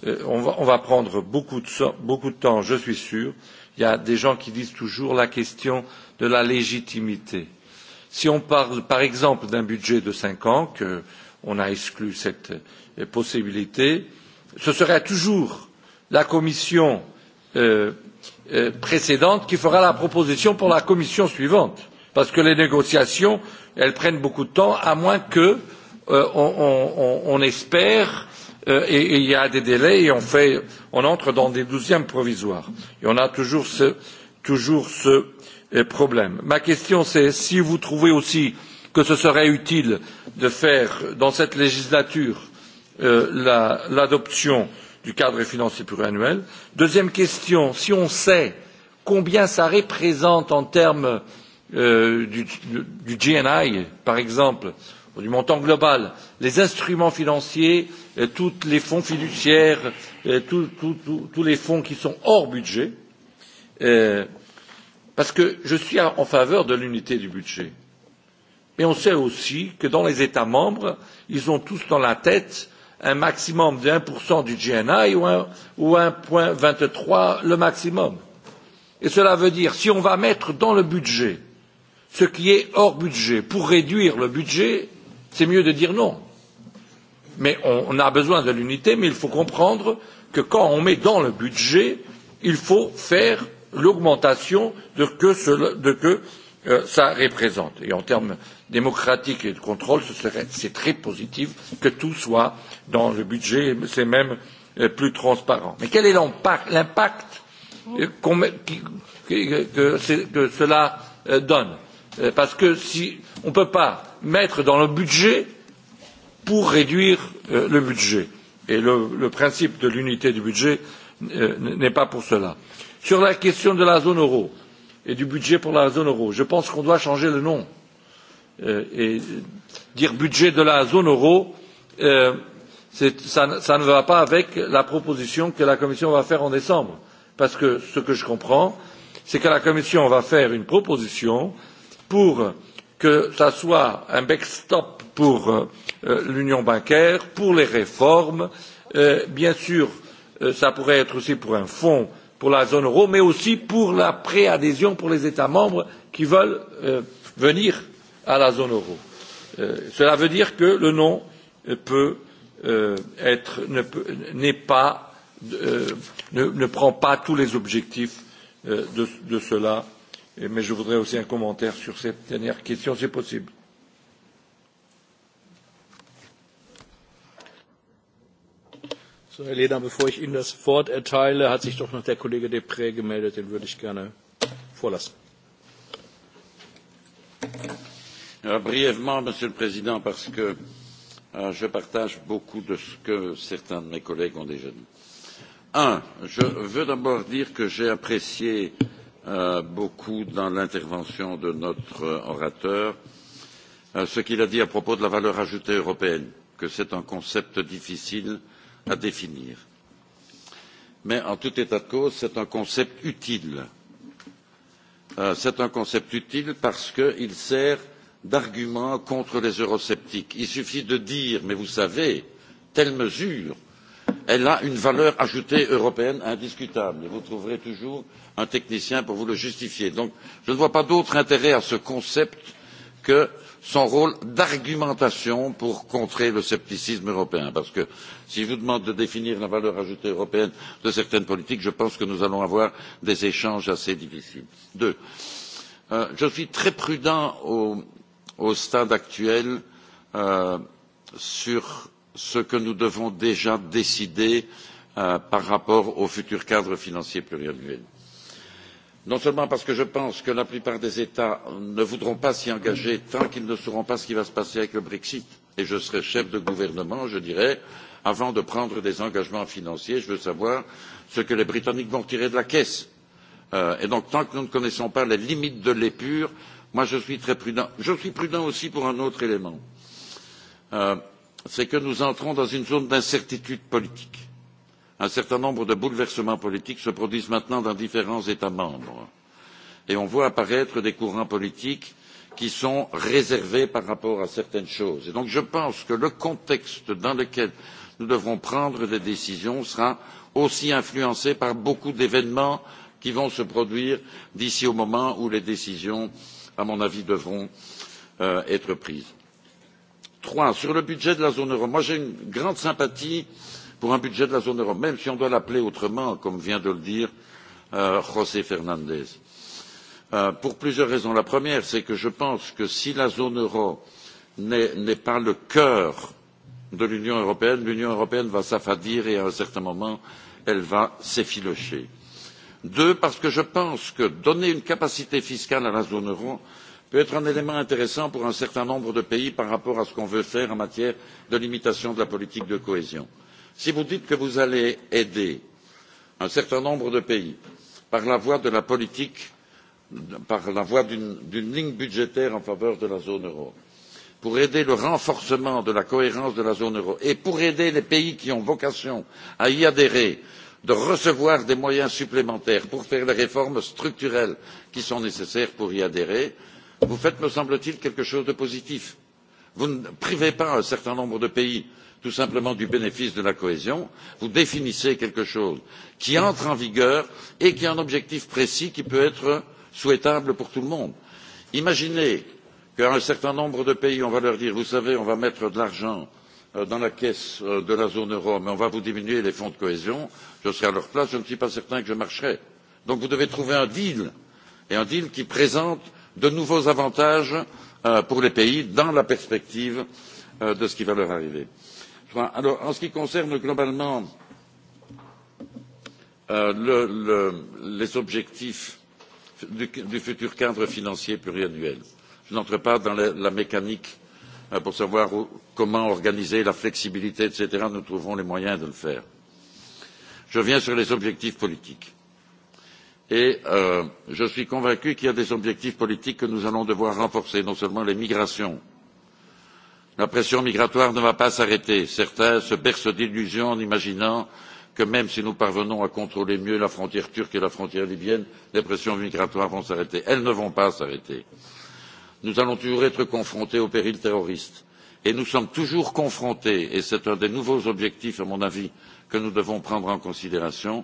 euh, on, va, on va prendre beaucoup de, beaucoup de temps, je suis sûr. Euh, Il y a des gens qui disent toujours la question de la légitimité. Si on parle par exemple d'un budget de cinq ans, qu'on a exclu cette possibilité, ce serait toujours la commission euh, euh, précédente qui fera la proposition pour la commission suivante, parce que les négociations elles prennent beaucoup de temps, à moins qu'on euh, on, on, on espère Euh, et, il y a des délais et on, fait, on entre dans des douzièmes provisoires. Et on a toujours ce, toujours ce euh, problème. Ma question c'est si vous trouvez aussi que ce serait utile de faire dans cette législature euh, l'adoption la, du cadre financier pluriannuel. Deuxième question, si on sait combien ça représente en termes euh, du, du, GNI, par exemple, ou du montant global, les instruments financiers euh, Euh, tous les fonds fiduciaires, euh, tous, les fonds qui sont hors budget, euh, parce que je suis en faveur de l'unité du budget. Mais on sait aussi que dans les États membres, ils ont tous dans la tête un maximum de 1% du GNI ou, un, ou 1,23 le maximum. Et cela veut dire, si on va mettre dans le budget ce qui est hors budget pour réduire le budget, c'est mieux de dire non. Mais on, on a besoin de l'unité, mais il faut comprendre que quand on met dans le budget, il faut faire l'augmentation de que, cela, de que euh, ça représente. Et en termes démocratiques et de contrôle, c'est ce très positif que tout soit dans le budget, c'est même euh, plus transparent. Mais quel est l'impact euh, qu que, que, que cela euh, donne euh, Parce que si on ne peut pas mettre dans le budget pour réduire euh, le budget. Et le, le principe de l'unité du budget euh, n'est pas pour cela. Sur la question de la zone euro et du budget pour la zone euro, je pense qu'on doit changer le nom euh, et dire budget de la zone euro, euh, ça, ça ne va pas avec la proposition que la Commission va faire en décembre. Parce que ce que je comprends, c'est que la Commission va faire une proposition pour que ça soit un backstop pour euh, Euh, l'union bancaire pour les réformes euh, bien sûr cela euh, pourrait être aussi pour un fonds pour la zone euro mais aussi pour la préadhésion pour les états membres qui veulent venir à la zone euro. cela veut dire que le non peut être, ne, peut, pas, ne, ne prend pas tous les objectifs de, de cela mais je voudrais aussi un commentaire sur cette dernière question si possible. So, Herr Lehner, bevor ich Ihnen das Wort erteile, hat sich doch noch der Kollege Depré gemeldet. Den würde ich gerne vorlassen. Ja, brièvement, Monsieur le Président, parce que euh, je partage beaucoup de ce que certains de mes collègues ont déjà dit. Un, je veux d'abord dire que j'ai apprécié euh, beaucoup dans l'intervention de notre orateur euh, ce qu'il a dit à propos de la valeur ajoutée européenne, que c'est un concept difficile euh, à définir. Mais en tout état de cause, c'est un concept utile. Euh, c'est un concept utile parce qu'il sert d'argument contre les eurosceptiques. Il suffit de dire mais vous savez, telle mesure, elle a une valeur ajoutée européenne indiscutable et vous trouverez toujours un technicien pour vous le justifier. Donc je ne vois pas d'autre intérêt à ce concept que son rôle d'argumentation pour contrer le scepticisme européen parce que si je vous demande de définir la valeur ajoutée européenne de certaines politiques je pense que nous allons avoir des échanges assez difficiles. deuxièmement euh, je suis très prudent au, au stade actuel euh, sur ce que nous devons déjà décider euh, par rapport au futur cadre financier pluriannuel non seulement parce que je pense que la plupart des états ne voudront pas s'y engager tant qu'ils ne sauront pas ce qui va se passer avec le brexit et je serai chef de gouvernement je dirai avant de prendre des engagements financiers je veux savoir ce que les britanniques vont tirer de la caisse euh, et donc tant que nous ne connaissons pas les limites de l'épure moi je suis très prudent je suis prudent aussi pour un autre élément euh, c'est que nous entrons dans une zone d'incertitude politique un certain nombre de bouleversements politiques se produisent maintenant dans différents états membres et on voit apparaître des courants politiques qui sont réservés par rapport à certaines choses. Et donc je pense que le contexte dans lequel nous devrons prendre des décisions sera aussi influencé par beaucoup d'événements qui vont se produire d'ici au moment où les décisions à mon avis devront euh, être prises. troisièmement sur le budget de la zone euro j'ai une grande sympathie pour pour un budget de la zone euro même si on doit l'appeler autrement comme vient de le dire euh, josé fernandes euh, pour plusieurs raisons. la première c'est que je pense que si la zone euro n'est pas le cœur de l'union européenne l'union européenne va s'affadir et à un certain moment elle va s'effilocher. deuxièmement parce que je pense que donner une capacité fiscale à la zone euro peut être un élément intéressant pour un certain nombre de pays par rapport à ce qu'on veut faire en matière de limitation de la politique de cohésion si vous dites que vous allez aider un certain nombre de pays par la voie de la politique par la voie d'une ligne budgétaire en faveur de la zone euro pour aider le renforcement de la cohérence de la zone euro et pour aider les pays qui ont vocation à y adhérer de recevoir des moyens supplémentaires pour faire les réformes structurelles qui sont nécessaires pour y adhérer vous faites me semble t il quelque chose de positif. vous ne privez pas un certain nombre de pays tout simplement du bénéfice de la cohésion vous définissez quelque chose qui entre en vigueur et qui a un objectif précis qui peut être souhaitable pour tout le monde. imaginez qu'à un certain nombre de pays on va leur dire vous savez on va mettre de l'argent euh, dans la caisse euh, de la zone euro mais on va vous diminuer les fonds de cohésion je serais à leur place je ne suis pas certain que je marcherais. donc vous devez trouver un deal et un deal qui présente de nouveaux avantages euh, pour les pays dans la perspective de ce qui va leur arriver. Alors, en ce qui concerne globalement euh, les objectifs du, futur cadre financier pluriannuel, je n'entre pas dans la, mécanique euh, pour savoir comment organiser la flexibilité, etc. Nous trouverons les moyens de le faire. Je viens sur les objectifs politiques. Et euh, je suis convaincu qu'il y a des objectifs politiques que nous allons devoir renforcer, non seulement les migrations, La pression migratoire ne va pas s'arrêter. Certains se bercent d'illusions en imaginant que même si nous parvenons à contrôler mieux la frontière turque et la frontière libyenne, les pressions migratoires vont s'arrêter. Elles ne vont pas s'arrêter. Nous allons toujours être confrontés au péril terroriste. Et nous sommes toujours confrontés, et c'est un des nouveaux objectifs, à mon avis, que nous devons prendre en considération,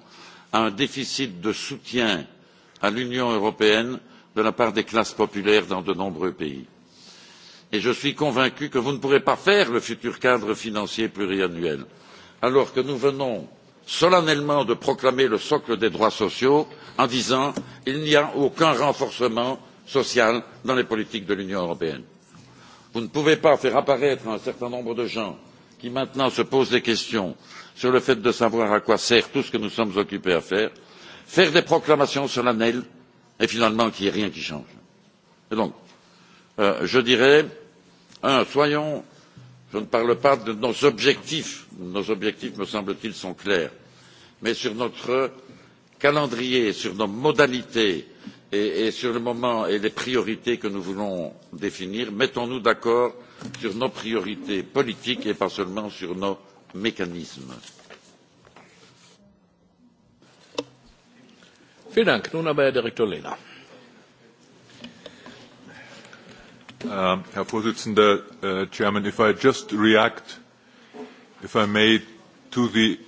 à un déficit de soutien à l'Union européenne de la part des classes populaires dans de nombreux pays et je suis convaincu que vous ne pourrez pas faire le futur cadre financier pluriannuel alors que nous venons solennellement de proclamer le socle des droits sociaux en disant qu'il n'y a aucun renforcement social dans les politiques de l'union européenne. vous ne pouvez pas faire apparaître un certain nombre de gens qui maintenant se posent des questions sur le fait de savoir à quoi sert tout ce que nous sommes occupés à faire faire des proclamations solennelles et finalement qu'il n'y ait rien qui change. Et donc, euh, je dirais un soyons je ne parle pas de nos objectifs nos objectifs me semble t il sont clairs mais sur notre calendrier sur nos modalités et, et sur le moment et les priorités que nous voulons définir mettons nous d'accord sur nos priorités politiques et pas seulement sur nos mécanismes. Uh, Herr Vorsitzender, uh, Chairman, if I just react, if I may, to the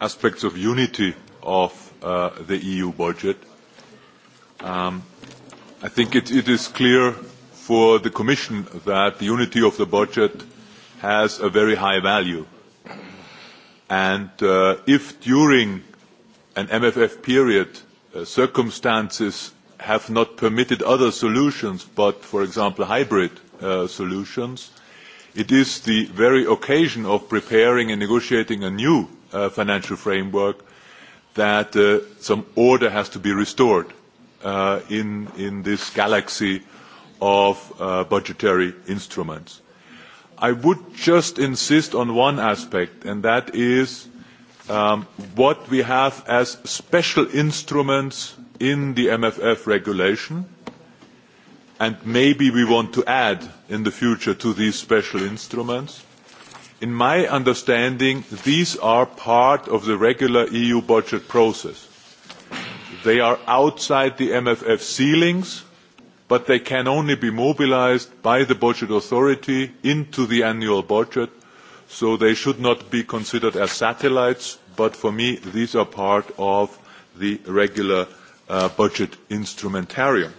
aspects of unity of uh, the EU budget, um, I think it, is clear for the Commission that the unity of the budget has a very high value. And uh, if during an MFF period circumstances have not permitted other solutions but, for example, hybrid uh, solutions. It is the very occasion of preparing and negotiating a new uh, financial framework that uh, some order has to be restored uh, in, in this galaxy of uh, budgetary instruments. I would just insist on one aspect, and that is um, what we have as special instruments in the MFF regulation, and maybe we want to add in the future to these special instruments. In my understanding, these are part of the regular EU budget process. They are outside the MFF ceilings, but they can only be mobilized by the budget authority into the annual budget, so they should not be considered as satellites, but for me, these are part of the regular Uh, budget instrumentarium.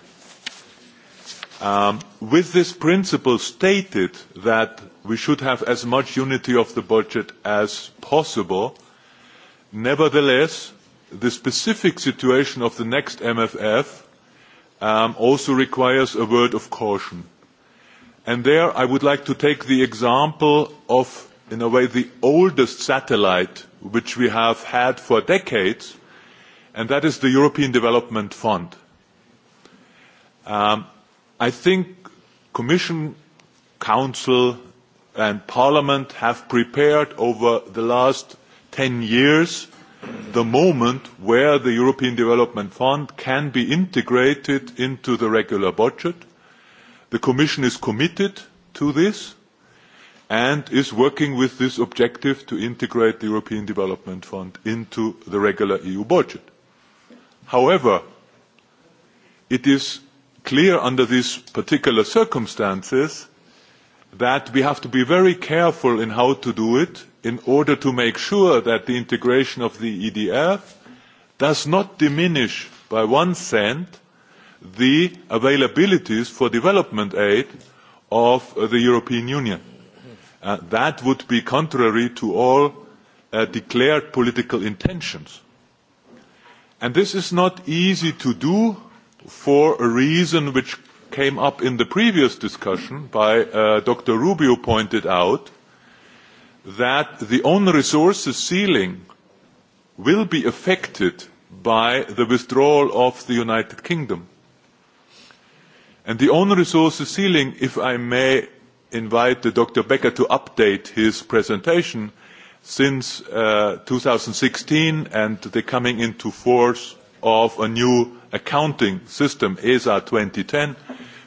Um, with this principle stated that we should have as much unity of the budget as possible, nevertheless, the specific situation of the next MFF um, also requires a word of caution. And there I would like to take the example of, in a way, the oldest satellite which we have had for decades, and that is the European Development Fund. Um, I think Commission, Council and Parliament have prepared over the last 10 years the moment where the European Development Fund can be integrated into the regular budget. The Commission is committed to this and is working with this objective to integrate the European Development Fund into the regular EU budget. However, it is clear under these particular circumstances that we have to be very careful in how to do it in order to make sure that the integration of the EDF does not diminish by one cent the availabilities for development aid of the European Union. Uh, that would be contrary to all uh, declared political intentions And this is not easy to do for a reason which came up in the previous discussion by uh, Dr. Rubio pointed out that the own resources ceiling will be affected by the withdrawal of the United Kingdom. And the own resources ceiling, if I may invite Dr. Becker to update his presentation, since uh, 2016 and the coming into force of a new accounting system, ESA 2010,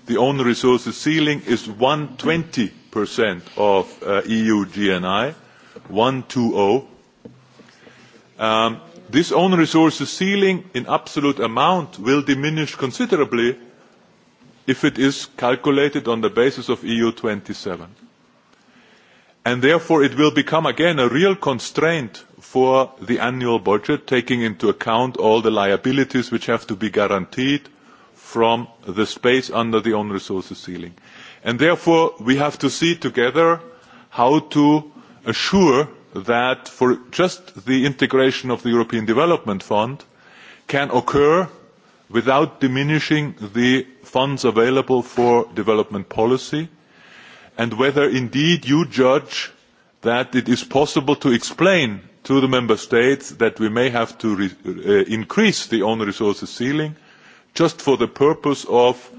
the own resources ceiling is 120% of uh, EU GNI, 120. Um, this own resources ceiling in absolute amount will diminish considerably if it is calculated on the basis of EU 27 and therefore it will become again a real constraint for the annual budget, taking into account all the liabilities which have to be guaranteed from the space under the own resources ceiling. And therefore, we have to see together how to assure that for just the integration of the European Development Fund can occur without diminishing the funds available for development policy and whether indeed you judge that it is possible to explain to the member states that we may have to re, uh, increase the own resources ceiling just for the purpose of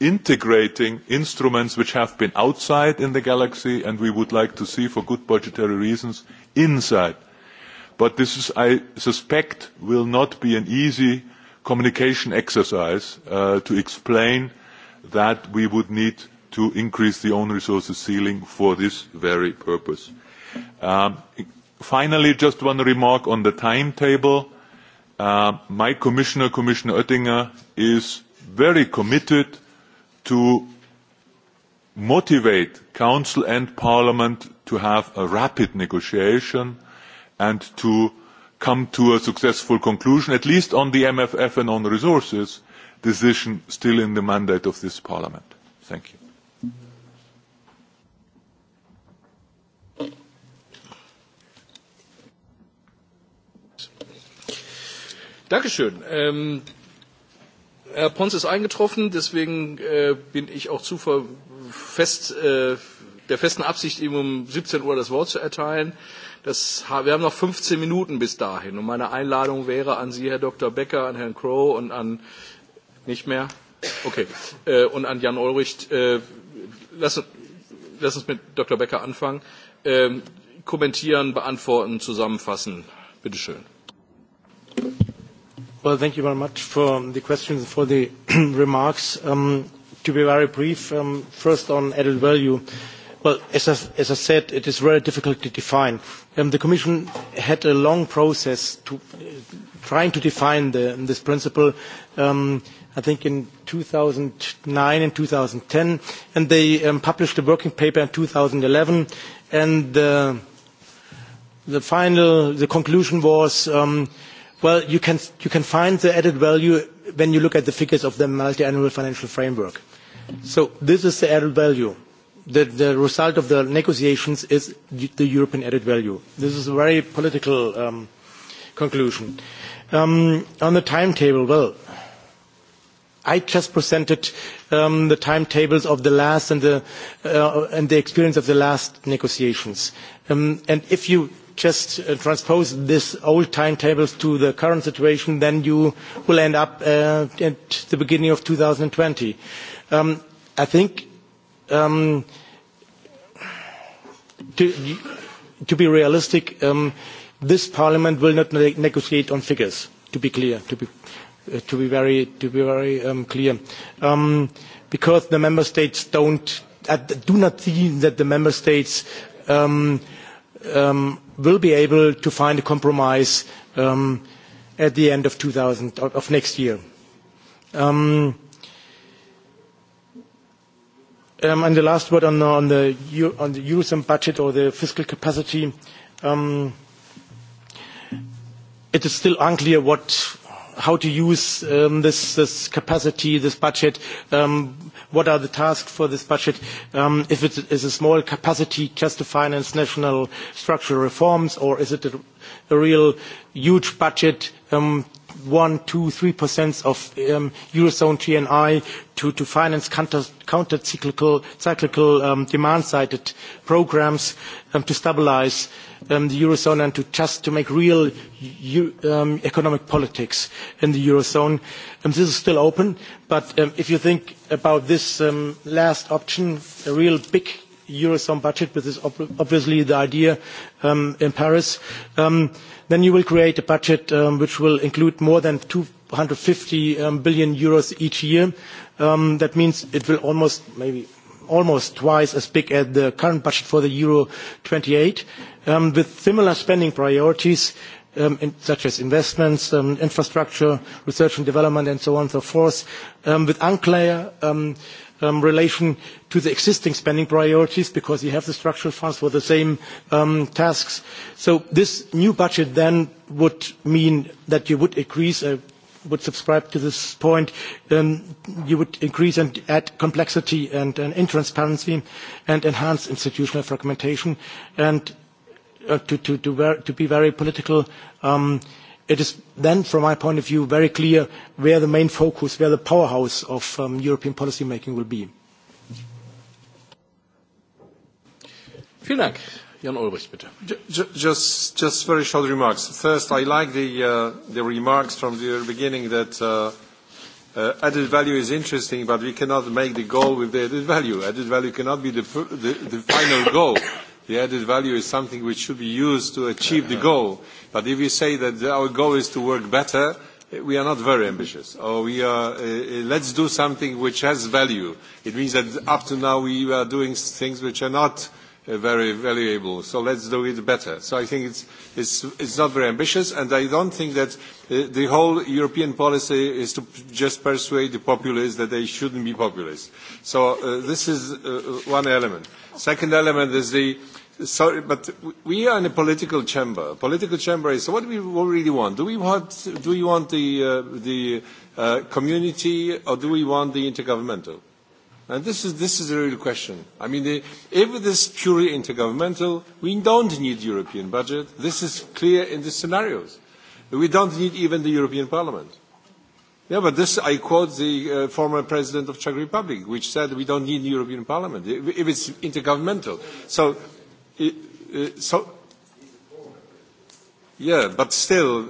integrating instruments which have been outside in the galaxy and we would like to see for good budgetary reasons inside. But this is, I suspect, will not be an easy communication exercise uh, to explain that we would need to increase the own resources ceiling for this very purpose. Um, finally, just one remark on the timetable. Uh, my commissioner, Commissioner Oettinger, is very committed to motivate Council and Parliament to have a rapid negotiation and to come to a successful conclusion, at least on the MFF and on the resources decision still in the mandate of this Parliament. Thank you. Dankeschön. Ähm, Herr Pons ist eingetroffen, deswegen äh, bin ich auch zu fest, äh, der festen Absicht, ihm um 17 Uhr das Wort zu erteilen. Das, wir haben noch 15 Minuten bis dahin. Und meine Einladung wäre an Sie, Herr Dr. Becker, an Herrn Crow und an nicht mehr. Okay. Äh, und an Jan Ulrich. Äh, lass, lass uns mit Dr. Becker anfangen. Ähm, kommentieren, beantworten, zusammenfassen. Bitte schön. Well, thank you very much for the questions, for the remarks. Um, to be very brief, um, first on added value. Well, as I, said, it is very difficult to define. Um, the Commission had a long process to uh, trying to define this principle. I think in 2009 and 2010, and they published a working paper in 2011. Uh, the final, conclusion was. Well, you can, you can find the added value when you look at the figures of the multiannual financial framework. So this is the added value. The, the result of the negotiations is the European added value. This is a very political um, conclusion. Um, on the timetable, well, I just presented um, the timetables of the last and the, uh, and the experience of the last negotiations. Um, and if you just uh, transpose this old timetables to the current situation, then you will end up uh, at the beginning of 2020. Um, I think um, to, to be realistic, um, this parliament will not ne negotiate on figures, to be clear, to be, uh, to be very, to be very um, clear. Um, because the member states don't, uh, do not see that the member states um, um, will be able to find a compromise um, at the end of 2000 of next year. Um, um, and the last word on, on the on the Eurozone budget or the fiscal capacity. Um, it is still unclear what how to use um, this, this capacity, this budget, um, what are the tasks for this budget, um, if it is a small capacity just to finance national structural reforms, or is it a, a real huge budget um, one, two, three percent of um, eurozone GNI to, finance counter, cyclical, um, demand-sided programs um, to stabilize the eurozone and to just to make real economic politics in the eurozone. this is still open, but if you think about this last option, a real big eurozone budget, which is obviously the idea in Paris. Um, then you will create a budget um, which will include more than 250 um, billion euros each year. Um, that means it will almost, maybe almost twice as big as the current budget for the Euro 28, um, with similar spending priorities um, in, such as investments, um, infrastructure, research and development, and so on and so forth, um, with unclear um, Um, relation to the existing spending priorities because you have the structural funds for the same um, tasks. So this new budget then would mean that you would increase, I uh, would subscribe to this point, um, you would increase and add complexity and, intransparency and enhance institutional fragmentation. And uh, to, be very political, it is then, from my point of view, very clear where the main focus, where the powerhouse of um, European policymaking will be. Vielen Dank. Jan Ulbricht, bitte. Just, just very short remarks. First, I like the, uh, the remarks from the beginning that uh, uh, added value is interesting, but we cannot make the goal with the added value. Added value cannot be the, the, the final goal. The added value is something which should be used to achieve the goal. But if we say that our goal is to work better, we are not very ambitious. Or we are, uh, let's do something which has value. It means that up to now we are doing things which are not uh, very valuable. So let's do it better. So I think it's, it's, it's not very ambitious. And I don't think that uh, the whole European policy is to just persuade the populists that they shouldn't be populists. So uh, this is uh, one element. Second element is the uh, sorry, but we are in a political chamber. Political chamber is what do we really want? Do we want do we want the uh, the uh, community or do we want the intergovernmental? And this is this is a real question. I mean, the, if it is purely intergovernmental, we don't need European budget. This is clear in the scenarios. We don't need even the European Parliament. Yeah, but this, I quote the uh, former president of Czech Republic, which said we don't need European Parliament if it's intergovernmental. So so, yeah, but still,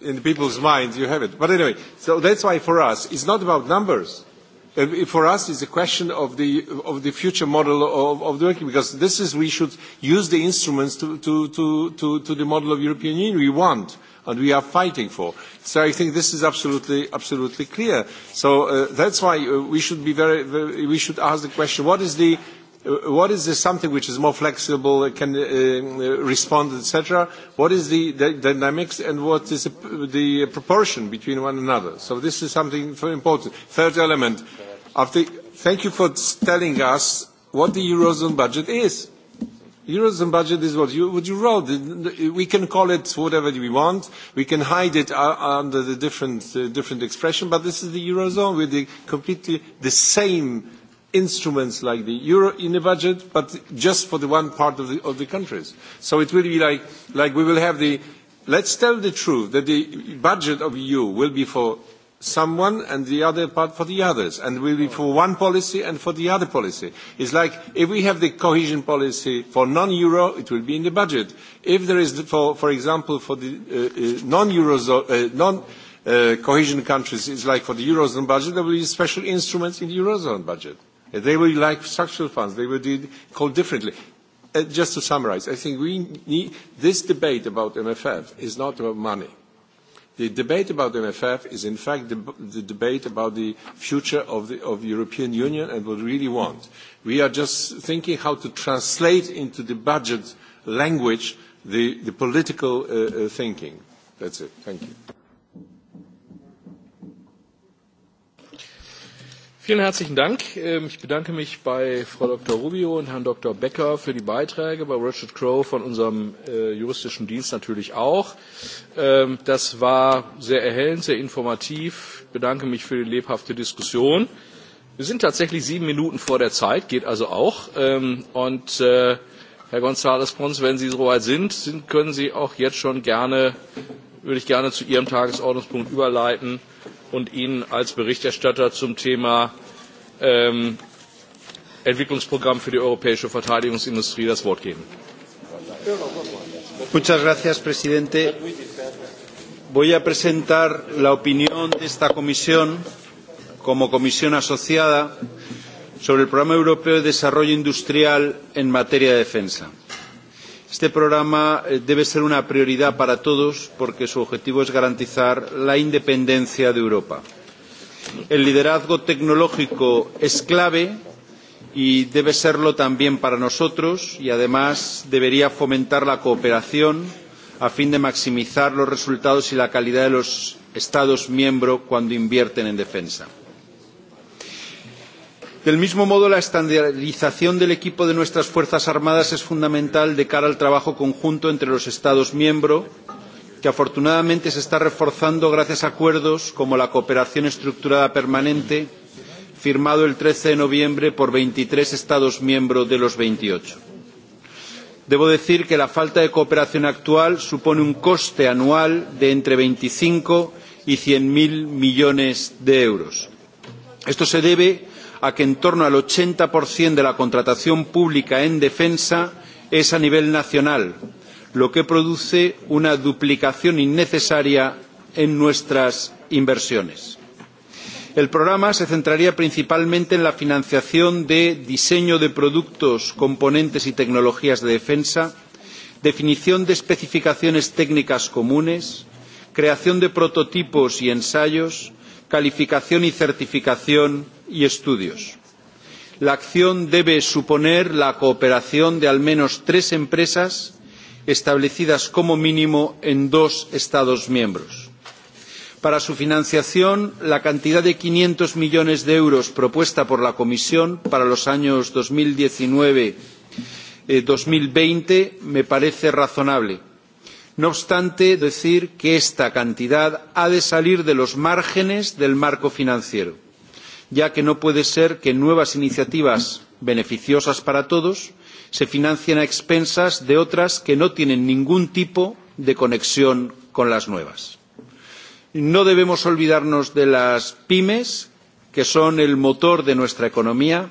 in people's minds, you have it. But anyway, so that's why for us, it's not about numbers. Uh, for us, it's a question of the, of the future model of, of the working, because this is, we should use the instruments to, to, to, to, to the model of European Union we want and we are fighting for. So I think this is absolutely, absolutely clear. So uh, that's why uh, we should be very, very, we should ask the question, what is the Uh, what is this something which is more flexible, can uh, uh respond, etc.? What is the, the dynamics and what is the, the proportion between one another? So this is something very important. Third element, after, thank you for telling us what the Eurozone budget is. Eurozone budget is what you, what you wrote. We can call it whatever we want. We can hide it uh, under the different, uh, different expression, but this is the Eurozone with the completely the same instruments like the euro in the budget, but just for the one part of the, of the countries. So it will be like, like we will have the, let's tell the truth, that the budget of EU e will be for someone and the other part for the others, and will be for one policy and for the other policy. It's like if we have the cohesion policy for non-euro, it will be in the budget. If there is, the, for, for example, for the uh, uh, non-euro, uh, non uh, cohesion countries, it's like for the eurozone budget, there will be special instruments in the eurozone budget. They will like structural funds. They will be called differently. Uh, just to summarize, I think we need, this debate about MFF is not about money. The debate about MFF is in fact the, the debate about the future of the, of European Union and what we really want. We are just thinking how to translate into the budget language the, the political uh, uh, thinking. That's it. Thank you. Vielen herzlichen Dank. Ähm, ich bedanke mich bei Frau Dr. Rubio und Herrn Dr. Becker für die Beiträge, bei Richard Crow von unserem äh, juristischen Dienst natürlich auch. Ähm, das war sehr erhellend, sehr informativ. Ich bedanke mich für die lebhafte Diskussion. Wir sind tatsächlich sieben Minuten vor der Zeit, geht also auch. Ähm, und äh, Herr González Pons, wenn Sie soweit sind, können Sie auch jetzt schon gerne, würde ich gerne zu Ihrem Tagesordnungspunkt überleiten und Ihnen als Berichterstatter zum Thema ähm, Entwicklungsprogramm für die europäische Verteidigungsindustrie das Wort geben. Muchas gracias, presidente. Voy a presentar la opinión de esta comisión como comisión asociada sobre el Programa Europeo de Desarrollo Industrial en materia de defensa. Este programa eh, debe ser una prioridad para todos porque su objetivo es garantizar la independencia de Europa. El liderazgo tecnológico es clave y debe serlo también para nosotros y además debería fomentar la cooperación a fin de maximizar los resultados y la calidad de los Estados miembros cuando invierten en defensa. Del mismo modo, la estandarización del equipo de nuestras Fuerzas Armadas es fundamental de cara al trabajo conjunto entre los Estados miembros, que afortunadamente se está reforzando gracias a acuerdos como la cooperación estructurada permanente, firmado el 13 de noviembre por 23 Estados miembros de los 28. Debo decir que la falta de cooperación actual supone un coste anual de entre 25 y 100.000 millones de euros. Esto se debe a que en torno al 80% de la contratación pública en defensa es a nivel nacional, lo que produce una duplicación innecesaria en nuestras inversiones. El programa se centraría principalmente en la financiación de diseño de productos, componentes y tecnologías de defensa, definición de especificaciones técnicas comunes, creación de prototipos y ensayos, calificación y certificación, y estudios. La acción debe suponer la cooperación de al menos tres empresas establecidas como mínimo en dos Estados miembros. Para su financiación, la cantidad de 500 millones de euros propuesta por la Comisión para los años 2019 eh, 2020 me parece razonable. No obstante, decir que esta cantidad ha de salir de los márgenes del marco financiero ya que no puede ser que nuevas iniciativas beneficiosas para todos se financien a expensas de otras que no tienen ningún tipo de conexión con las nuevas. No debemos olvidarnos de las pymes, que son el motor de nuestra economía,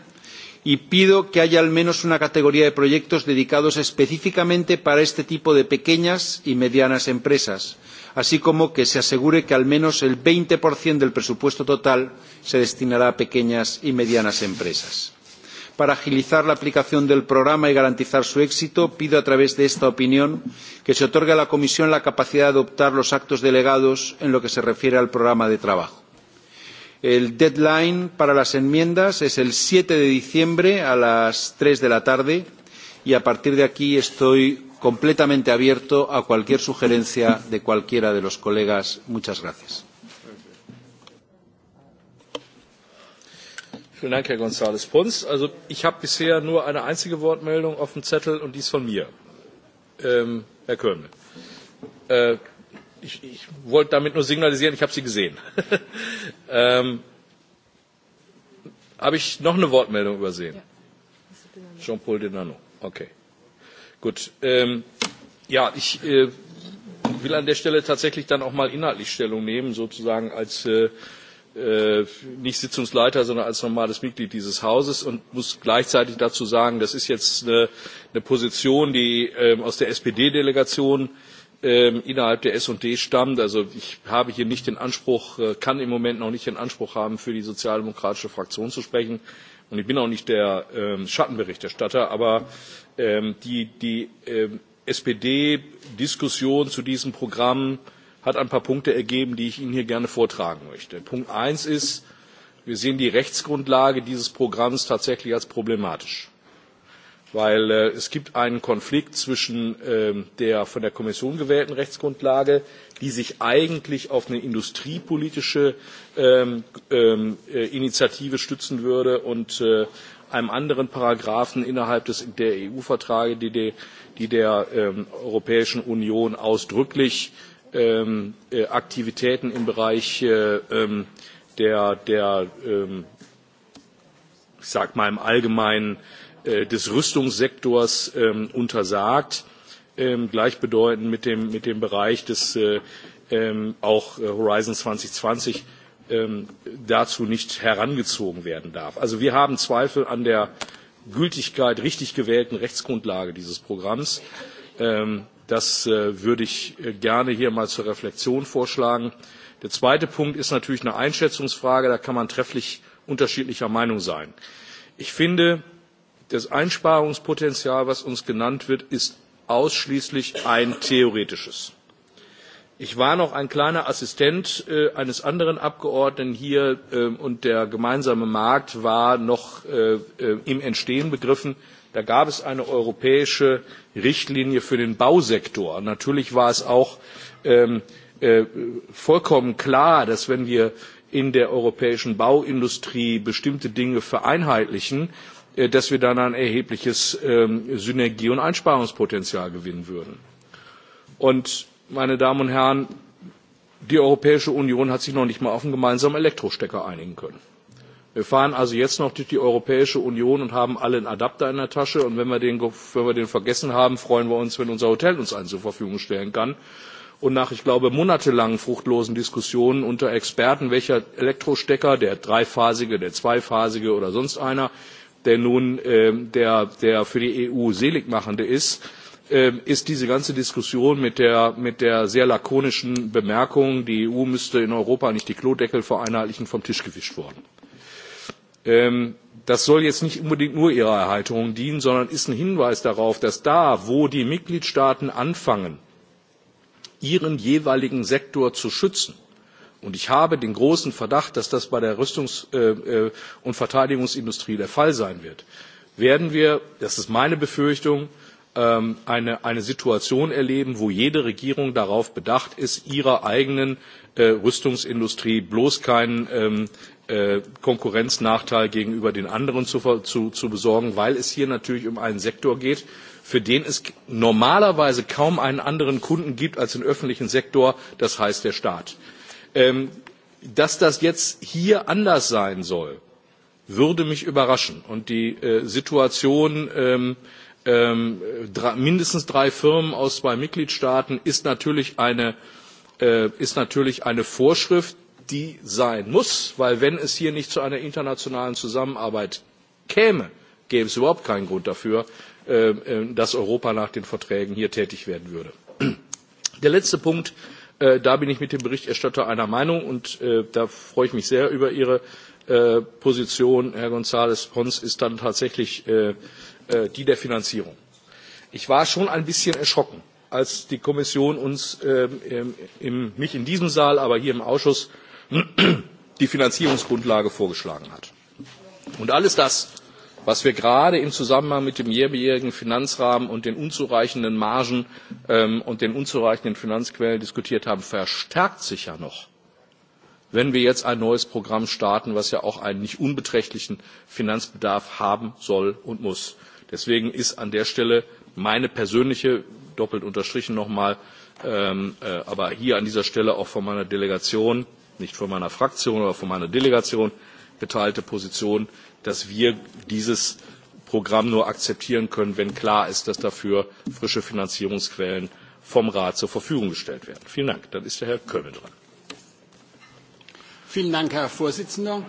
y pido que haya al menos una categoría de proyectos dedicados específicamente para este tipo de pequeñas y medianas empresas, así como que se asegure que al menos el 20% del presupuesto total se destinará a pequeñas y medianas empresas. Para agilizar la aplicación del programa y garantizar su éxito, pido a través de esta opinión que se otorgue a la Comisión la capacidad de adoptar los actos delegados en lo que se refiere al programa de trabajo. El deadline para las enmiendas es el 7 de diciembre a las 3 de la tarde y a partir de aquí estoy completamente abierto a cualquier sugerencia de cualquiera de los colegas. Muchas gracias. Vielen Dank, Herr González Pons. Also ich habe bisher nur eine einzige Wortmeldung auf dem Zettel und dies von mir, ähm, Herr Körnel. Äh, ich, ich wollte damit nur signalisieren, ich habe Sie gesehen. ähm, habe ich noch eine Wortmeldung übersehen? Jean-Paul Denano. Okay. Gut. Ähm, ja, ich äh, will an der Stelle tatsächlich dann auch mal inhaltlich Stellung nehmen, sozusagen als äh, äh, nicht Sitzungsleiter, sondern als normales Mitglied dieses Hauses und muss gleichzeitig dazu sagen, das ist jetzt eine, eine Position, die äh, aus der SPD-Delegation ähm, innerhalb der S&D stammt. Also ich habe hier nicht den Anspruch, äh, kann im Moment noch nicht den Anspruch haben, für die sozialdemokratische Fraktion zu sprechen. Und ich bin auch nicht der ähm, Schattenberichterstatter, aber Ähm, die, die ähm, SPD-Diskussion zu diesem Programm hat ein paar Punkte ergeben, die ich Ihnen hier gerne vortragen möchte. Punkt eins ist, wir sehen die Rechtsgrundlage dieses Programms tatsächlich als problematisch, weil äh, es gibt einen Konflikt zwischen äh, der von der Kommission gewählten Rechtsgrundlage, die sich eigentlich auf eine industriepolitische ähm, ähm äh, Initiative stützen würde und äh, einem anderen Paragraphen innerhalb des, der EU-Verträge, die, de, die der ähm, Europäischen Union ausdrücklich ähm, äh, Aktivitäten im Bereich äh, ähm, der, der ähm, ich sag mal im Allgemeinen äh, des Rüstungssektors ähm, untersagt, ähm, gleichbedeutend mit dem, mit dem Bereich des äh, ähm, auch äh, Horizon 2020 Ähm, dazu nicht herangezogen werden darf. Also wir haben Zweifel an der Gültigkeit richtig gewählten Rechtsgrundlage dieses Programms. Ähm, das äh, würde ich äh, gerne hier mal zur Reflexion vorschlagen. Der zweite Punkt ist natürlich eine Einschätzungsfrage. Da kann man trefflich unterschiedlicher Meinung sein. Ich finde, das Einsparungspotenzial, was uns genannt wird, ist ausschließlich ein theoretisches. Ich war noch ein kleiner Assistent äh, eines anderen Abgeordneten hier äh, und der gemeinsame Markt war noch äh, äh, im Entstehen begriffen. Da gab es eine europäische Richtlinie für den Bausektor. Natürlich war es auch ähm, äh, vollkommen klar, dass wenn wir in der europäischen Bauindustrie bestimmte Dinge vereinheitlichen, äh, dass wir dann ein erhebliches äh, Synergie- und Einsparungspotenzial gewinnen würden. Und meine Damen und Herren, die Europäische Union hat sich noch nicht mal auf einen gemeinsamen Elektrostecker einigen können. Wir fahren also jetzt noch durch die Europäische Union und haben alle einen Adapter in der Tasche. Und wenn wir den, wenn wir den vergessen haben, freuen wir uns, wenn unser Hotel uns einen zur Verfügung stellen kann. Und nach, ich glaube, monatelangen fruchtlosen Diskussionen unter Experten, welcher Elektrostecker, der dreiphasige, der zweiphasige oder sonst einer, der nun äh, der, der für die EU seligmachende ist, Ähm, ist diese ganze Diskussion mit der, mit der sehr lakonischen Bemerkung, die EU müsste in Europa nicht die Klodeckel vereinheitlichen, vom Tisch gewischt worden. Ähm, das soll jetzt nicht unbedingt nur ihrer Erheiterung dienen, sondern ist ein Hinweis darauf, dass da, wo die Mitgliedstaaten anfangen, ihren jeweiligen Sektor zu schützen, und ich habe den großen Verdacht, dass das bei der Rüstungs- äh, äh, und Verteidigungsindustrie der Fall sein wird, werden wir, das ist meine Befürchtung, Ähm, eine, eine Situation erleben, wo jede Regierung darauf bedacht ist, ihrer eigenen äh, Rüstungsindustrie bloß keinen ähm, äh, Konkurrenznachteil gegenüber den anderen zu, zu, zu besorgen, weil es hier natürlich um einen Sektor geht, für den es normalerweise kaum einen anderen Kunden gibt als den öffentlichen Sektor, das heißt der Staat. Ähm, dass das jetzt hier anders sein soll, würde mich überraschen. Und die äh, Situation ähm, äh, ähm, drei, mindestens drei Firmen aus zwei Mitgliedstaaten ist natürlich eine, äh, ist natürlich eine Vorschrift, die sein muss, weil wenn es hier nicht zu einer internationalen Zusammenarbeit käme, gäbe es überhaupt keinen Grund dafür, äh, äh, dass Europa nach den Verträgen hier tätig werden würde. Der letzte Punkt, äh, da bin ich mit dem Berichterstatter einer Meinung und da freue ich mich sehr über Ihre Position, Herr González Pons, ist dann tatsächlich Äh, die der Finanzierung. Ich war schon ein bisschen erschrocken, als die Kommission uns, äh, im, nicht in diesem Saal, aber hier im Ausschuss, die Finanzierungsgrundlage vorgeschlagen hat. Und alles das, was wir gerade im Zusammenhang mit dem mehrjährigen Finanzrahmen und den unzureichenden Margen ähm, und den unzureichenden Finanzquellen diskutiert haben, verstärkt sich ja noch, wenn wir jetzt ein neues Programm starten, was ja auch einen nicht unbeträchtlichen Finanzbedarf haben soll und muss. Deswegen ist an der Stelle meine persönliche, doppelt unterstrichen nochmal, ähm, äh, aber hier an dieser Stelle auch von meiner Delegation, nicht von meiner Fraktion, aber von meiner Delegation geteilte Position, dass wir dieses Programm nur akzeptieren können, wenn klar ist, dass dafür frische Finanzierungsquellen vom Rat zur Verfügung gestellt werden. Vielen Dank. Dann ist der Herr Kömmel dran. Vielen Dank, Herr Vorsitzender.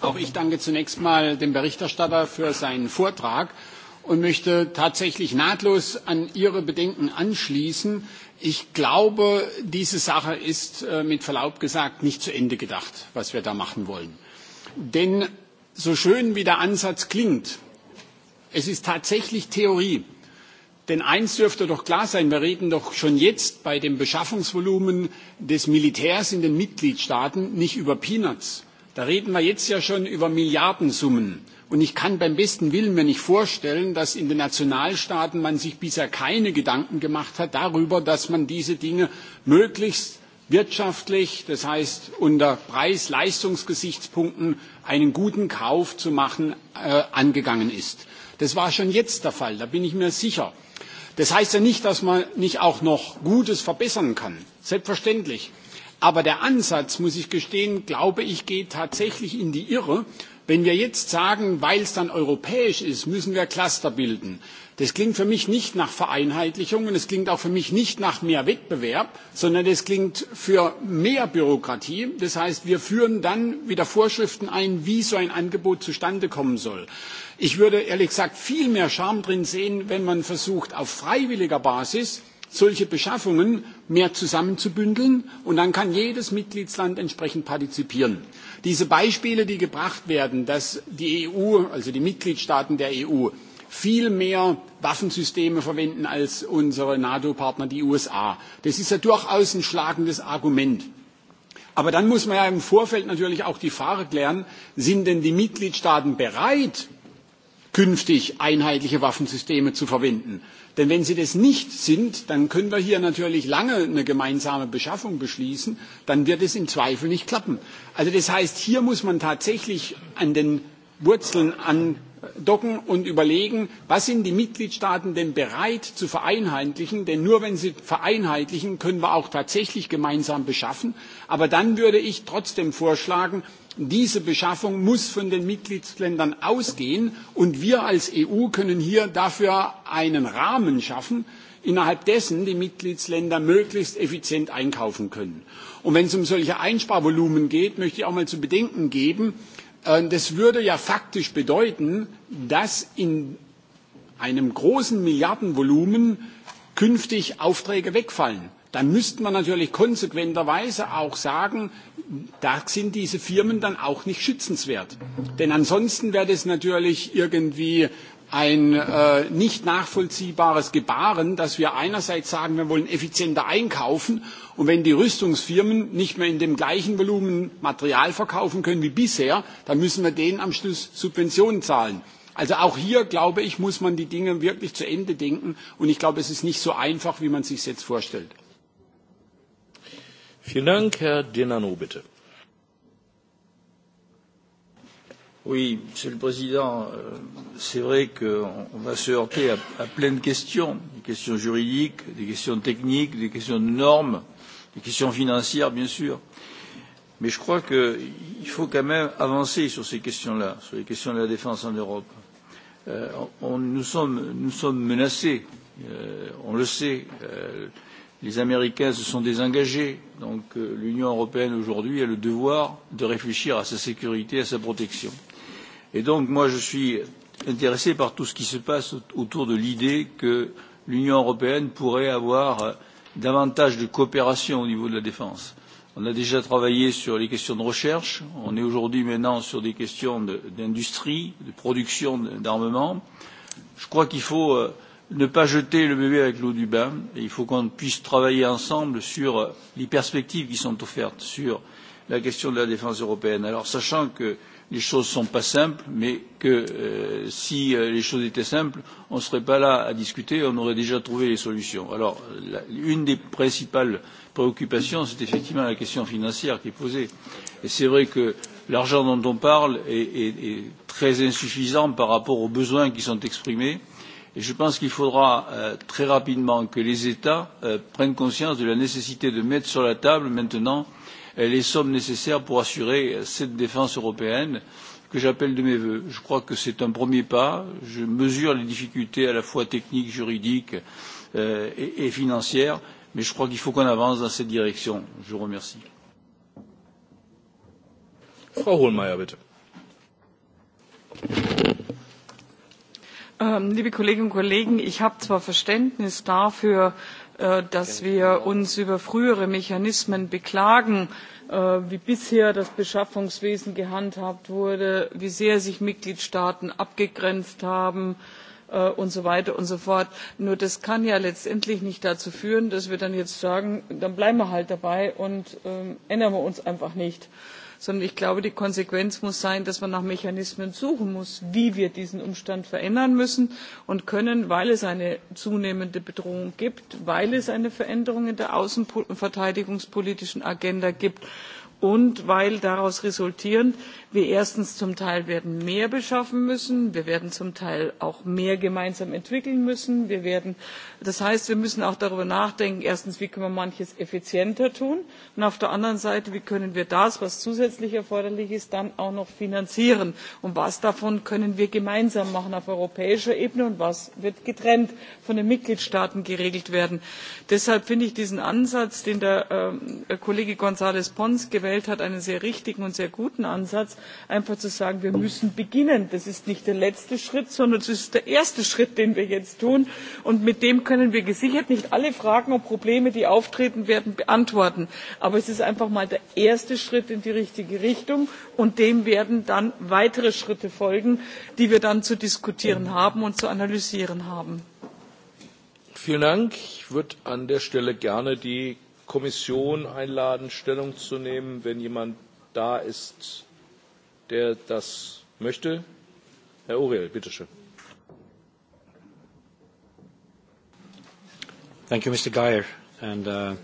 Auch ich danke zunächst mal dem Berichterstatter für seinen Vortrag und möchte tatsächlich nahtlos an Ihre Bedenken anschließen. Ich glaube, diese Sache ist äh, mit Verlaub gesagt nicht zu Ende gedacht, was wir da machen wollen. Denn so schön wie der Ansatz klingt, es ist tatsächlich Theorie. Denn eins dürfte doch klar sein, wir reden doch schon jetzt bei dem Beschaffungsvolumen des Militärs in den Mitgliedstaaten nicht über Peanuts. Da reden wir jetzt ja schon über Milliardensummen. Und ich kann beim besten Willen mir nicht vorstellen, dass in den Nationalstaaten man sich bisher keine Gedanken gemacht hat darüber, dass man diese Dinge möglichst wirtschaftlich, das heißt unter Preis-Leistungsgesichtspunkten einen guten Kauf zu machen, äh, angegangen ist. Das war schon jetzt der Fall, da bin ich mir sicher. Das heißt ja nicht, dass man nicht auch noch Gutes verbessern kann, selbstverständlich. Aber der Ansatz, muss ich gestehen, glaube ich, geht tatsächlich in die Irre, Wenn wir jetzt sagen, weil es dann europäisch ist, müssen wir Cluster bilden. Das klingt für mich nicht nach Vereinheitlichung und es klingt auch für mich nicht nach mehr Wettbewerb, sondern es klingt für mehr Bürokratie. Das heißt, wir führen dann wieder Vorschriften ein, wie so ein Angebot zustande kommen soll. Ich würde ehrlich gesagt viel mehr Charme drin sehen, wenn man versucht, auf freiwilliger Basis solche Beschaffungen mehr zusammenzubündeln und dann kann jedes Mitgliedsland entsprechend partizipieren. Diese Beispiele, die gebracht werden, dass die EU, also die Mitgliedstaaten der EU, viel mehr Waffensysteme verwenden als unsere NATO-Partner, die USA. Das ist ja durchaus ein schlagendes Argument. Aber dann muss man ja im Vorfeld natürlich auch die Frage klären, sind denn die Mitgliedstaaten bereit, künftig einheitliche Waffensysteme zu verwenden? Denn wenn sie das nicht sind, dann können wir hier natürlich lange eine gemeinsame Beschaffung beschließen, dann wird es im Zweifel nicht klappen. Also das heißt, hier muss man tatsächlich an den Wurzeln an andocken und überlegen, was sind die Mitgliedstaaten denn bereit zu vereinheitlichen? Denn nur wenn sie vereinheitlichen, können wir auch tatsächlich gemeinsam beschaffen. Aber dann würde ich trotzdem vorschlagen, diese Beschaffung muss von den Mitgliedsländern ausgehen und wir als EU können hier dafür einen Rahmen schaffen, innerhalb dessen die Mitgliedsländer möglichst effizient einkaufen können. Und wenn es um solche Einsparvolumen geht, möchte ich auch mal zu bedenken geben, Das würde ja faktisch bedeuten, dass in einem großen Milliardenvolumen künftig Aufträge wegfallen. Dann müsste man natürlich konsequenterweise auch sagen, da sind diese Firmen dann auch nicht schützenswert. Denn ansonsten wäre das natürlich irgendwie ein äh, nicht nachvollziehbares Gebaren, dass wir einerseits sagen, wir wollen effizienter einkaufen und wenn die Rüstungsfirmen nicht mehr in dem gleichen Volumen Material verkaufen können wie bisher, dann müssen wir denen am Schluss Subventionen zahlen. Also auch hier, glaube ich, muss man die Dinge wirklich zu Ende denken und ich glaube, es ist nicht so einfach, wie man es sich jetzt vorstellt. Vielen Dank, Herr Denano, bitte. Oui, Monsieur le Président, euh, c'est vrai qu'on va se heurter à, à plein de questions, des questions juridiques, des questions techniques, des questions de normes, des questions financières, bien sûr. Mais je crois qu'il faut quand même avancer sur ces questions-là, sur les questions de la défense en Europe. Euh, on, nous, sommes, nous sommes menacés, euh, on le sait. Euh, les Américains se sont désengagés, donc euh, l'Union européenne aujourd'hui a le devoir de réfléchir à sa sécurité, à sa protection. Et donc, moi, je suis intéressé par tout ce qui se passe autour de l'idée que l'Union européenne pourrait avoir euh, davantage de coopération au niveau de la défense. On a déjà travaillé sur les questions de recherche, on est aujourd'hui maintenant sur des questions d'industrie, de, de production d'armement. Je crois qu'il faut euh, ne pas jeter le bébé avec l'eau du bain et il faut qu'on puisse travailler ensemble sur euh, les perspectives qui sont offertes sur la question de la défense européenne. Alors, sachant que euh, les choses ne sont pas simples, mais que euh, si euh, les choses étaient simples, on ne serait pas là à discuter, on aurait déjà trouvé les solutions. Alors, la, une des principales préoccupations, c'est effectivement la question financière qui est posée. Et c'est vrai que l'argent dont on parle est, est, est très insuffisant par rapport aux besoins qui sont exprimés. Et je pense qu'il faudra euh, très rapidement que les États euh, prennent conscience de la nécessité de mettre sur la table maintenant Euh, les sommes nécessaires pour assurer cette défense européenne que j'appelle de mes vœux. Je crois que c'est un premier pas. Je mesure les difficultés à la fois techniques, juridiques euh, et, et financières, mais je crois qu'il faut qu'on avance dans cette direction. Je vous remercie. Frau Hohlmeier, bitte. Ähm, liebe Kolleginnen und Kollegen, ich habe zwar Verständnis dafür, Äh, dass wir uns über frühere mechanismen beklagen äh, wie bisher das beschaffungswesen gehandhabt wurde wie sehr sich mitgliedstaaten abgegrenzt haben äh, und so weiter und so fort. nur das kann ja letztendlich nicht dazu führen dass wir dann jetzt sagen dann bleiben wir halt dabei und ähm, ändern wir uns einfach nicht sondern ich glaube die konsequenz muss sein dass man nach mechanismen suchen muss wie wir diesen umstand verändern müssen und können weil es eine zunehmende bedrohung gibt weil es eine veränderung in der außen und verteidigungspolitischen agenda gibt und weil daraus resultierend wir erstens zum teil mehr beschaffen müssen wir werden zum teil auch mehr gemeinsam entwickeln müssen wir werden das heißt wir müssen auch darüber nachdenken erstens wie können wir manches effizienter tun und auf der anderen seite wie können wir das was zusätzlich erforderlich ist dann auch noch finanzieren und was davon können wir gemeinsam machen auf europäischer ebene und was wird getrennt von den mitgliedstaaten geregelt werden. deshalb finde ich diesen ansatz den der ähm, kollege gonzlez pons gewählt hat einen sehr richtigen und sehr guten ansatz einfach zu sagen wir müssen beginnen. das ist nicht der letzte schritt sondern es ist der erste schritt den wir jetzt tun und mit dem können wir gesichert nicht alle fragen und probleme die auftreten werden beantworten aber es ist einfach mal der erste schritt in die richtige richtung und dem werden dann weitere schritte folgen die wir dann zu diskutieren haben und zu analysieren haben. vielen dank. ich würde an der stelle gerne die kommission einladen stellung zu nehmen wenn jemand da ist der das möchte. herr uriel bitte schön. Thank you, Mr. Geyer, and uh,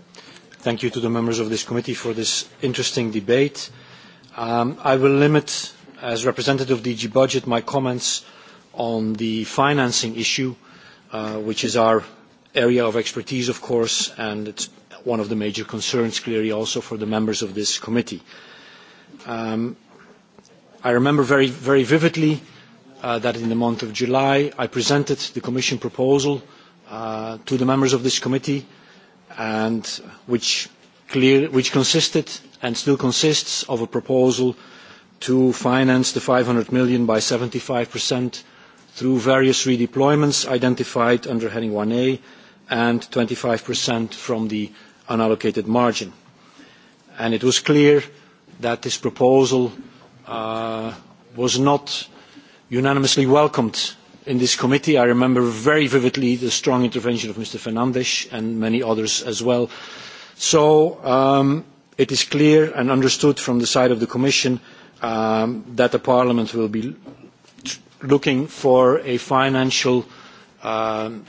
thank you to the members of this committee for this interesting debate. Um, I will limit, as representative of DG Budget, my comments on the financing issue, uh, which is our area of expertise, of course, and it's one of the major concerns, clearly, also for the members of this committee. Um, I remember very, very vividly uh, that in the month of July, I presented the Commission proposal uh, to the members of this committee and which, clear, which consisted and still consists of a proposal to finance the 500 million by 75% through various redeployments identified under heading 1A and 25% from the unallocated margin. And it was clear that this proposal uh, was not unanimously welcomed in this committee. I remember very vividly the strong intervention of Mr. Fernandes and many others as well. So um, it is clear and understood from the side of the Commission um, that the Parliament will be looking for a financial um,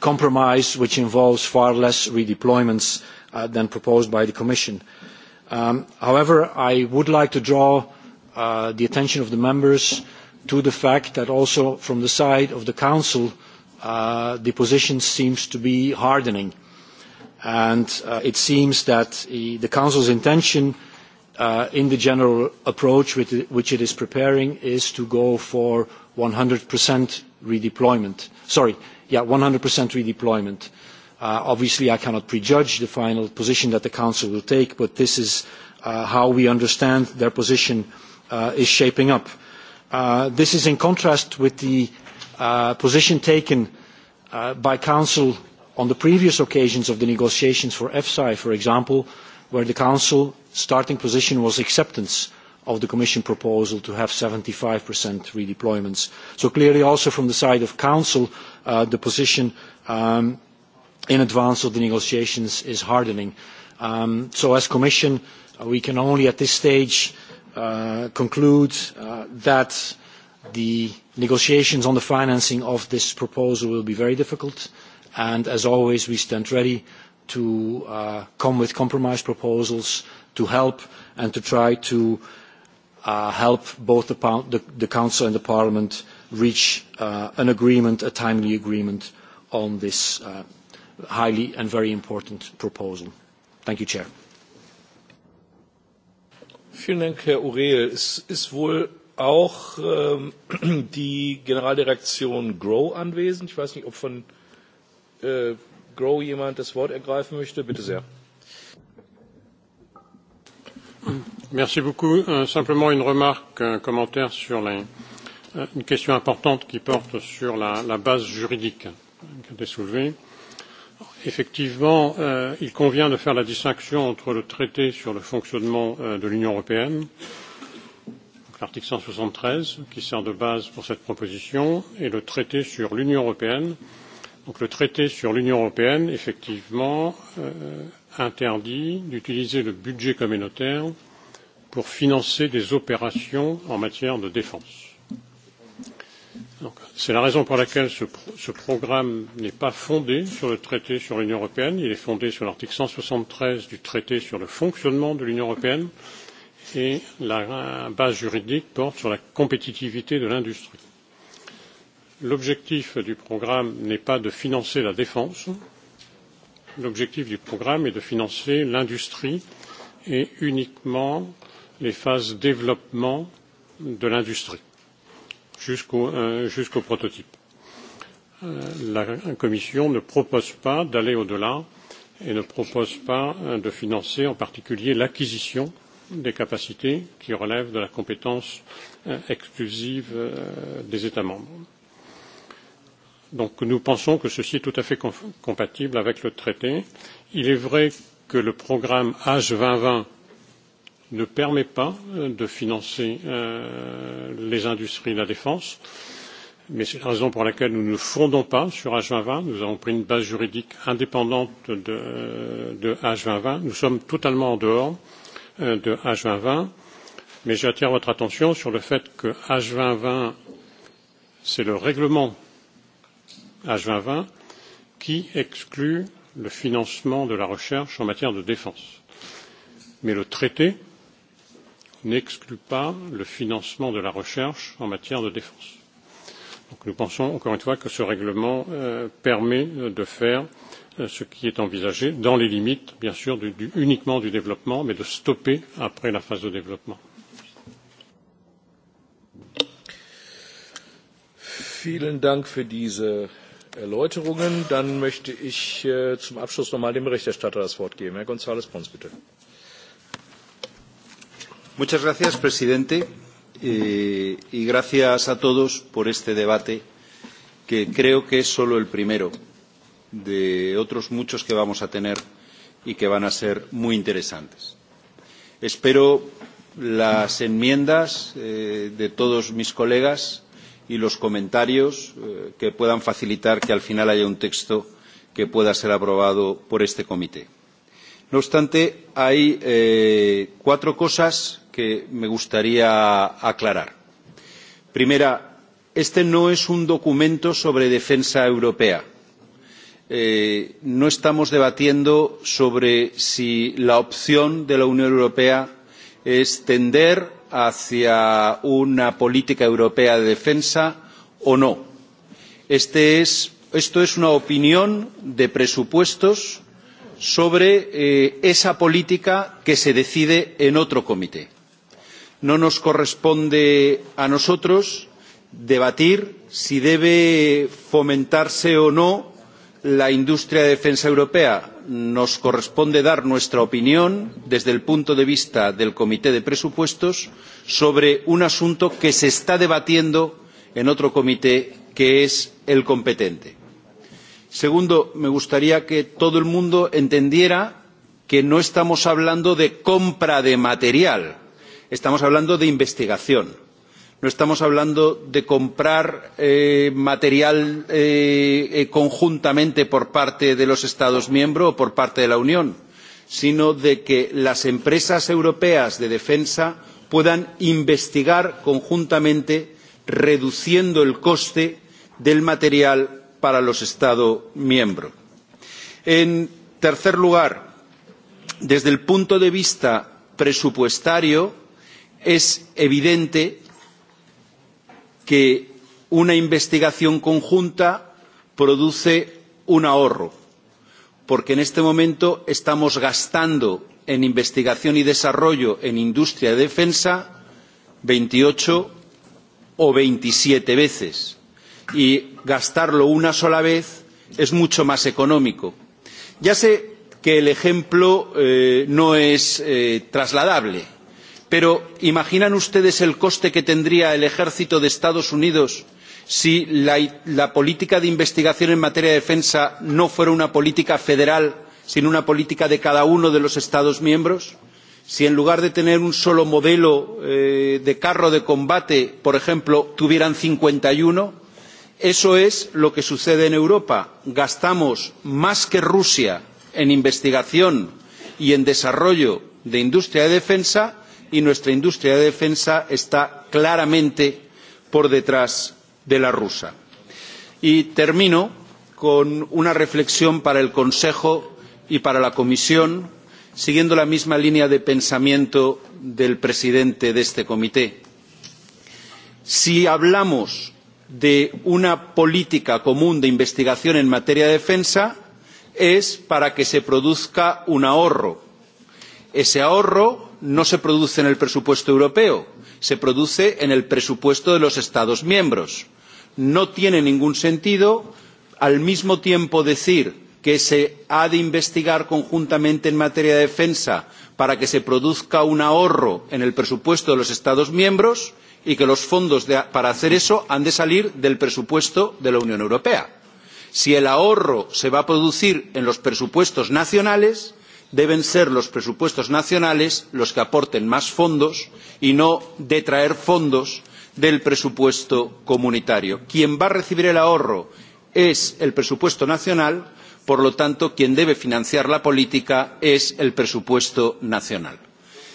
compromise which involves far less redeployments uh, than proposed by the Commission. Um, however, I would like to draw uh, the attention of the members uh, to the fact that also from the side of the Council, uh, the position seems to be hardening. And uh, it seems that the, the Council's intention uh, in the general approach which it is preparing is to go for 100% redeployment. Sorry, yeah, 100% redeployment. Uh, obviously, I cannot prejudge the final position that the Council will take, but this is uh, how we understand their position uh, is shaping up. Uh, this is in contrast with the uh, position taken uh, by Council on the previous occasions of the negotiations for EFSI, for example, where the Council starting position was acceptance of the Commission proposal to have 75% redeployments. So clearly also from the side of Council, uh, the position um, in advance of the negotiations is hardening. Um, so as Commission, uh, we can only at this stage uh, Uh, conclude uh, that the negotiations on the financing of this proposal will be very difficult and as always we stand ready to uh, come with compromise proposals to help and to try to uh, help both the, the, the, Council and the Parliament reach uh, an agreement, a timely agreement on this uh, highly and very important proposal. Thank you, Chair. Vielen Dank, Herr Urel. Es ist wohl auch ähm, die Generaldirektion Grow anwesend. Ich weiß nicht, ob von äh, Grow jemand das Wort ergreifen möchte. Bitte sehr. Merci beaucoup. Euh, simplement une remarque, un commentaire sur les, euh, une question importante qui porte sur la, la base juridique qui a été soulevée. Euh, Effectivement, euh, il convient de faire la distinction entre le traité sur le fonctionnement euh, de l'Union européenne, l'article 173, qui sert de base pour cette proposition, et le traité sur l'Union européenne. Donc le traité sur l'Union européenne, effectivement, euh, interdit d'utiliser le budget communautaire pour financer des opérations en matière de défense. C'est la raison pour laquelle ce, ce programme n'est pas fondé sur le traité sur l'Union européenne, il est fondé sur l'article 173 du traité sur le fonctionnement de l'Union européenne et la base juridique porte sur la compétitivité de l'industrie. L'objectif du programme n'est pas de financer la défense, l'objectif du programme est de financer l'industrie et uniquement les phases développement de l'industrie jusqu'au euh, jusqu prototype. Euh, la Commission ne propose pas d'aller au-delà et ne propose pas euh, de financer en particulier l'acquisition des capacités qui relèvent de la compétence exclusive des États membres. Donc nous pensons que ceci est tout à fait compatible avec le traité. Il est vrai que le programme H2020 ne permet pas euh, de financer euh, les industries de la défense. Mais c'est la raison pour laquelle nous ne fondons pas sur H2020. Nous avons pris une base juridique indépendante de, de H2020. Nous sommes totalement en dehors euh, de H2020. Mais j'attire votre attention sur le fait que H2020, c'est le règlement H2020 qui exclut le financement de la recherche en matière de défense. Mais le traité n'exclut pas le financement de la recherche en matière de défense. Donc nous pensons encore une fois que ce règlement euh, permet euh, de faire euh, ce qui est envisagé dans les limites bien sûr du, du, uniquement du développement mais de stopper après la phase de développement. Vielen Dank für diese Erläuterungen. Dann möchte ich äh, zum Abschluss nochmal dem Berichterstatter das Wort geben. Herr González Pons, bitte. Muchas gracias, presidente, eh, y gracias a todos por este debate, que creo que es solo el primero de otros muchos que vamos a tener y que van a ser muy interesantes. Espero las enmiendas eh, de todos mis colegas y los comentarios eh, que puedan facilitar que al final haya un texto que pueda ser aprobado por este comité. No obstante, hay eh, cuatro cosas que me gustaría aclarar. Primera, este no es un documento sobre defensa europea. Eh, no estamos debatiendo sobre si la opción de la Unión Europea es tender hacia una política europea de defensa o no. Este es, esto es una opinión de presupuestos sobre eh, esa política que se decide en otro comité no nos corresponde a nosotros debatir si debe fomentarse o no la industria de defensa europea. Nos corresponde dar nuestra opinión desde el punto de vista del Comité de Presupuestos sobre un asunto que se está debatiendo en otro comité que es el competente. Segundo, me gustaría que todo el mundo entendiera que no estamos hablando de compra de material Estamos hablando de investigación. No estamos hablando de comprar eh, material eh, eh, conjuntamente por parte de los Estados miembros o por parte de la Unión, sino de que las empresas europeas de defensa puedan investigar conjuntamente reduciendo el coste del material para los Estados miembros. En tercer lugar, desde el punto de vista presupuestario, es evidente que una investigación conjunta produce un ahorro, porque en este momento estamos gastando en investigación y desarrollo en industria de defensa 28 o 27 veces y gastarlo una sola vez es mucho más económico. Ya sé que el ejemplo eh, no es eh, trasladable, pero imaginan ustedes el coste que tendría el ejército de los estados unidos si la, política de investigación en materia de defensa no fuera una política federal sino una política de cada uno de los estados miembros? si en lugar de tener un solo modelo eh, de carro de combate por ejemplo tuvieran cincuenta y uno eso es lo que sucede en europa gastamos más que rusia en investigación y en desarrollo de industria de defensa y nuestra industria de defensa está claramente por detrás de la rusa. Y termino con una reflexión para el Consejo y para la Comisión, siguiendo la misma línea de pensamiento del presidente de este comité. Si hablamos de una política común de investigación en materia de defensa, es para que se produzca un ahorro. Ese ahorro no se produce en el presupuesto europeo, se produce en el presupuesto de los Estados miembros. No tiene ningún sentido al mismo tiempo decir que se ha de investigar conjuntamente en materia de defensa para que se produzca un ahorro en el presupuesto de los Estados miembros y que los fondos de, para hacer eso han de salir del presupuesto de la Unión Europea. Si el ahorro se va a producir en los presupuestos nacionales, deben ser los presupuestos nacionales los que aporten más fondos y no detraer fondos del presupuesto comunitario. Quien va a recibir el ahorro es el presupuesto nacional, por lo tanto, quien debe financiar la política es el presupuesto nacional.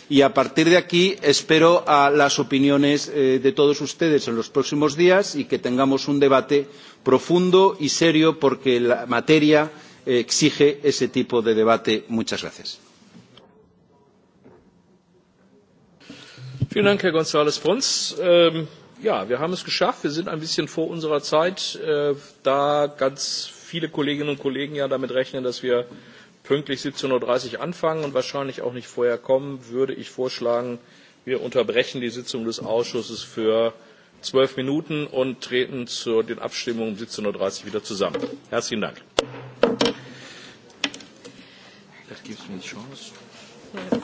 Y a partir de aquí espero las opiniones eh, de todos ustedes en los próximos días y que tengamos un debate profundo y serio porque la materia exige ese tipo de debate. Muchas gracias. Vielen Dank, Herr González Pons. Ähm, ja, wir haben es geschafft. Wir sind ein bisschen vor unserer Zeit, äh, da ganz viele Kolleginnen und Kollegen ja damit rechnen, dass wir pünktlich 17.30 Uhr anfangen und wahrscheinlich auch nicht vorher kommen, würde ich vorschlagen, wir unterbrechen die Sitzung des Ausschusses für zwölf Minuten und treten zu den Abstimmungen um 17.30 Uhr wieder zusammen. Herzlichen Dank. That gives me a chance. Yeah.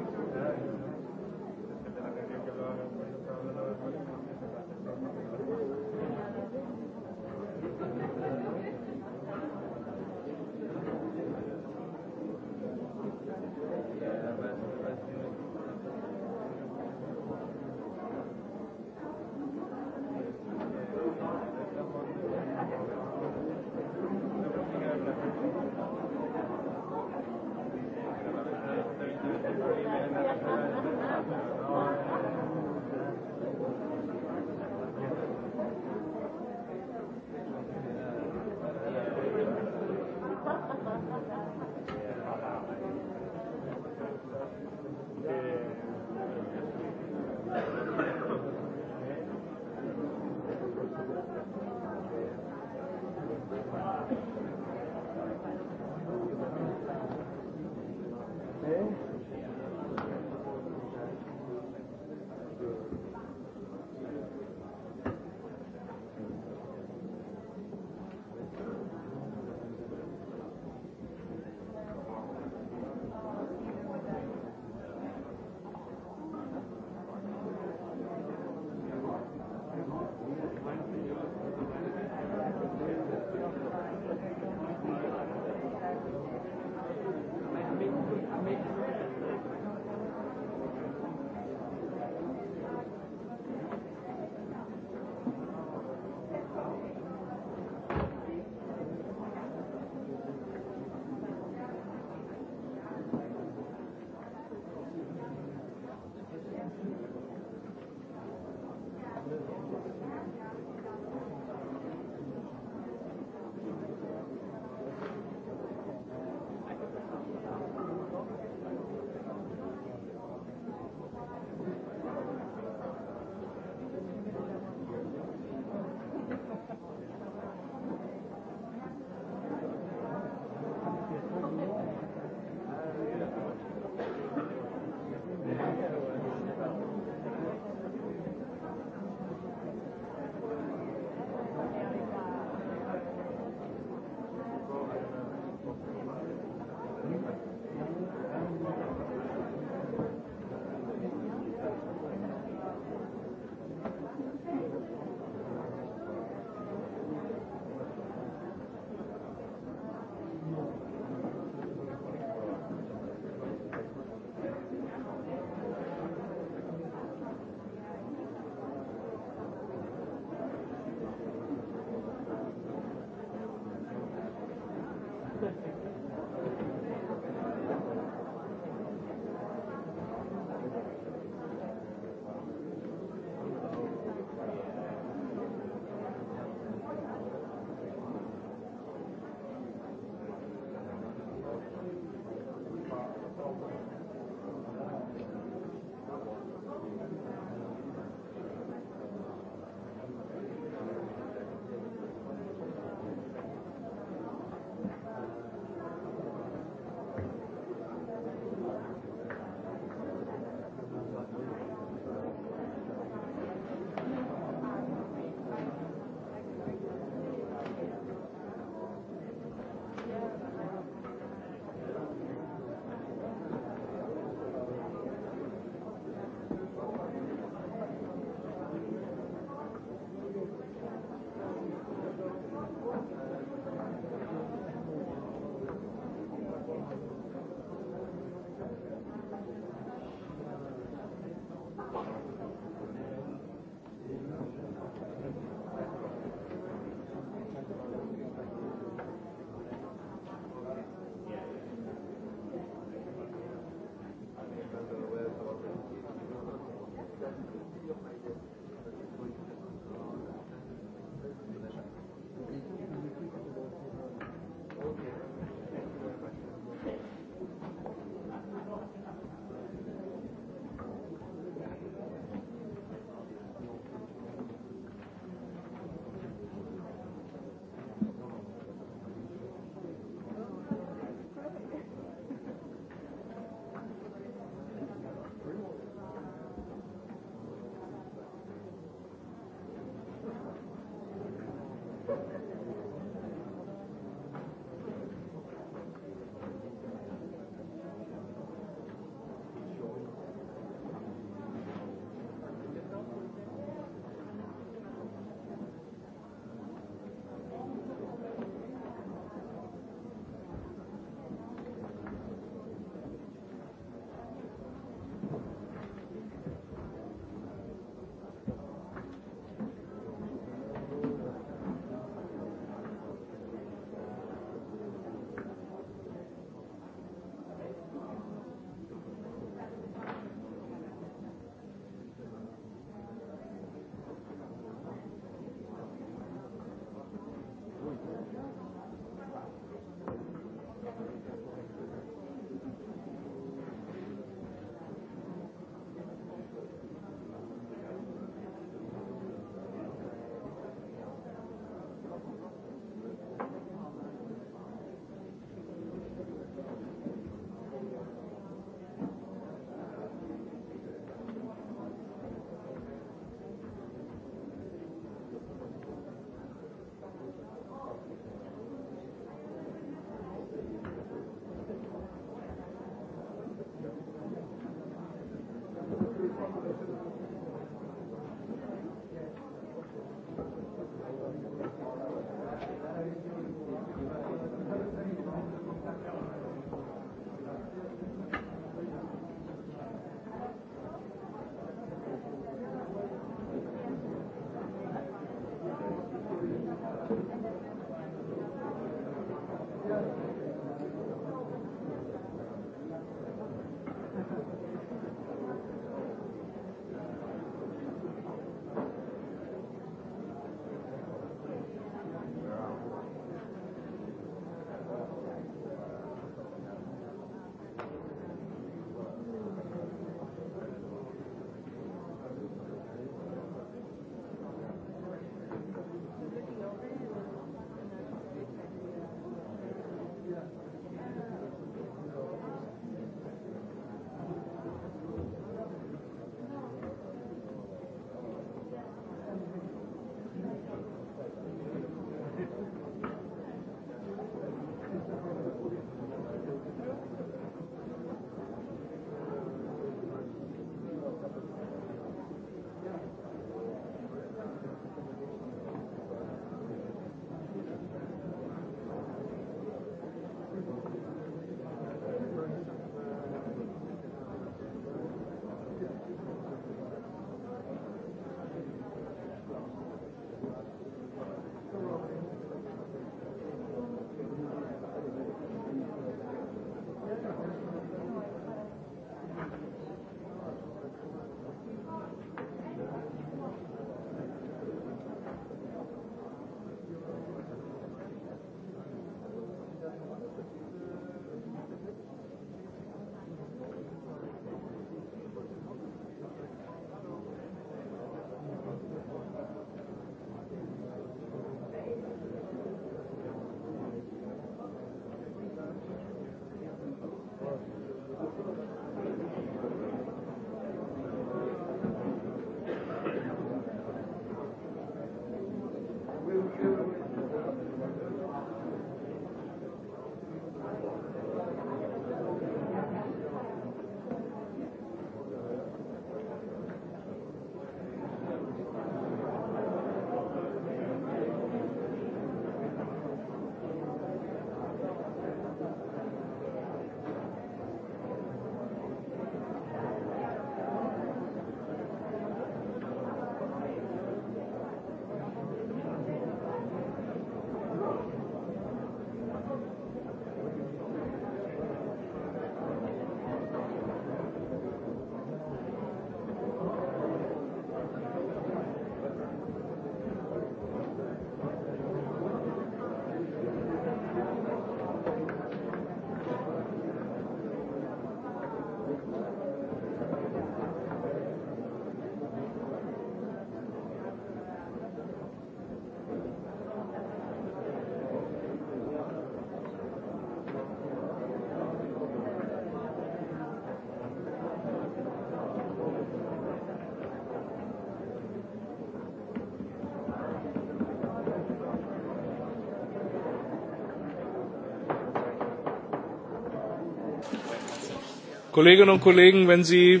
Kolleginnen und Kollegen, wenn Sie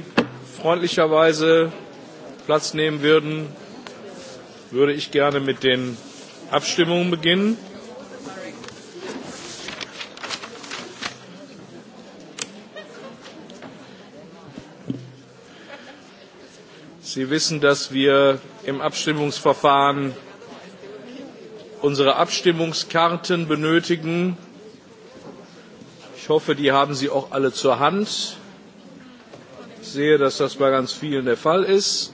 freundlicherweise Platz nehmen würden, würde ich gerne mit den Abstimmungen beginnen. Sie wissen, dass wir im Abstimmungsverfahren unsere Abstimmungskarten benötigen. Ich hoffe, die haben Sie auch alle zur Hand sehe, dass das bei ganz vielen der Fall ist.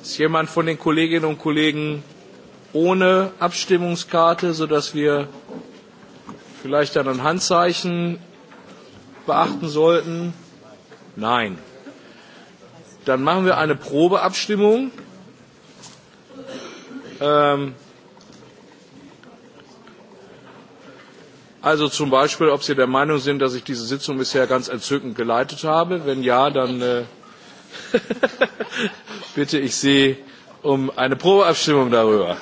Ist jemand von den Kolleginnen und Kollegen ohne Abstimmungskarte, sodass wir vielleicht dann ein Handzeichen beachten sollten? Nein. Dann machen wir eine Probeabstimmung. Ähm, Also zum Beispiel, ob Sie der Meinung sind, dass ich diese Sitzung bisher ganz entzückend geleitet habe. Wenn ja, dann äh, bitte ich Sie um eine Probeabstimmung darüber.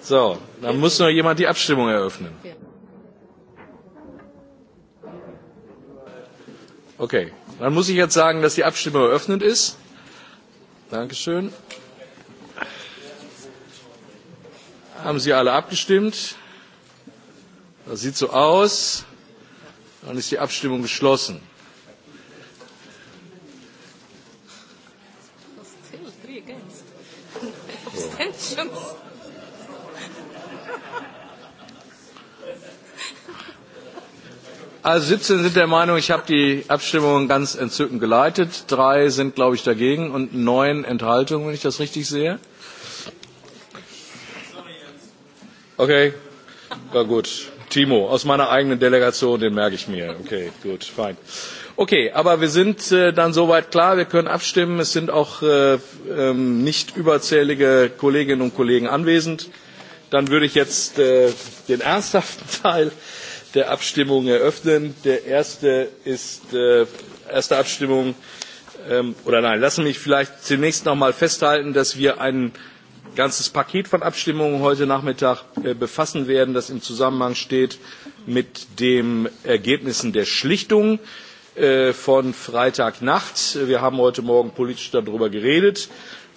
So, dann muss noch jemand die Abstimmung eröffnen. Okay, dann muss ich jetzt sagen, dass die Abstimmung eröffnet ist. Dankeschön. Haben Sie alle abgestimmt? Das sieht so aus. Dann ist die Abstimmung geschlossen. Also 17 sind der Meinung, ich habe die Abstimmung ganz entzückend geleitet. Drei sind, glaube ich, dagegen und neun Enthaltungen, wenn ich das richtig sehe. Okay, war gut. Timo, aus meiner eigenen Delegation, den merke ich mir. Okay, gut, fein. Okay, aber wir sind äh, dann soweit klar, wir können abstimmen. Es sind auch äh, ähm, nicht überzählige Kolleginnen und Kollegen anwesend. Dann würde ich jetzt äh, den ernsthaften Teil der Abstimmung eröffnen. Der erste ist äh, erste Abstimmung ähm, oder nein, lassen mich vielleicht zunächst noch mal festhalten, dass wir einen ganzes Paket von Abstimmungen heute Nachmittag äh, befassen werden, das im Zusammenhang steht mit den Ergebnissen der Schlichtung äh, von Freitagnacht. Wir haben heute Morgen politisch darüber geredet.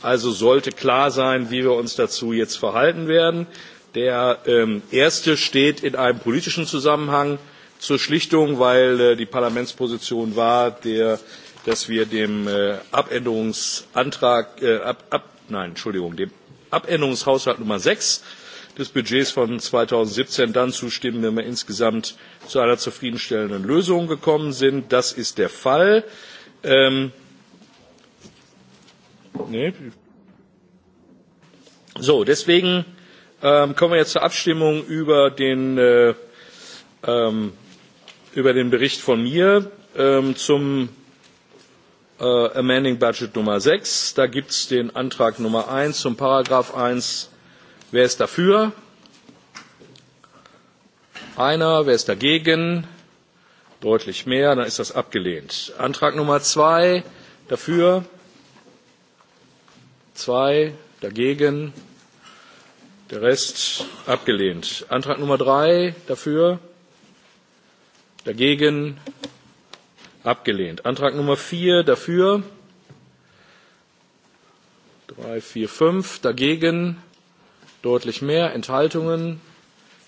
Also sollte klar sein, wie wir uns dazu jetzt verhalten werden. Der ähm, erste steht in einem politischen Zusammenhang zur Schlichtung, weil äh, die Parlamentsposition war, der, dass wir dem Abänderungsantrag, äh, ab, ab, nein, Entschuldigung, dem abänderungshaushalt nummer sechs des budgets von zweitausendsiebzehn dann zustimmen wenn wir insgesamt zu einer zufriedenstellenden lösung gekommen sind. das ist der fall. Ähm, nee. so, deswegen ähm, kommen wir jetzt zur abstimmung über den, äh, ähm, über den bericht von mir ähm, zum äh, Amending Budget Nummer sechs Da gibt es den Antrag Nummer eins zum Paragraph eins Wer ist dafür? Einer. Wer ist dagegen? Deutlich mehr. Dann ist das abgelehnt. Antrag Nummer zwei Dafür? Zwei. Dagegen? Der Rest abgelehnt. Antrag Nummer drei Dafür? Dagegen? abgelehnt. Antrag Nummer 4 dafür. 3, 4, 5 dagegen. Deutlich mehr. Enthaltungen.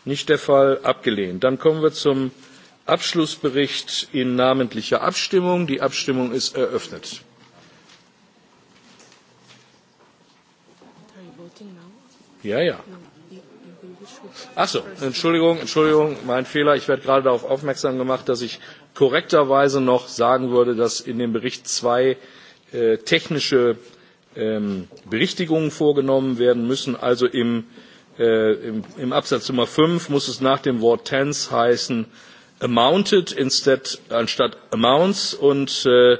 Nicht der Fall. Abgelehnt. Dann kommen wir zum Abschlussbericht in namentlicher Abstimmung. Die Abstimmung ist eröffnet. Ja, ja. Ach so, Entschuldigung, Entschuldigung, mein Fehler. Ich werde gerade darauf aufmerksam gemacht, dass ich korrekterweise noch sagen würde, dass in dem Bericht zwei äh, technische ähm, Berichtigungen vorgenommen werden müssen. Also im, äh, im, im Absatz Nummer 5 muss es nach dem Wort tense heißen amounted instead, anstatt amounts und äh,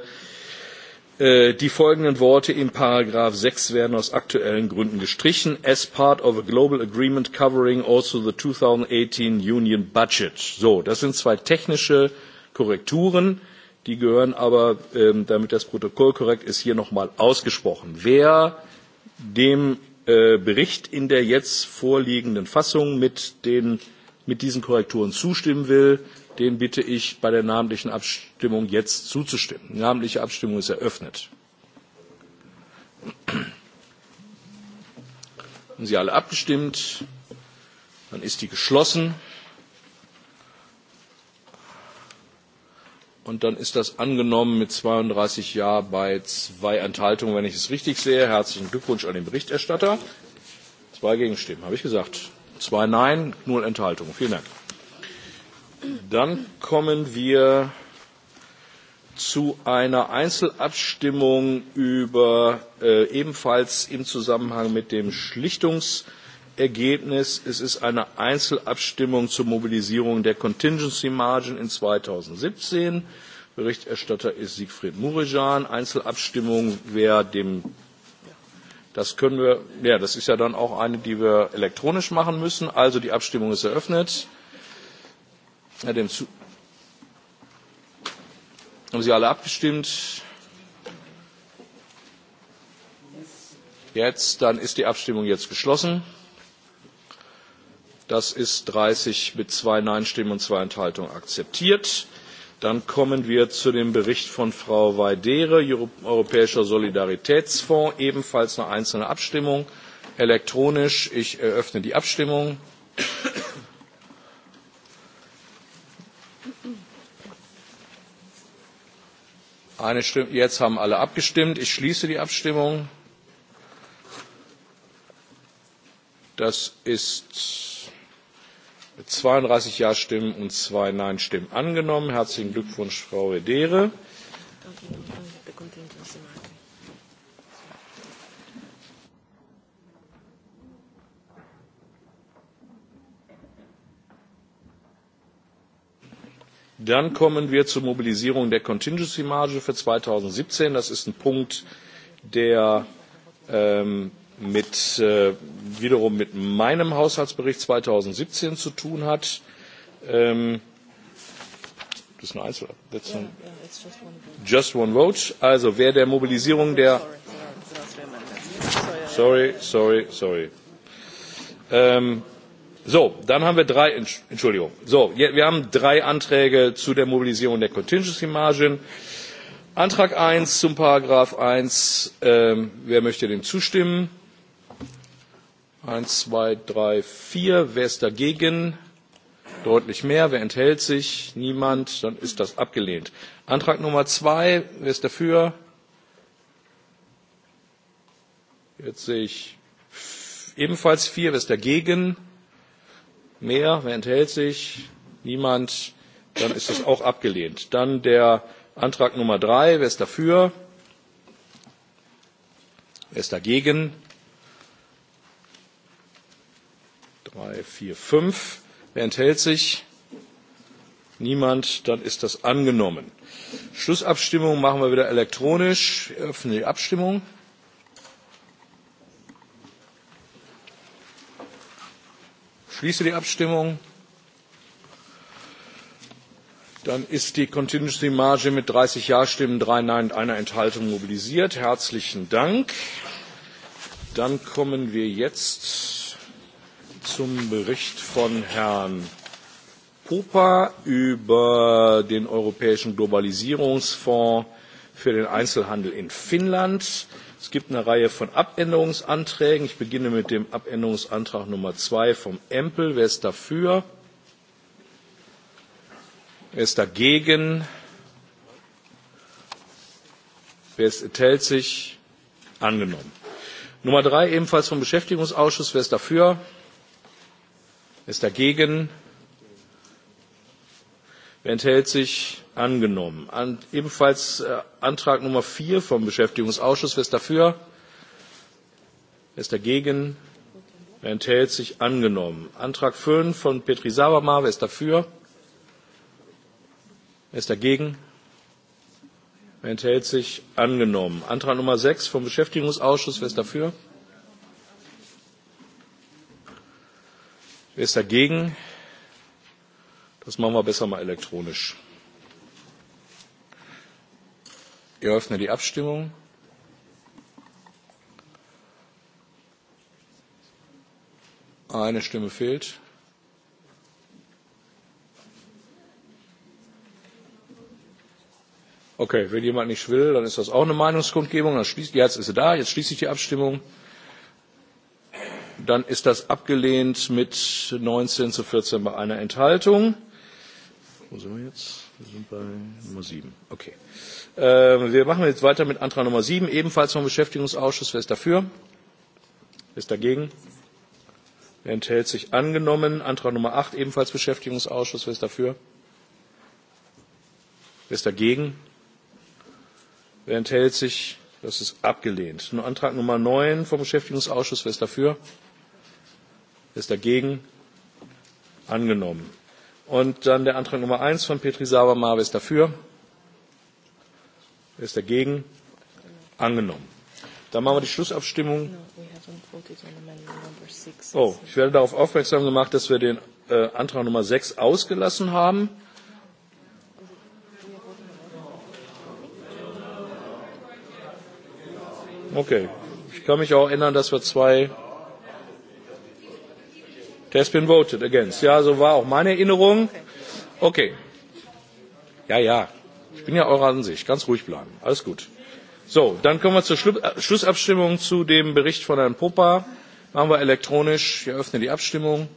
äh die folgenden Worte im Paragraph 6 werden aus aktuellen Gründen gestrichen. As part of a global agreement covering also the 2018 Union budget. So, das sind zwei technische äh, Korrekturen. Die gehören aber, ähm, damit das Protokoll korrekt ist, hier nochmal ausgesprochen. Wer dem äh, Bericht in der jetzt vorliegenden Fassung mit, den, mit diesen Korrekturen zustimmen will, den bitte ich bei der namentlichen Abstimmung jetzt zuzustimmen. Die namentliche Abstimmung ist eröffnet. Haben Sie alle abgestimmt? Dann ist die geschlossen. Und dann ist das angenommen mit 32 Ja bei zwei Enthaltungen, wenn ich es richtig sehe. Herzlichen Glückwunsch an den Berichterstatter. Zwei Gegenstimmen, habe ich gesagt. Zwei Nein, null Enthaltungen. Vielen Dank. Dann kommen wir zu einer Einzelabstimmung über äh, ebenfalls im Zusammenhang mit dem Schlichtungsverfahren. Ergebnis. Es ist eine Einzelabstimmung zur Mobilisierung der Contingency Margin in 2017. Berichterstatter ist Siegfried Murijan. Einzelabstimmung, wer dem das können wir, ja, das ist ja dann auch eine, die wir elektronisch machen müssen. Also die Abstimmung ist eröffnet. Ja, dem Zu Haben Sie alle abgestimmt? Jetzt, dann ist die Abstimmung jetzt geschlossen. Das ist 30 mit zwei Nein-Stimmen und zwei Enthaltungen akzeptiert. Dann kommen wir zu dem Bericht von Frau Weidere, Europäischer Solidaritätsfonds, ebenfalls eine einzelne Abstimmung. Elektronisch, ich eröffne die Abstimmung. Eine Stimme, jetzt haben alle abgestimmt. Ich schließe die Abstimmung. Das ist mit 32 Ja-Stimmen und zwei Nein-Stimmen angenommen. Herzlichen Glückwunsch, Frau Edere. Dann kommen wir zur Mobilisierung der Contingency Marge für 2017. Das ist ein Punkt, der ähm, mit, äh, wiederum mit meinem Haushaltsbericht 2017 zu tun hat. Ähm, das ist eine Einzel. That's yeah, yeah, just, one just one vote. Also wer der Mobilisierung der. Sorry, sorry, sorry. Ähm, so, dann haben wir drei. Entschuldigung. So, wir haben drei Anträge zu der Mobilisierung der Contingency Margin. Antrag 1 zum Paragraph 1. Ähm, wer möchte dem zustimmen? Eins, zwei, drei, vier. Wer ist dagegen? Deutlich mehr. Wer enthält sich? Niemand. Dann ist das abgelehnt. Antrag Nummer zwei. Wer ist dafür? Jetzt sehe ich ebenfalls vier. Wer ist dagegen? Mehr. Wer enthält sich? Niemand. Dann ist das auch abgelehnt. Dann der Antrag Nummer drei. Wer ist dafür? Wer ist dagegen? 3, 4, 5. Wer enthält sich? Niemand. Dann ist das angenommen. Schlussabstimmung machen wir wieder elektronisch. Wir öffnen die Abstimmung. Schließe die Abstimmung. Dann ist die Contingency Marge mit 30 Ja-Stimmen, 3 Nein und einer Enthaltung mobilisiert. Herzlichen Dank. Dann kommen wir jetzt zum Bericht von Herrn Popa über den Europäischen Globalisierungsfonds für den Einzelhandel in Finnland. Es gibt eine Reihe von Abänderungsanträgen. Ich beginne mit dem Abänderungsantrag Nummer 2 vom Empel. Wer ist dafür? Wer ist dagegen? Wer ist, enthält sich? Angenommen. Nummer 3 ebenfalls vom Beschäftigungsausschuss. Wer ist dafür? ist dagegen? Wer enthält sich? Angenommen. An, ebenfalls äh, Antrag Nummer 4 vom Beschäftigungsausschuss. Wer ist dafür? Wer ist dagegen? Wer enthält sich? Angenommen. Antrag 5 von Petri Savama. Wer ist dafür? Wer ist dagegen? Wer enthält sich? Angenommen. Antrag Nummer 6 vom Beschäftigungsausschuss. Wer ist dafür? Mhm. Wer ist dagegen? Das machen wir besser mal elektronisch. Ich eröffne die Abstimmung. Eine Stimme fehlt. Okay, wenn jemand nicht will, dann ist das auch eine Meinungskundgebung. Dann schließt, jetzt ist sie da, jetzt schließe ich die Abstimmung. Dann ist das abgelehnt mit 19 zu 14 bei einer Enthaltung. Wo sind wir jetzt? Wir sind bei Nummer 7. Okay. Ähm, wir machen jetzt weiter mit Antrag Nummer 7, ebenfalls vom Beschäftigungsausschuss. Wer ist dafür? Wer ist dagegen? Wer enthält sich? Angenommen. Antrag Nummer 8, ebenfalls Beschäftigungsausschuss. Wer ist dafür? Wer ist dagegen? Wer enthält sich? Das ist abgelehnt. Nur Antrag Nummer 9 vom Beschäftigungsausschuss. Wer ist dafür? ist dagegen angenommen. Und dann der Antrag Nummer 1 von Petri Sauermar, wer ist dafür? Wer ist dagegen? Angenommen. Dann machen wir die Schlussabstimmung. No, oh, ich werde darauf aufmerksam gemacht, dass wir den äh, Antrag Nummer 6 ausgelassen haben. Okay. Ich kann mich auch erinnern, dass wir zwei It has been voted against. Ja, so war auch meine Erinnerung. Okay. Ja, ja. Ich bin ja eurer Ansicht. Ganz ruhig bleiben. Alles gut. So, dann kommen wir zur Schlu äh, Schlussabstimmung zu dem Bericht von Herrn Popa. Machen wir elektronisch. Ich eröffne die Abstimmung.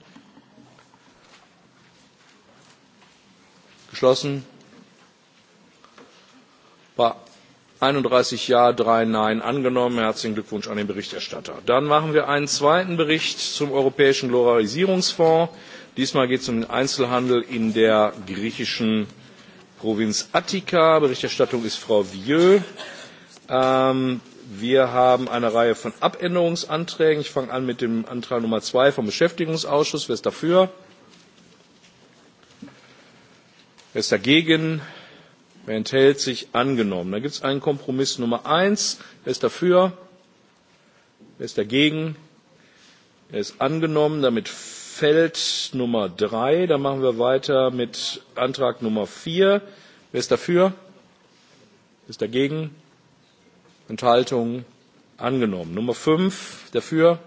Geschlossen. War einunddreißig ja drei nein angenommen. herzlichen glückwunsch an den berichterstatter! dann machen wir einen zweiten bericht zum europäischen globalisierungsfonds. diesmal geht es um den einzelhandel in der griechischen provinz attika. berichterstatterin ist frau vieux. Ähm, wir haben eine reihe von abänderungsanträgen. ich fange an mit dem antrag nummer zwei vom beschäftigungsausschuss. wer ist dafür? wer ist dagegen? Wer enthält sich? Angenommen. Da gibt es einen Kompromiss Nummer eins. Wer ist dafür? Wer ist dagegen? Er ist angenommen. Damit fällt Nummer drei. Dann machen wir weiter mit Antrag Nummer vier. Wer ist dafür? Wer ist dagegen? Enthaltung Angenommen. Nummer fünf Dafür?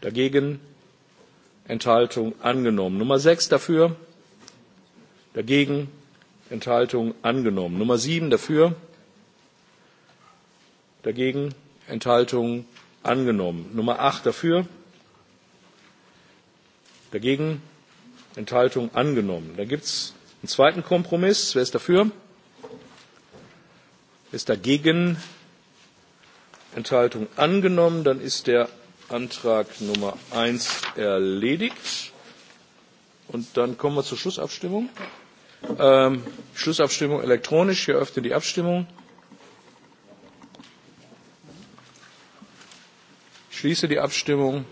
Dagegen? Enthaltung angenommen. Nummer sechs dafür, dagegen Enthaltung angenommen. Nummer 7 dafür, dagegen Enthaltung angenommen. Nummer 8 dafür, dagegen Enthaltung angenommen. Da gibt es einen zweiten Kompromiss. Wer ist dafür? Wer ist dagegen? Enthaltung angenommen. Dann ist der Antrag Nummer 1 erledigt. Und dann kommen wir zur Schlussabstimmung. Ähm, Schlussabstimmung elektronisch. Ich eröffne die Abstimmung. Ich schließe die Abstimmung.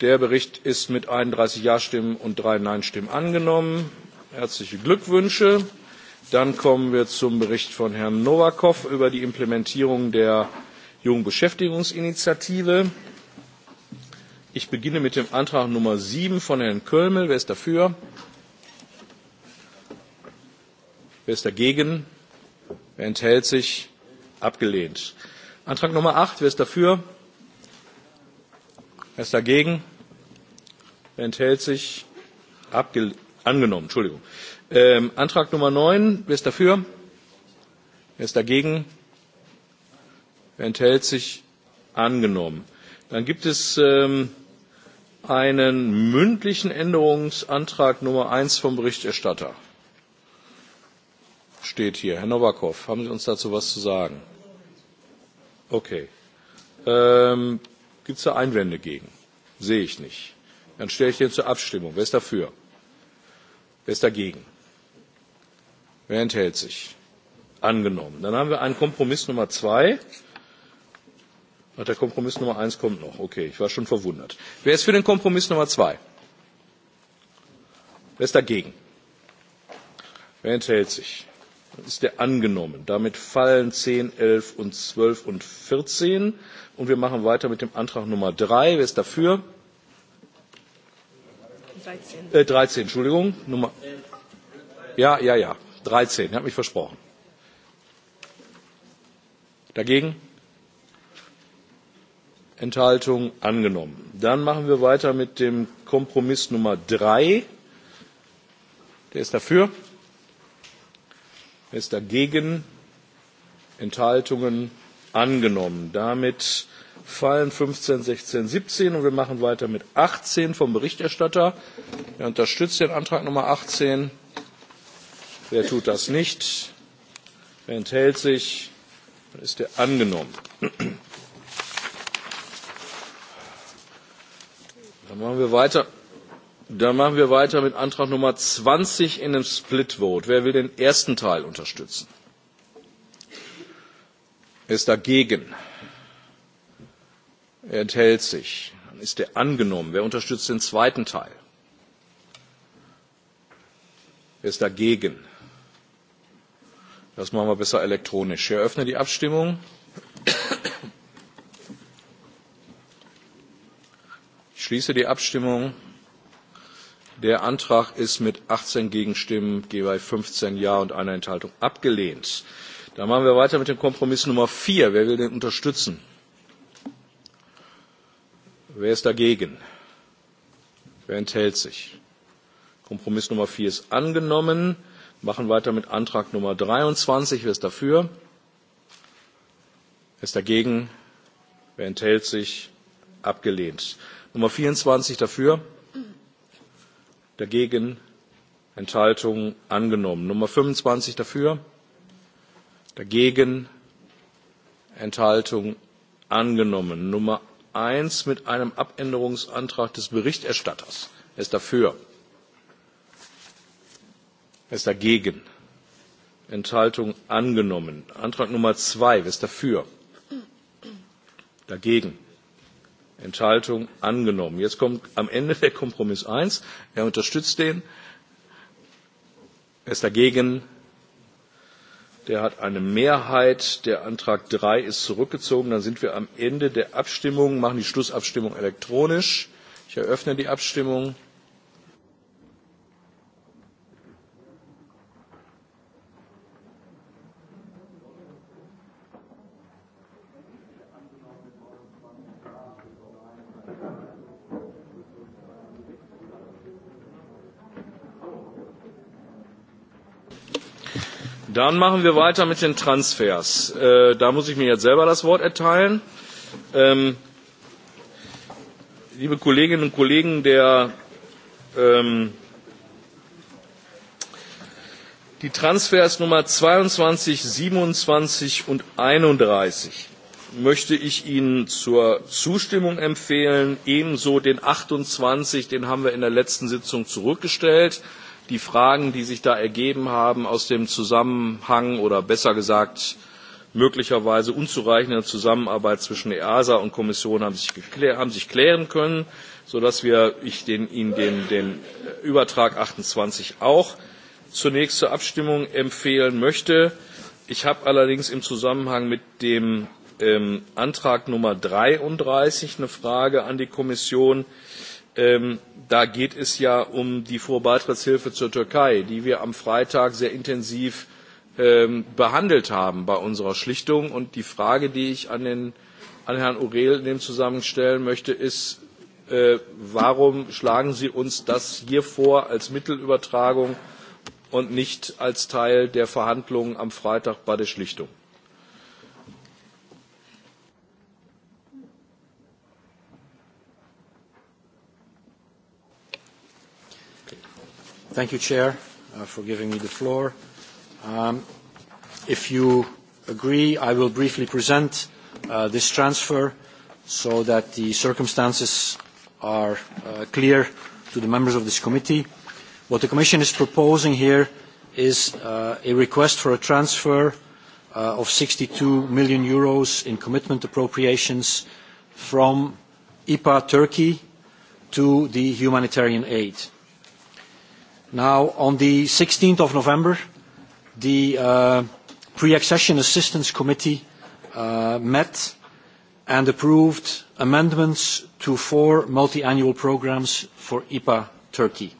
Der Bericht ist mit 31 Ja-Stimmen und drei Nein-Stimmen angenommen. Herzliche Glückwünsche. Dann kommen wir zum Bericht von Herrn Nowakow über die Implementierung der Jungbeschäftigungsinitiative. Beschäftigungsinitiative Ich beginne mit dem Antrag Nummer 7 von Herrn Kölmel. Wer ist dafür? Wer ist dagegen? Wer enthält sich? Abgelehnt. Antrag Nummer 8. Wer ist dafür? Wer ist dagegen? Wer enthält sich? Abge angenommen. Entschuldigung. Ähm, Antrag Nummer 9. Wer ist dafür? Wer ist dagegen? Wer enthält sich? Angenommen. Dann gibt es ähm, einen mündlichen Änderungsantrag Nummer eins vom Berichterstatter. Steht hier. Herr Nowakow, haben Sie uns dazu was zu sagen? Okay. Ähm, Gibt es da Einwände gegen? Sehe ich nicht. Dann stelle ich den zur Abstimmung. Wer ist dafür? Wer ist dagegen? Wer enthält sich? Angenommen. Dann haben wir einen Kompromiss Nummer zwei. Ach, der Kompromiss Nummer eins kommt noch. Okay, ich war schon verwundert. Wer ist für den Kompromiss Nummer zwei? Wer ist dagegen? Wer enthält sich? Dann ist der angenommen. Damit fallen 10, 11 und 12 und 14. Und wir machen weiter mit dem Antrag Nummer 3. Wer ist dafür? 13. Äh, 13, Entschuldigung. Nummer ja, ja, ja. 13. Ich habe mich versprochen. Dagegen? Enthaltungen angenommen. Dann machen wir weiter mit dem Kompromiss Nummer drei. Wer ist dafür? Wer ist dagegen? Enthaltungen angenommen. Damit fallen 15, 16, 17 und wir machen weiter mit 18 vom Berichterstatter. Wer unterstützt den Antrag Nummer 18? Wer tut das nicht? Wer enthält sich? Dann ist er angenommen. Dann machen wir weiter. Dann machen wir weiter mit Antrag Nummer 20 in dem Split Vote. Wer will den ersten Teil unterstützen? Er ist dagegen. Er enthält sich. Dann ist er angenommen. Wer unterstützt den zweiten Teil? Wer ist dagegen? Das machen wir besser elektronisch. Ich eröffne die Abstimmung. schließe die abstimmung. der antrag ist mit achtzehn gegenstimmen bei fünfzehn ja und einer enthaltung abgelehnt. dann machen wir weiter mit dem kompromiss nummer vier. wer will den unterstützen? wer ist dagegen? wer enthält sich? kompromiss nummer vier ist angenommen. machen weiter mit antrag nummer dreiundzwanzig. wer ist dafür? wer ist dagegen? wer enthält sich? abgelehnt. Nummer 24 dafür, dagegen Enthaltungen angenommen. Nummer 25 dafür, dagegen Enthaltungen angenommen. Nummer 1 mit einem Abänderungsantrag des Berichterstatters. Er ist dafür. Er ist dagegen. Enthaltung angenommen. Antrag Nummer 2. Wer ist dafür? Dagegen. Enthaltung angenommen. Jetzt kommt am Ende der Kompromiss 1. Er unterstützt den. Er ist dagegen. Der hat eine Mehrheit. Der Antrag 3 ist zurückgezogen. Dann sind wir am Ende der Abstimmung, machen die Schlussabstimmung elektronisch. Ich eröffne die Abstimmung. Dann machen wir weiter mit den Transfers. Äh, da muss ich mir jetzt selber das Wort erteilen. Ähm, liebe Kolleginnen und Kollegen, der, ähm, die Transfers Nummer 22, 27 und 31 möchte ich Ihnen zur Zustimmung empfehlen. Ebenso den 28, den haben wir in der letzten Sitzung zurückgestellt die Fragen, die sich da ergeben haben aus dem Zusammenhang oder besser gesagt möglicherweise unzureichender Zusammenarbeit zwischen EASA und Kommission haben sich, geklär, haben sich klären können, sodass wir, ich den, Ihnen den, den Übertrag 28 auch zunächst zur Abstimmung empfehlen möchte. Ich habe allerdings im Zusammenhang mit dem ähm, Antrag Nummer 33 eine Frage an die Kommission. Äh, Ähm, da geht es ja um die Vorbeitrittshilfe zur Türkei, die wir am Freitag sehr intensiv ähm, behandelt haben bei unserer Schlichtung. Und die Frage, die ich an, den, an Herrn Urel in dem Zusammenhang stellen möchte, ist, äh, warum schlagen Sie uns das hier vor als Mittelübertragung und nicht als Teil der Verhandlungen am Freitag bei der Schlichtung? Thank you, Chair, uh, for giving me the floor. Um, if you agree, I will briefly present uh, this transfer so that the circumstances are uh, clear to the members of this committee. What the Commission is proposing here is uh, a request for a transfer uh, of 62 million euros in commitment appropriations from IPA Turkey to the humanitarian aid. Now, on the 16th of November, the uh, Pre-Accession Assistance Committee uh, met and approved amendments to four multi-annual programs for IPA Turkey.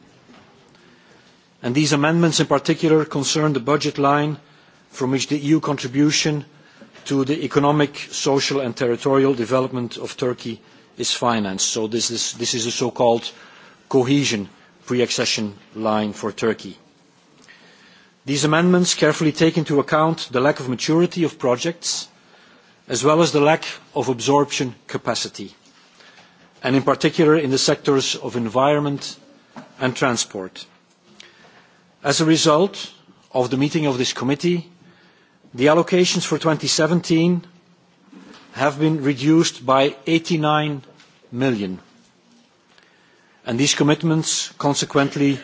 And these amendments in particular concern the budget line from which the EU contribution to the economic, social and territorial development of Turkey is financed. So this is, this is a so-called cohesion pre-accession line for Turkey. These amendments carefully take into account the lack of maturity of projects, as well as the lack of absorption capacity, and in particular in the sectors of environment and transport. As a result of the meeting of this committee, the allocations for 2017 have been reduced by 89 million and these commitments consequently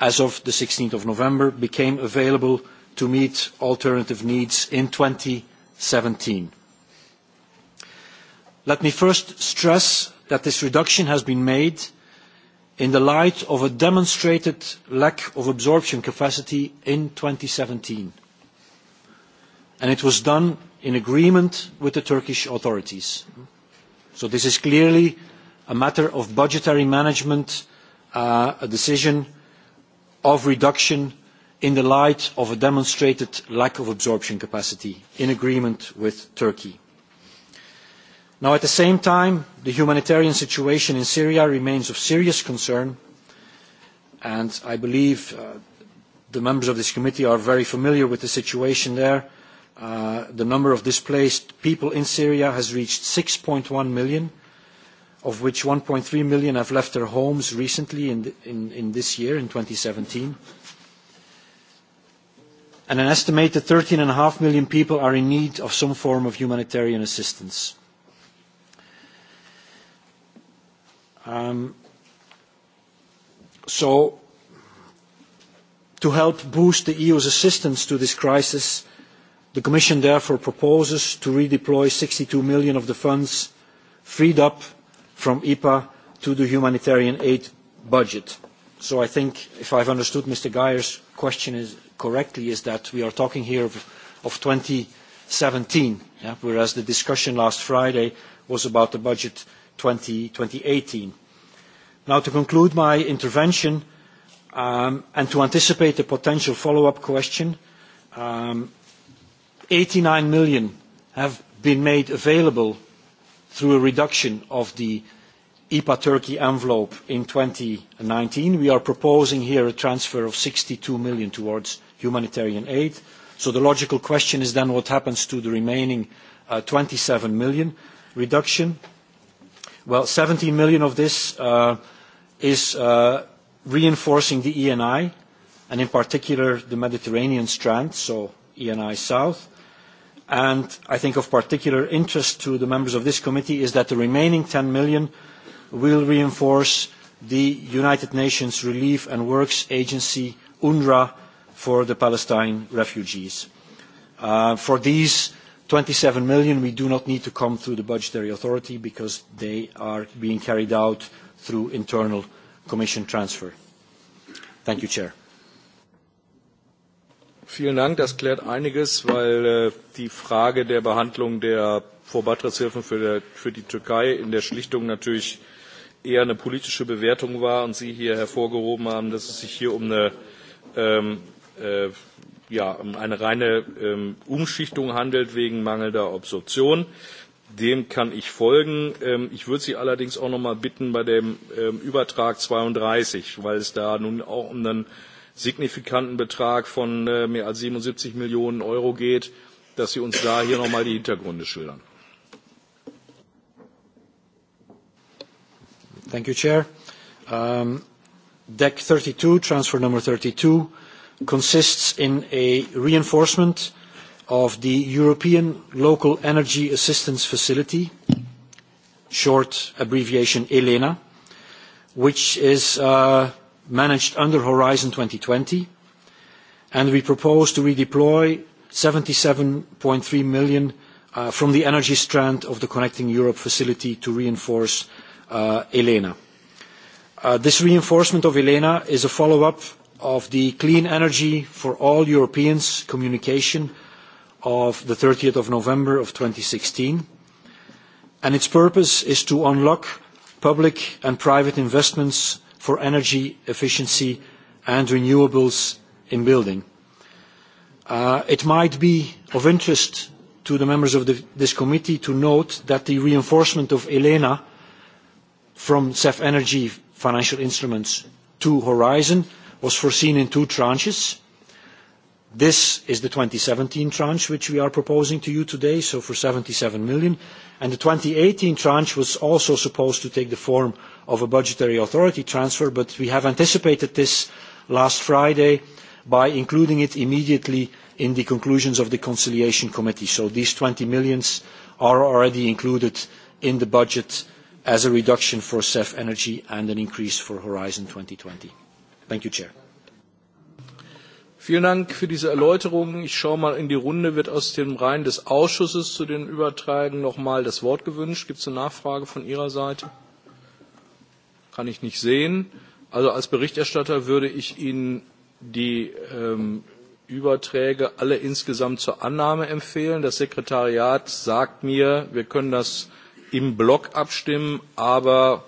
as of the 16th of November became available to meet alternative needs in 2017. Let me first stress that this reduction has been made in the light of a demonstrated lack of absorption capacity in 2017, and it was done in agreement with the Turkish authorities. So This is clearly a matter of budgetary management, uh, a decision of reduction in the light of a demonstrated lack of absorption capacity in agreement with Turkey. Now, at the same time, the humanitarian situation in Syria remains of serious concern, and I believe uh, the members of this committee are very familiar with the situation there. Uh, the number of displaced people in Syria has reached 6.1 million, of which 1.3 million have left their homes recently in, the, in, in this year, in 2017. And an estimated 13.5 million people are in need of some form of humanitarian assistance. Um, so, to help boost the EU's assistance to this crisis, the Commission therefore proposes to redeploy 62 million of the funds freed up from EPA to the humanitarian aid budget. So I think, if I've understood Mr. geier's question is correctly, is that we are talking here of, of 2017, yeah, whereas the discussion last Friday was about the budget 20, 2018. Now, to conclude my intervention um, and to anticipate a potential follow-up question, um, 89 million have been made available through a reduction of the EPA Turkey envelope in 2019. We are proposing here a transfer of 62 million towards humanitarian aid. So the logical question is then what happens to the remaining 27 uh, million reduction? Well, 17 million of this uh, is uh, reinforcing the ENI, and in particular, the Mediterranean strand, so ENI South. And I think of particular interest to the members of this committee is that the remaining 10 million will reinforce the United Nations Relief and Works Agency, UNRWA, for the Palestine refugees. Uh, for these 27 million, we do not need to come through the budgetary authority because they are being carried out through internal commission transfer. Thank you, Chair. Vielen Dank. Das klärt einiges, weil äh, die Frage der Behandlung der Vorbeitrittshilfen für, der, für die Türkei in der Schlichtung natürlich eher eine politische Bewertung war und Sie hier hervorgehoben haben, dass es sich hier um eine, ähm, äh, ja, um eine reine ähm, Umschichtung handelt wegen mangelnder Absorption. Dem kann ich folgen. Ähm, ich würde Sie allerdings auch noch mal bitten bei dem ähm, Übertrag 32, weil es da nun auch um einen signifikanten Betrag von äh, mehr als 77 Millionen Euro geht, dass Sie uns da hier nochmal die Hintergründe schildern. Thank you, Chair. Um, 32, transfer number 32, consists in a reinforcement of the European Local Energy Assistance Facility, short abbreviation ELENA, which is uh, managed under Horizon 2020, and we propose to redeploy 77.3 million uh, from the energy strand of the Connecting Europe facility to reinforce uh, ELENA. Uh, this reinforcement of ELENA is a follow-up of the Clean Energy for All Europeans communication of the 30th of November of 2016, and its purpose is to unlock public and private investments for energy efficiency and renewables in building. Uh, it might be of interest to the members of the, this committee to note that the reinforcement of ELENA from CEF Energy financial instruments to Horizon was foreseen in two tranches This is the 2017 tranche, which we are proposing to you today, so for 77 million. And the 2018 tranche was also supposed to take the form of a budgetary authority transfer, but we have anticipated this last Friday by including it immediately in the conclusions of the conciliation committee. So these 20 millions are already included in the budget as a reduction for CEF Energy and an increase for Horizon 2020. Thank you, Chair. Vielen Dank für diese Erläuterungen. Ich schaue mal in die Runde. Wird aus den Reihen des Ausschusses zu den Übertragen mal das Wort gewünscht? Gibt es eine Nachfrage von Ihrer Seite? Kann ich nicht sehen. Also als Berichterstatter würde ich Ihnen die ähm, Überträge alle insgesamt zur Annahme empfehlen. Das Sekretariat sagt mir, wir können das im Block abstimmen, aber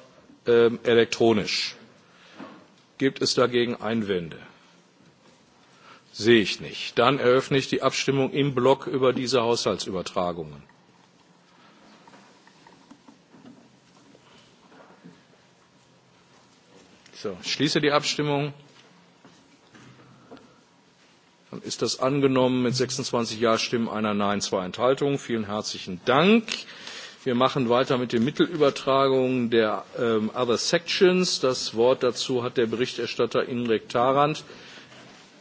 ähm, elektronisch. Gibt es dagegen Einwände? Sehe ich nicht. Dann eröffne ich die Abstimmung im Block über diese Haushaltsübertragungen. So, ich schließe die Abstimmung. Dann ist das angenommen mit 26 Ja-Stimmen, einer Nein, zwei Enthaltungen. Vielen herzlichen Dank. Wir machen weiter mit den Mittelübertragungen der ähm, Other Sections. Das Wort dazu hat der Berichterstatter Inrek Tarand.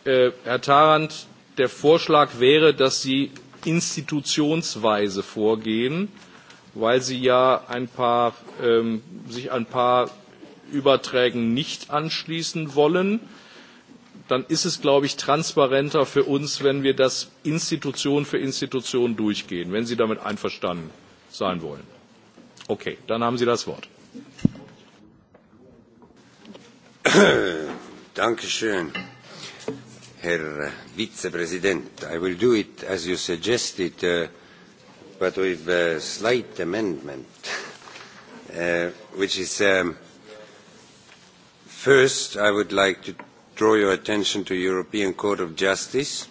Äh, Herr Tarand, der Vorschlag wäre, dass Sie institutionsweise vorgehen, weil Sie ja ein paar, ähm, sich ein paar Überträgen nicht anschließen wollen dann ist es, glaube ich, transparenter für uns, wenn wir das Institution für Institution durchgehen, wenn Sie damit einverstanden sein wollen. Okay, dann haben Sie das Wort. Dankeschön. Herr Vice-President. I will do it as you suggested, uh, but with a slight amendment, uh, which is um, first I would like to draw your attention to European Court of Justice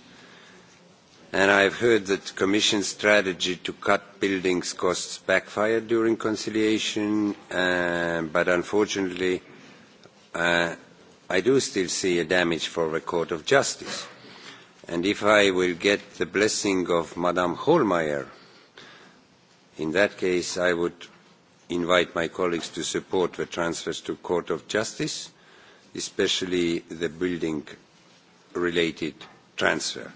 and I have heard that Commission strategy to cut buildings costs backfired during conciliation, uh, but unfortunately, uh, i do still see a damage for the Court of Justice. And if I will get the blessing of Madame Hohlmeier, in that case I would invite my colleagues to support the transfers to Court of Justice, especially the building-related transfer.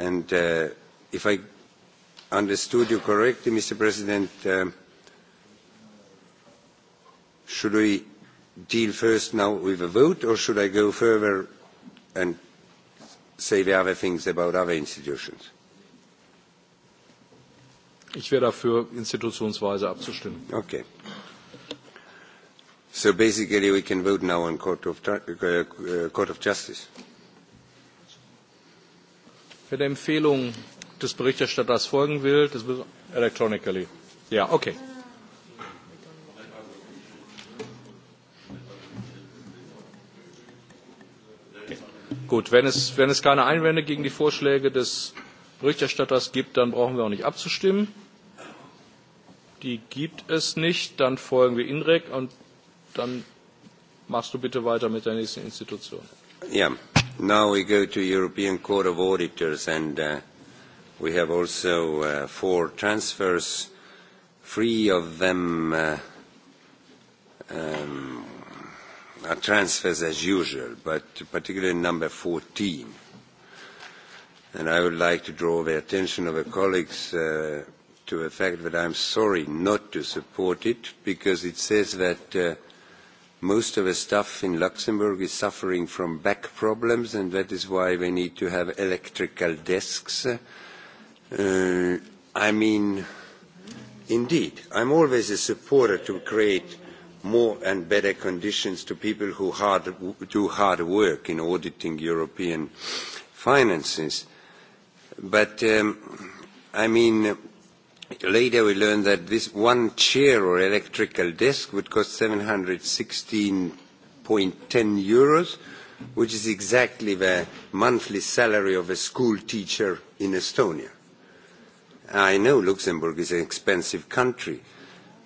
And uh, if I understood you correctly, Mr. President, uh, should we deal first now with a vote, or should I go further and say the other things about other institutions? Ich wäre dafür, institutionsweise abzustimmen. Okay. So basically we can vote now on Court of, uh, uh, Court of Justice. Wer der Empfehlung des Berichterstatters folgen will, das wird electronically. Ja, yeah, okay. Gut, wenn es, wenn es keine Einwände gegen die Vorschläge des Berichterstatters gibt, dann brauchen wir auch nicht abzustimmen. Die gibt es nicht. Dann folgen wir INREC und dann machst du bitte weiter mit der nächsten Institution. Yeah. Now we go to European Court of Auditors and uh, we have also uh, four transfers. Three of them uh, um, Uh, transfers as usual, but particularly number 14. And I would like to draw the attention of the colleagues uh, to the fact that I'm sorry not to support it, because it says that uh, most of the staff in Luxembourg is suffering from back problems, and that is why they need to have electrical desks. Uh, I mean, indeed, I'm always a supporter to create more and better conditions to people who hard, do hard work in auditing European finances. But, um, I mean, later we learned that this one chair or electrical desk would cost 716.10 euros, which is exactly the monthly salary of a school teacher in Estonia. I know Luxembourg is an expensive country,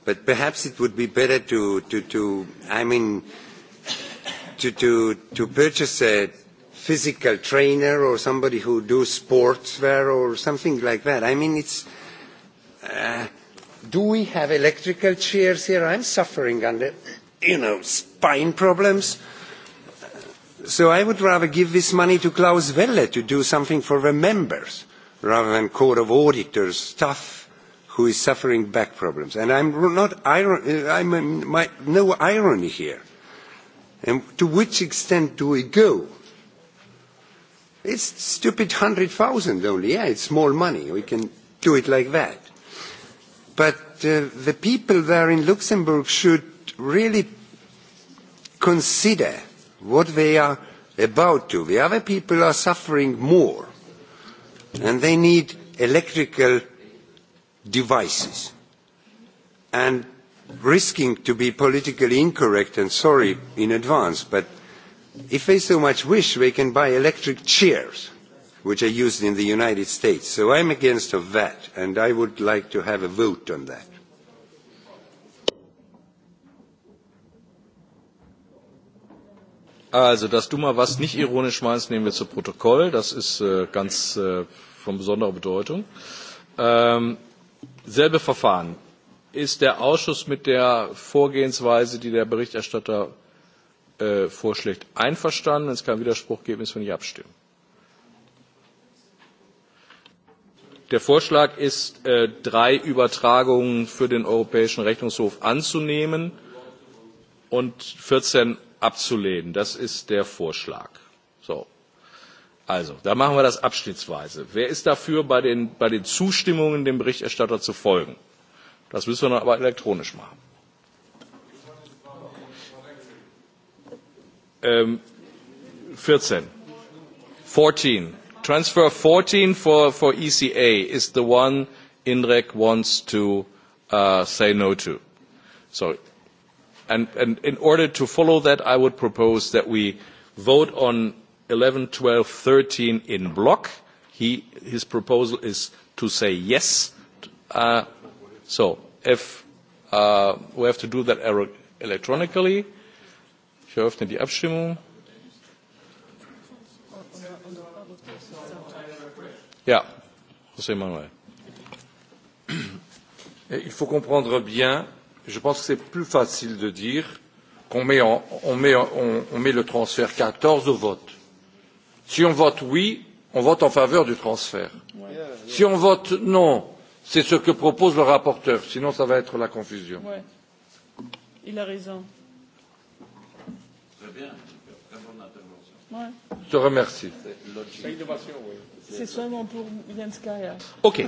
But perhaps it would be better to, to, to I mean, to, to, to purchase a physical trainer or somebody who does there or something like that. I mean, it's. Uh, do we have electrical chairs here? I'm suffering under, you know, spine problems. So I would rather give this money to Klaus Welle to do something for the members rather than Court of Auditors stuff who is suffering back problems. And I'm not iron, uh, I'm uh, my, no irony here. And to which extent do we go? It's stupid hundred thousand only. Yeah, it's small money. We can do it like that. But uh, the people there in Luxembourg should really consider what they are about to. The other people are suffering more, and they need electrical devices. And risking to be politically incorrect, and sorry in advance, but if they so much wish, they can buy electric chairs, which are used in the United States. So I'm against of that, and I would like to have a vote on that. Also, dass du mal was nicht ironisch meinst, nehmen wir zu Protokoll. Das ist äh, ganz äh, von besonderer Bedeutung. Ähm, selbe Verfahren. Ist der Ausschuss mit der Vorgehensweise, die der Berichterstatter äh, vorschlägt, einverstanden? Wenn es keinen Widerspruch gibt, müssen wir nicht abstimmen. Der Vorschlag ist, äh, drei Übertragungen für den Europäischen Rechnungshof anzunehmen und 14 abzulehnen. Das ist der Vorschlag. Also, da machen wir das abschnittsweise. Wer ist dafür, bei den, bei den Zustimmungen dem Berichterstatter zu folgen? Das müssen wir dann aber elektronisch machen. Ähm, 14. 14. Transfer 14 for, for ECA is the one INREC wants to uh, say no to. So, and, and in order to follow that, I would propose that we vote on 11, 12, 13 in block. He, his proposal is to say yes. Uh, so if uh, we have to do that electronically, ich eröffne die Abstimmung. Ja, José Manuel. Il faut comprendre bien, je pense que c'est plus facile de dire qu'on met, on met, on, on met le transfert 14 au vote si on vote oui, on vote en faveur du transfert. Si on vote non, c'est ce que propose le rapporteur, sinon ça va être la confusion. Ouais. Il a raison. Très bien. Ouais. Je te remercie. C'est seulement pour Jens Kaya. OK.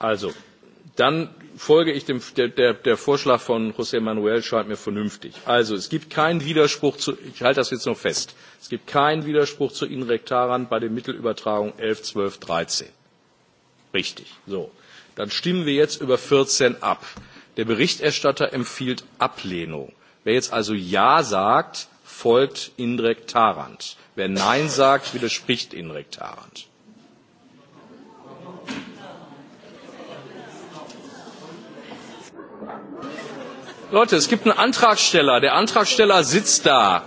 Also, dann folge ich dem, der, der, der Vorschlag von José Manuel scheint mir vernünftig. Also es gibt keinen Widerspruch zu, ich halte das jetzt noch fest, es gibt keinen Widerspruch zu Inrektaran bei den Mittelübertragungen elf, zwölf, dreizehn. Richtig. So. Dann stimmen wir jetzt über vierzehn ab. Der Berichterstatter empfiehlt Ablehnung. Wer jetzt also Ja sagt, folgt Indrek Tarant. Wer Nein sagt, widerspricht Indrek Tarant. Leute, es gibt einen Antragsteller. Der Antragsteller sitzt da.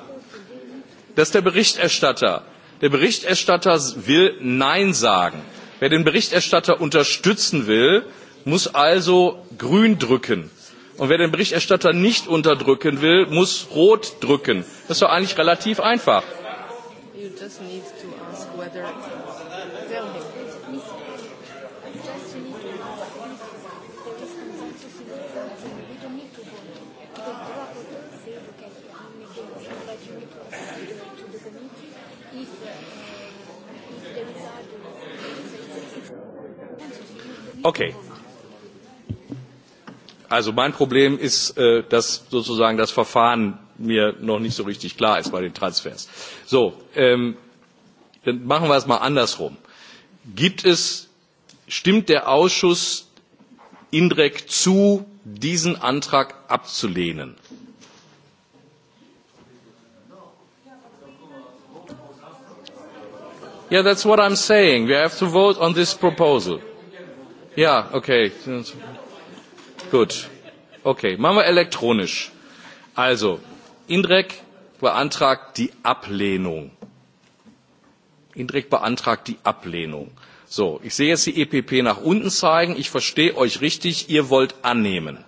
Das ist der Berichterstatter. Der Berichterstatter will Nein sagen. Wer den Berichterstatter unterstützen will, muss also grün drücken. Und wer den Berichterstatter nicht unterdrücken will, muss rot drücken. Das ist doch eigentlich relativ einfach. You just need to ask whether Okay. Also mein Problem ist, äh, dass sozusagen das Verfahren mir noch nicht so richtig klar ist bei den Transfers. So, ähm, dann machen wir es mal andersrum. Gibt es, stimmt der Ausschuss indirekt zu, diesen Antrag abzulehnen? Yeah, that's what I'm saying. We have to vote on this proposal. Ja, okay. Gut. Okay, machen wir elektronisch. Also, Indrek beantragt die Ablehnung. Indrek beantragt die Ablehnung. So, ich sehe jetzt die EPP nach unten zeigen. Ich verstehe euch richtig, ihr wollt annehmen.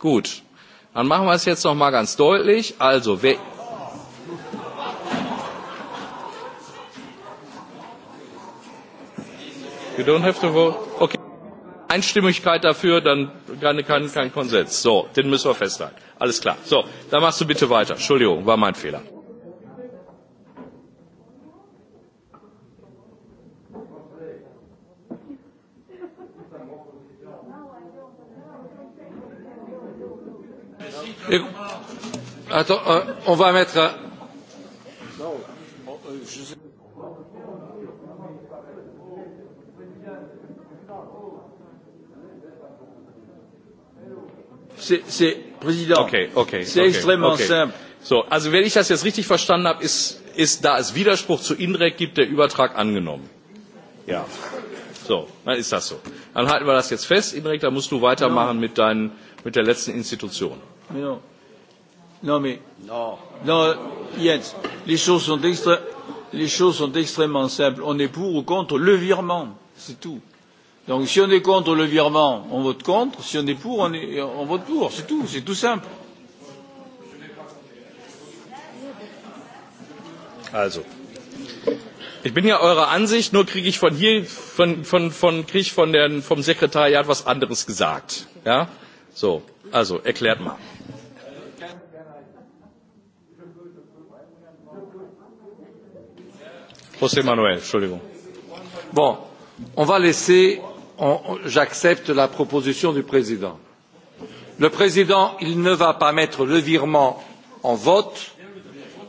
Gut, dann machen wir es jetzt noch mal ganz deutlich. Also, wer You don't have to vote? Okay. Einstimmigkeit dafür, dann keine, kein, kein Konsens. So, den müssen wir festhalten. Alles klar. So, dann machst du bitte weiter. Entschuldigung, war mein Fehler. Attends, euh, on va mettre. Un... c'est président. Okay, okay, c'est okay, extrêmement okay. simple. So, also wenn ich das jetzt richtig verstanden habe, ist, ist, da es Widerspruch zu INREC gibt, der Übertrag angenommen. Ja. So, dann ist das so. Dann halten wir das jetzt fest. INREC, da musst du weitermachen no. mit, deinen, mit der letzten Institution. No. Non, mais. Non. Non, Jens, les choses, sont extré... les choses sont extrêmement simples. On est pour ou contre le virement. C'est tout. Donc si on est contre le virement, on vote contre. Si on est pour, on, est, on vote pour. C'est tout. C'est tout simple. Also. Ich bin ja eurer Ansicht, nur kriege ich von hier, von, von, von, krieg ich von der, vom Sekretariat was anderes gesagt. Ja? So, also erklärt mal. José Manuel, Entschuldigung. Bon, on va laisser j'accepte la proposition du président. le président ne va pas mettre le virement en vote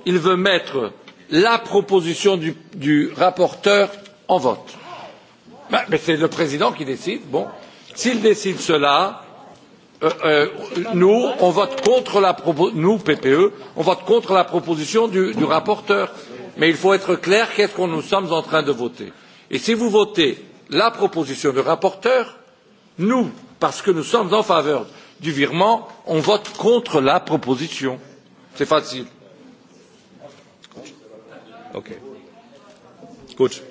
il veut mettre la proposition du, du rapporteur en vote. Ben, mais c'est le président qui décide. Bon, s'il décide cela, euh, euh, nous, on vote contre la nous PPE, on vote contre la proposition du, du rapporteur. Mais il faut être clair qu'est-ce qu'on nous sommes en train de voter. Et si vous votez la proposition du rapporteur nous parce que nous sommes en faveur du virement on vote contre la proposition. c'est facile. Okay. Gut.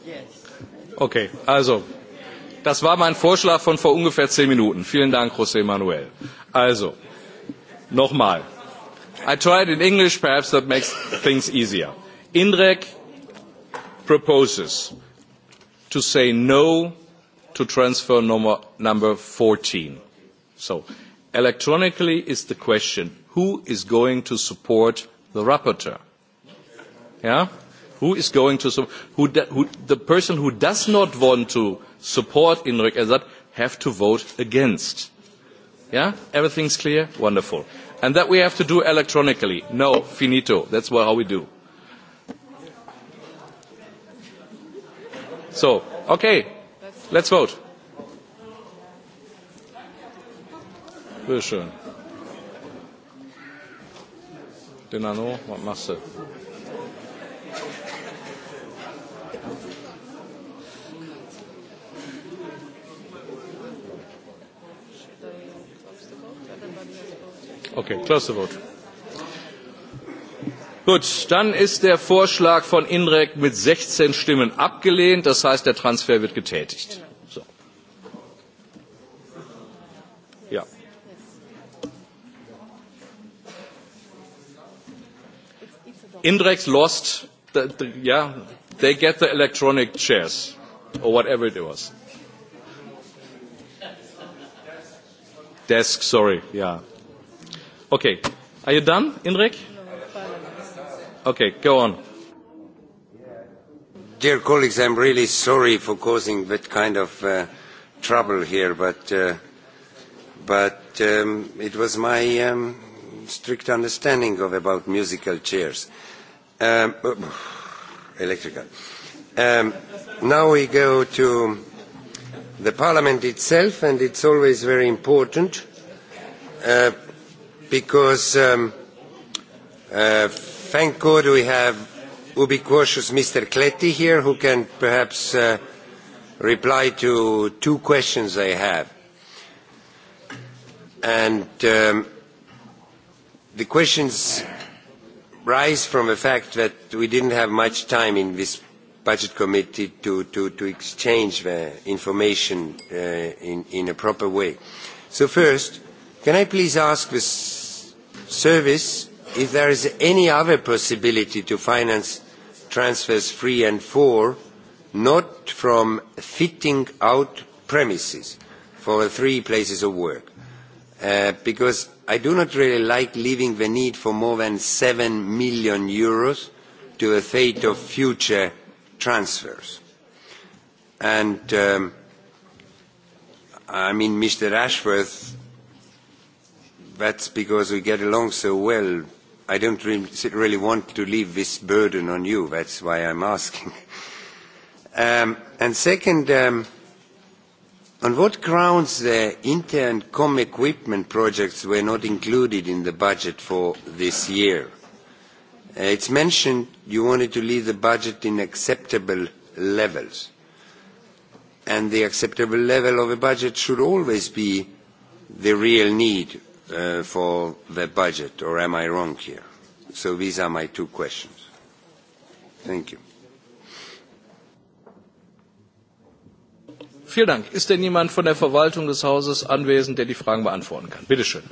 Okay, also, das war mein Vorschlag von vor ungefähr zehn Minuten. Vielen Dank, José Manuel. Also, nochmal. I tried in English, perhaps that makes things easier. indrek proposes to say no to transfer number, number 14. So electronically is the question, who is going to support the rapporteur? Yeah? Who is going to support, who, who, the person who does not want to support Inrik Azad have to vote against. Yeah? Everything's clear? Wonderful. And that we have to do electronically. No, finito. That's how we do. So, okay, let's vote. Bitte schön. Denano, was machst du? Okay, close the vote. Gut, dann ist der Vorschlag von INREC mit 16 Stimmen abgelehnt. Das heißt, der Transfer wird getätigt. So. Ja. INREC's lost. The, the, yeah, they get the electronic chairs or whatever it was. Desk, sorry, yeah. Okay. Are you done, INREC? Okay, go on. Dear colleagues, I'm really sorry for causing that kind of uh, trouble here, but, uh, but um, it was my um, strict understanding of about musical chairs. Um, oh, electrical. now we go to the parliament itself, and it's always very important uh, because Thank God we have ubiquitous Mr. Kleti here who can perhaps uh, reply to two questions I have. And um, the questions rise from the fact that we didn't have much time in this budget committee to, to, to exchange the information uh, in, in a proper way. So first, can I please ask the service if there is any other possibility to finance transfers three and four, not from fitting out premises for three places of work, uh, because I do not really like leaving the need for more than seven million euros to the fate of future transfers. And um, I mean, Mr. Ashworth, that's because we get along so well i don't really want to leave this burden on you. That's why I'm asking. Um, and second, um, on what grounds the Inter and Com equipment projects were not included in the budget for this year? Uh, it's mentioned you wanted to leave the budget in acceptable levels. And the acceptable level of a budget should always be the real need Uh, for the budget, or am I wrong here? So these are my two questions. Thank you. Vielen Dank. Ist denn jemand von der Verwaltung des Hauses anwesend, der die Fragen beantworten kann? Bitte schön.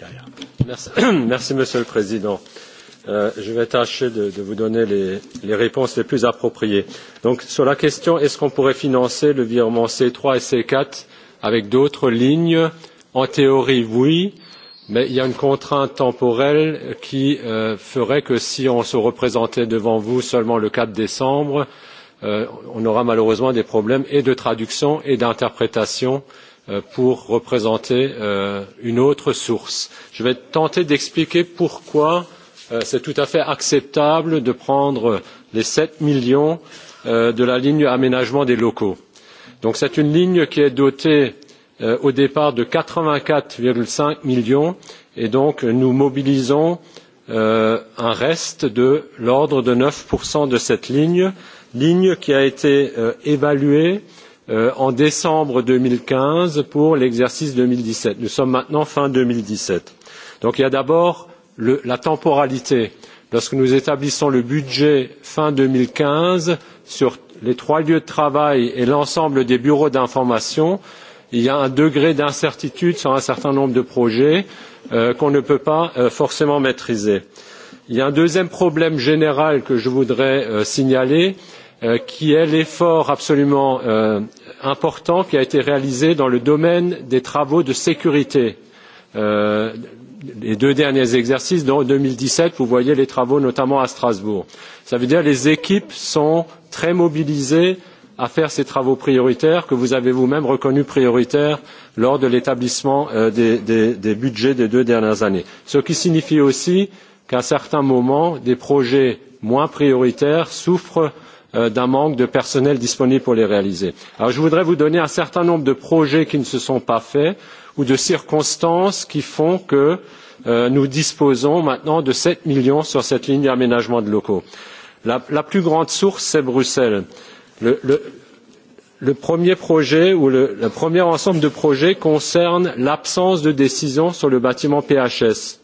Ja, ja. Merci, merci, Monsieur le Président. Euh, je vais tâcher de, de vous donner les, les réponses les plus appropriées. Donc, sur la question, est-ce qu'on pourrait financer le virement C3 et C4 avec d'autres lignes En théorie, oui, mais il y a une contrainte temporelle qui euh, ferait que si on se représentait devant vous seulement le 4 décembre, euh, on aura malheureusement des problèmes et de traduction et d'interprétation euh, pour représenter euh, une autre source. Je vais tenter d'expliquer pourquoi euh, c'est tout à fait acceptable de prendre les 7 millions euh, de la ligne aménagement des locaux. Donc c'est une ligne qui est dotée Euh, au départ de quatre vingt quatre cinq millions et donc nous mobilisons euh, un reste de l'ordre de neuf de cette ligne ligne qui a été euh, évaluée euh, en décembre deux mille quinze pour l'exercice deux mille dix sept nous sommes maintenant fin deux mille dix sept donc il y a d'abord la temporalité lorsque nous établissons le budget fin deux mille quinze sur les trois lieux de travail et l'ensemble des bureaux d'information nous il y a un degré d'incertitude sur un certain nombre de projets euh, qu'on ne peut pas euh, forcément maîtriser. Il y a un deuxième problème général que je voudrais euh, signaler, euh, qui est l'effort absolument euh, important qui a été réalisé dans le domaine des travaux de sécurité. Euh, les deux derniers exercices, dans 2017, vous voyez les travaux notamment à Strasbourg. Ça veut dire que les équipes sont très mobilisées à faire ces travaux prioritaires que vous avez vous même reconnus prioritaires lors de l'établissement euh, des, des, des budgets des deux dernières années ce qui signifie aussi qu'à certains moments des projets moins prioritaires souffrent euh, d'un manque de personnel disponible pour les réaliser. Alors, je voudrais vous donner un certain nombre de projets qui ne se sont pas faits ou de circonstances qui font que euh, nous disposons maintenant de sept millions sur cette ligne d'aménagement de locaux. La, la plus grande source c'est bruxelles. Euh, Le, le, le premier projet ou le, le premier ensemble de projets concerne l'absence de décision sur le bâtiment PHS,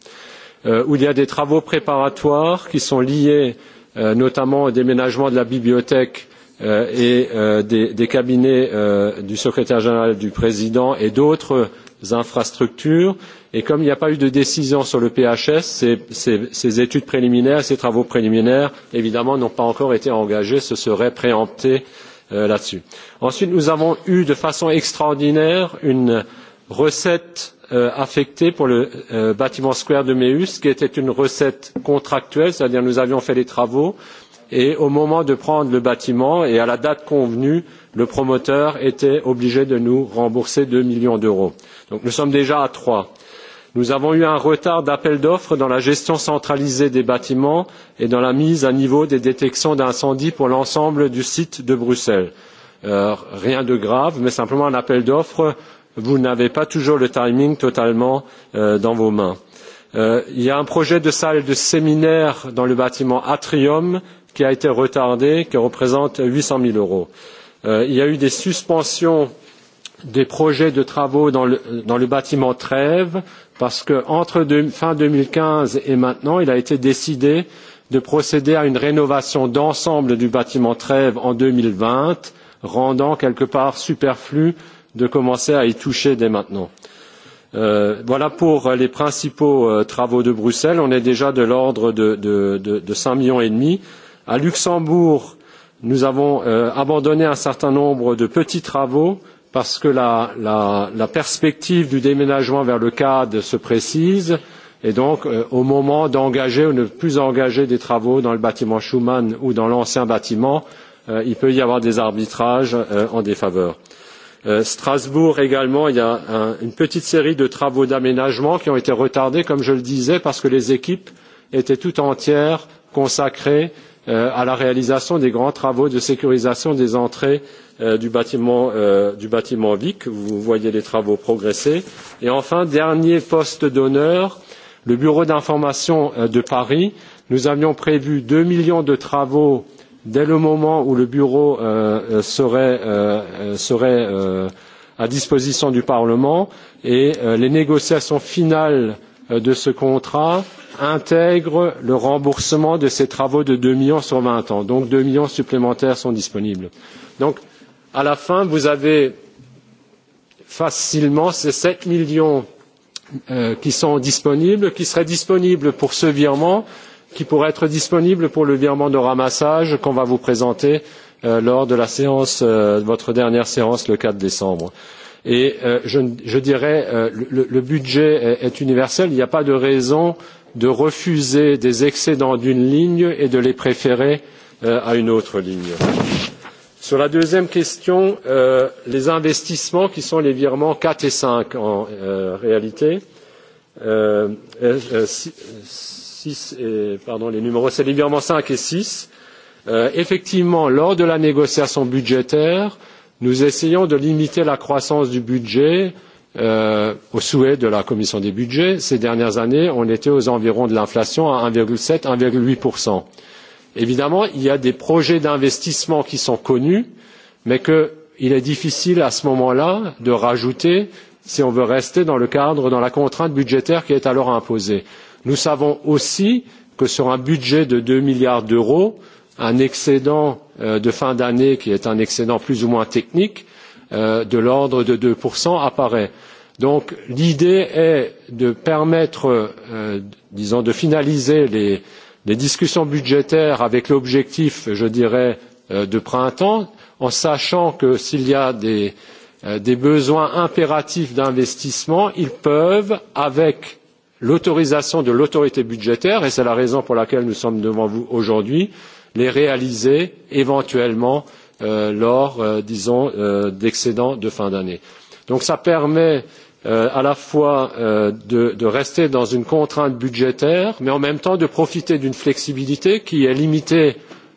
euh, où il y a des travaux préparatoires qui sont liés euh, notamment au déménagement de la bibliothèque euh, et euh, des, des cabinets euh, du secrétaire général du président et d'autres infrastructures euh, Et comme il n'y a pas eu de décision sur le PHS, ces, ces, ces études préliminaires, ces travaux préliminaires, évidemment, n'ont pas encore été engagés. Ce serait préempté euh, là-dessus. Ensuite, nous avons eu de façon extraordinaire une recette euh, affectée pour le euh, bâtiment Square de Meus, qui était une recette contractuelle, c'est-à-dire nous avions fait les travaux, et au moment de prendre le bâtiment et à la date convenue, le promoteur était obligé de nous rembourser 2 millions d'euros. Donc nous sommes déjà à 3 nous avons eu un retard d'appel d'offres dans la gestion centralisée des bâtiments et dans la mise à niveau des détections d'incendie pour l'ensemble du site de bruxelles. Euh, rien de grave mais simplement un appel d'offres vous n'avez pas toujours le timing totalement euh, dans vos mains. Euh, il y a un projet de salle de séminaire dans le bâtiment atrium qui a été retardé qui représente huit cents zéro euros. Euh, il y a eu des suspensions euh, des projets de travaux dans le, dans le bâtiment Trève, parce que entre de, fin 2015 et maintenant, il a été décidé de procéder à une rénovation d'ensemble du bâtiment Trève en 2020, rendant quelque part superflu de commencer à y toucher dès maintenant. Euh, voilà pour les principaux euh, travaux de Bruxelles. On est déjà de l'ordre de, de, de, de 5 millions et demi. À Luxembourg, nous avons euh, abandonné un certain nombre de petits travaux parce que la, la, la perspective du déménagement vers le CAD se précise et donc euh, au moment d'engager ou ne plus engager des travaux dans le bâtiment Schuman ou dans l'ancien bâtiment, euh, il peut y avoir des arbitrages euh, en défaveur. Euh, Strasbourg également, il y a un, une petite série de travaux d'aménagement qui ont été retardés, comme je le disais, parce que les équipes étaient tout entières consacrées Euh, à la réalisation des grands travaux de sécurisation des entrées euh, du bâtiment, euh, du bâtiment VIC. Vous voyez les travaux progresser. Et enfin, dernier poste d'honneur, le Bureau d'information de Paris. Nous avions prévu 2 millions de travaux dès le moment où le Bureau euh, serait, euh, serait euh, à disposition du Parlement et euh, les négociations finales euh, de ce contrat intègre le remboursement de ces travaux de 2 millions sur 20 ans. Donc 2 millions supplémentaires sont disponibles. Donc à la fin, vous avez facilement ces 7 millions euh, qui sont disponibles, qui seraient disponibles pour ce virement, qui pourraient être disponibles pour le virement de ramassage qu'on va vous présenter euh, lors de la séance, euh, votre dernière séance le 4 décembre et euh, je, je dirais euh, le, le budget est, est universel, il n'y a pas de raison de refuser des excédents d'une ligne et de les préférer euh, à une autre ligne. Sur la deuxième question, euh, les investissements qui sont les virements 4 et 5 en euh, réalité, euh, euh, 6 et, pardon, les numéros, c'est les virements 5 et 6. Euh, effectivement, lors de la négociation budgétaire, euh, nous essayons de limiter la croissance du budget euh, au souhait de la commission des budgets. Ces dernières années, on était aux environs de l'inflation à 1,7, 1,8 Évidemment, il y a des projets d'investissement qui sont connus, mais qu'il est difficile à ce moment-là de rajouter si on veut rester dans le cadre, dans la contrainte budgétaire qui est alors imposée. Nous savons aussi que sur un budget de 2 milliards d'euros, un excédent euh, de fin d'année qui est un excédent plus ou moins technique euh, de l'ordre de deux apparaît. donc l'idée est de permettre euh, disons de finaliser les, les discussions budgétaires avec l'objectif je dirais de printemps en sachant que s'il y a des, des besoins impératifs d'investissement ils peuvent avec l'autorisation de l'autorité budgétaire et c'est la raison pour laquelle nous sommes devant vous aujourd'hui les réaliser éventuellement euh, lors, euh, disons, euh, d'excédents de fin d'année. Donc ça permet euh, à la fois euh, de, de rester dans une contrainte budgétaire, mais en même temps de profiter d'une flexibilité qui est limitée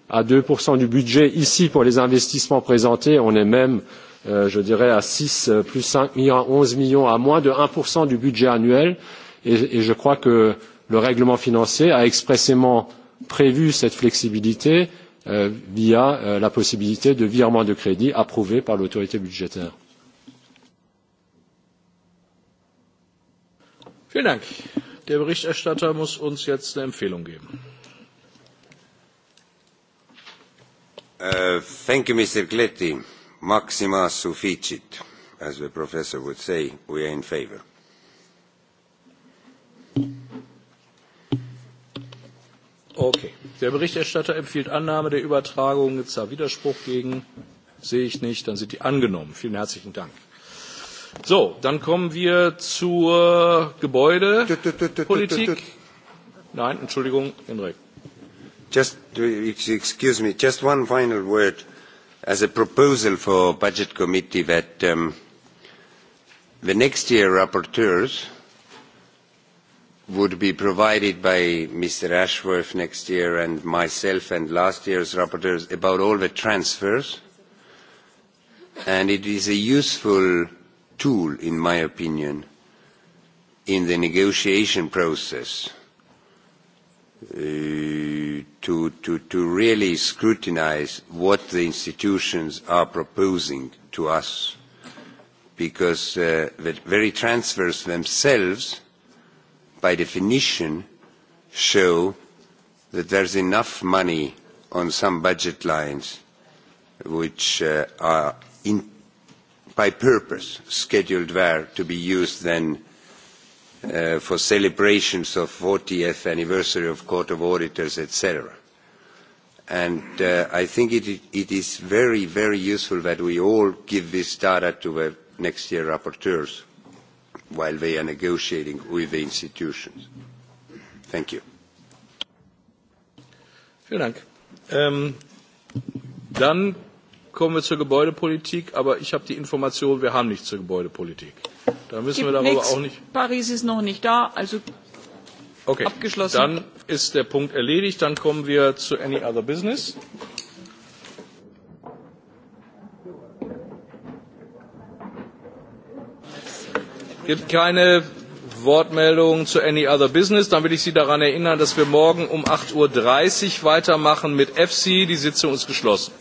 à 2% du budget. Ici, pour les investissements présentés, on est même, euh, je dirais, à 6 euh, plus 5 millions, à 11 millions, à moins de 1% du budget annuel. Et, et je crois que le règlement financier a expressément euh, prévu cette flexibilité euh, via euh, la possibilité de virements de crédit approuvés par l'autorité budgétaire. Vielen Dank. Der Berichterstatter muss uns jetzt eine Empfehlung geben. Uh, thank you, Mr. Kletti. Maxima sufficit, as the professor would say, we are in favor. Okay. Der Berichterstatter empfiehlt Annahme der Übertragung. Gibt es da Widerspruch gegen? Sehe ich nicht. Dann sind die angenommen. Vielen herzlichen Dank. So, dann kommen wir zur Gebäudepolitik. Nein, Entschuldigung, Henrik. Just, excuse me, just one final word as a proposal for Budget Committee that um, the next year rapporteurs would be provided by Mr. Ashworth next year and myself and last year's rapporteurs about all the transfers. And it is a useful tool, in my opinion, in the negotiation process uh, to, to, to really scrutinize what the institutions are proposing to us because uh, the very transfers themselves by definition show that there's enough money on some budget lines which uh, are in, by purpose scheduled there to be used then uh, for celebrations of 40th anniversary of Court of Auditors, etc. And uh, I think it, it is very, very useful that we all give this data to the next year rapporteurs while they are negotiating with the institutions. Thank you. Vielen Dank. Ähm, dann kommen wir zur Gebäudepolitik, aber ich habe die Information, wir haben nichts zur Gebäudepolitik. Da müssen Gibt wir darüber nichts. auch nicht. Paris ist noch nicht da, also okay. abgeschlossen. Dann ist der Punkt erledigt. Dann kommen wir zu Any Other Business. gibt keine Wortmeldungen zu any other business. Dann will ich Sie daran erinnern, dass wir morgen um 8.30 Uhr weitermachen mit EFSI. Die Sitzung ist geschlossen.